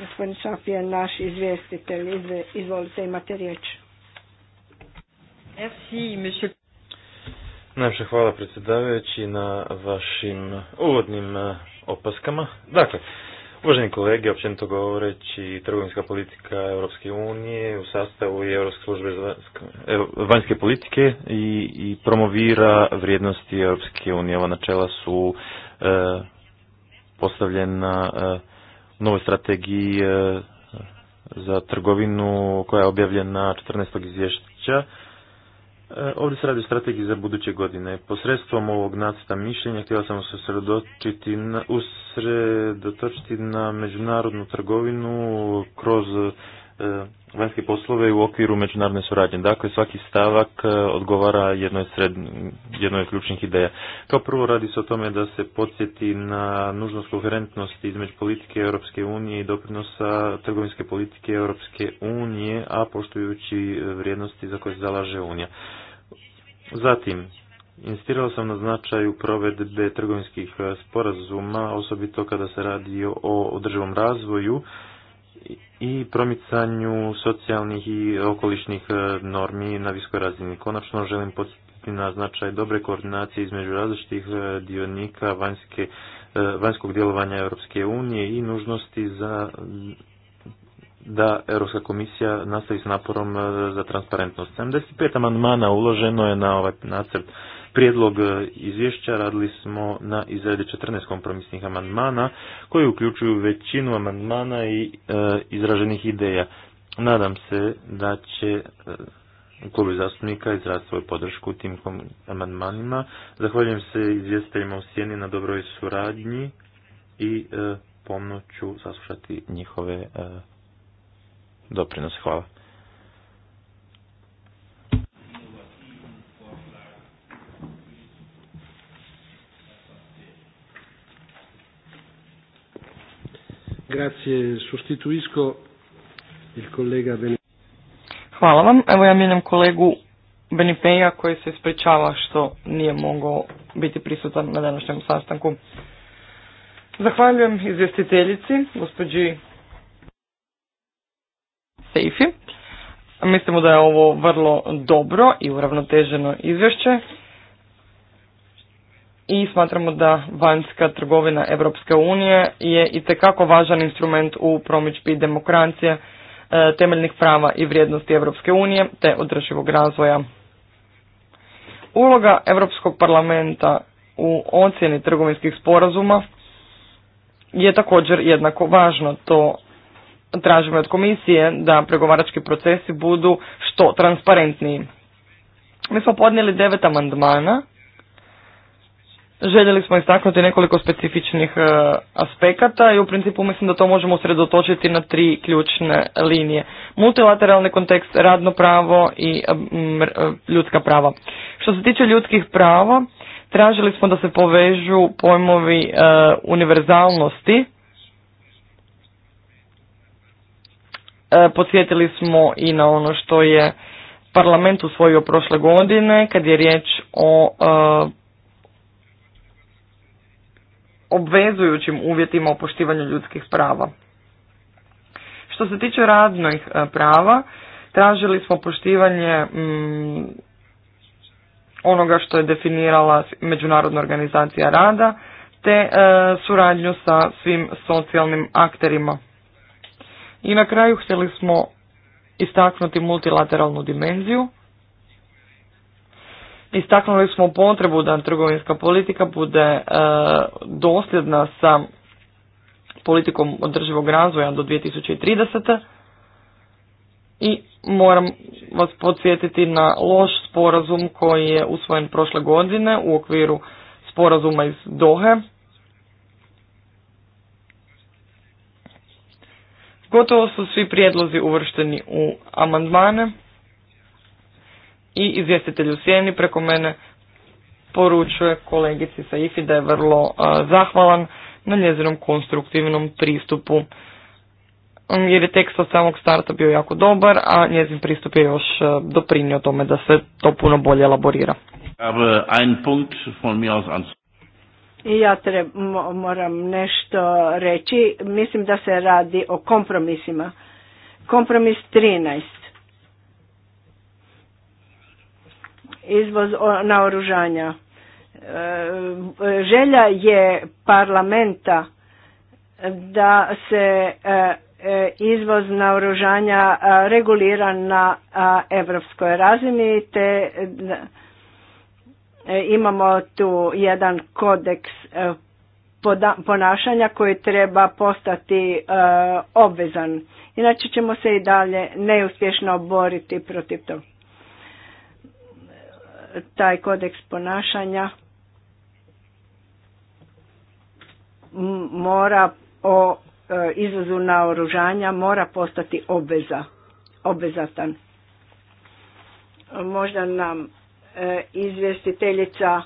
Gospodin Čap je naš izvjestitelj. Izvolite, imate riječ. Merci, monsieur naše hvala predsjedavajući na vašim uvodnim e, opaskama. Dakle, uvaženi kolege, općenito govoreći, trgovinska politika Europske unije u sastavu i Europske službe e, vanjske politike i, promovira vrijednosti Europske unije. Ova načela su e, postavljena u novoj strategiji za trgovinu koja je objavljena 14. izvješća E, ovdje se radi o strategiji za buduće godine. Posredstvom ovog nacrta mišljenja htio sam se na, usredotočiti na međunarodnu trgovinu kroz E, vanjske poslove u okviru međunarodne suradnje. Dakle, svaki stavak e, odgovara jednoj, sred, jednoj ključnih ideja. Kao prvo radi se o tome da se podsjeti na nužnost koherentnosti između politike Europske unije i doprinosa trgovinske politike Europske unije, a poštujući e, vrijednosti za koje se zalaže Unija. Zatim, Insistirao sam na značaju provedbe trgovinskih sporazuma, osobito kada se radi o održivom razvoju, i promicanju socijalnih i okolišnih e, normi na viskoj razini. Konačno želim podsjetiti na značaj dobre koordinacije između različitih e, dionika vanjske, e, vanjskog djelovanja Europske unije i nužnosti za da Europska komisija nastavi s naporom za transparentnost. 75 amandmana uloženo je na ovaj nacrt prijedlog e, izvješća radili smo na izradi 14 kompromisnih amandmana koji uključuju većinu amandmana i e, izraženih ideja. Nadam se da će e, klubu zastupnika izraditi svoju podršku tim amandmanima. Zahvaljujem se izvjestiteljima u Sjeni na dobroj suradnji i e, pomno ću saslušati njihove e, doprinose. Hvala. Grazie, sostituisco il collega Hvala vam. Evo ja mijenjam kolegu Benipeja koji se ispričava što nije mogao biti prisutan na današnjem sastanku. Zahvaljujem izvjestiteljici, gospođi Seifi. Mislimo da je ovo vrlo dobro i uravnoteženo izvješće i smatramo da vanjska trgovina Europske unije je i tekako važan instrument u promičbi demokracije, e, temeljnih prava i vrijednosti Europske unije te održivog razvoja. Uloga Europskog parlamenta u ocjeni trgovinskih sporazuma je također jednako važno. To tražimo od komisije da pregovarački procesi budu što transparentniji. Mi smo podnijeli devet amandmana Željeli smo istaknuti nekoliko specifičnih e, aspekata i u principu mislim da to možemo usredotočiti na tri ključne linije. Multilateralni kontekst, radno pravo i e, e, ljudska prava. Što se tiče ljudskih prava, tražili smo da se povežu pojmovi univerzalnosti. Podsjetili smo i na ono što je parlament usvojio prošle godine kad je riječ o obvezujućim uvjetima o poštivanju ljudskih prava. Što se tiče radnih e, prava, tražili smo poštivanje mm, onoga što je definirala Međunarodna organizacija rada, te e, suradnju sa svim socijalnim akterima. I na kraju htjeli smo istaknuti multilateralnu dimenziju Istaknuli smo potrebu da trgovinska politika bude e, dosljedna sa politikom održivog razvoja do 2030. I moram vas podsjetiti na loš sporazum koji je usvojen prošle godine u okviru sporazuma iz Dohe. Gotovo su svi prijedlozi uvršteni u amandmane i izvjestitelj u sjeni preko mene poručuje kolegici IFI da je vrlo zahvalan na njezinom konstruktivnom pristupu mm, jer je tekst od samog starta bio jako dobar, a njezin pristup je još doprinio tome da se to puno bolje elaborira. Ja moram nešto reći. Mislim da se radi o kompromisima. Kompromis 13. izvoz naoružanja. E, želja je parlamenta da se e, e, izvoz naoružanja regulira na evropskoj razini te imamo tu jedan kodeks ponašanja koji treba postati obvezan. Inače ćemo se i dalje neuspješno boriti protiv toga taj kodeks ponašanja mora o e, izvozu oružanja mora postati obveza, obvezatan. Možda nam e, izvjestiteljica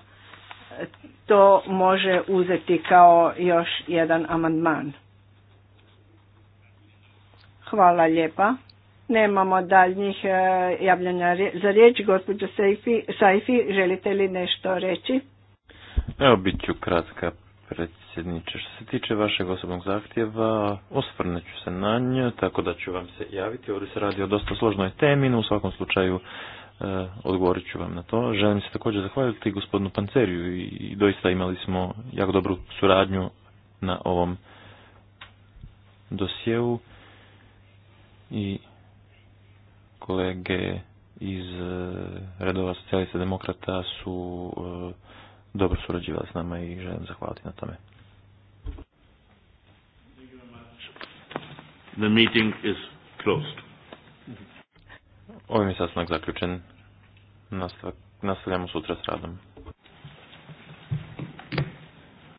to može uzeti kao još jedan amandman. Hvala lijepa. Nemamo daljnjih e, javljanja za riječ. Gospođo Saifi, želite li nešto reći? Evo, bit ću kratka predsjedniče. Što se tiče vašeg osobnog zahtjeva, osvrnut ću se na nje, tako da ću vam se javiti. Ovdje se radi o dosta složnoj temi, no u svakom slučaju e, odgovorit ću vam na to. Želim se također zahvaliti gospodinu Panceriju i doista imali smo jako dobru suradnju na ovom dosjevu. i kolege iz e, redova socijalista demokrata su e, dobro surađivali s nama i želim zahvaliti na tome. The meeting is closed. Ovim je sastanak zaključen. Nastavljamo sutra s radom.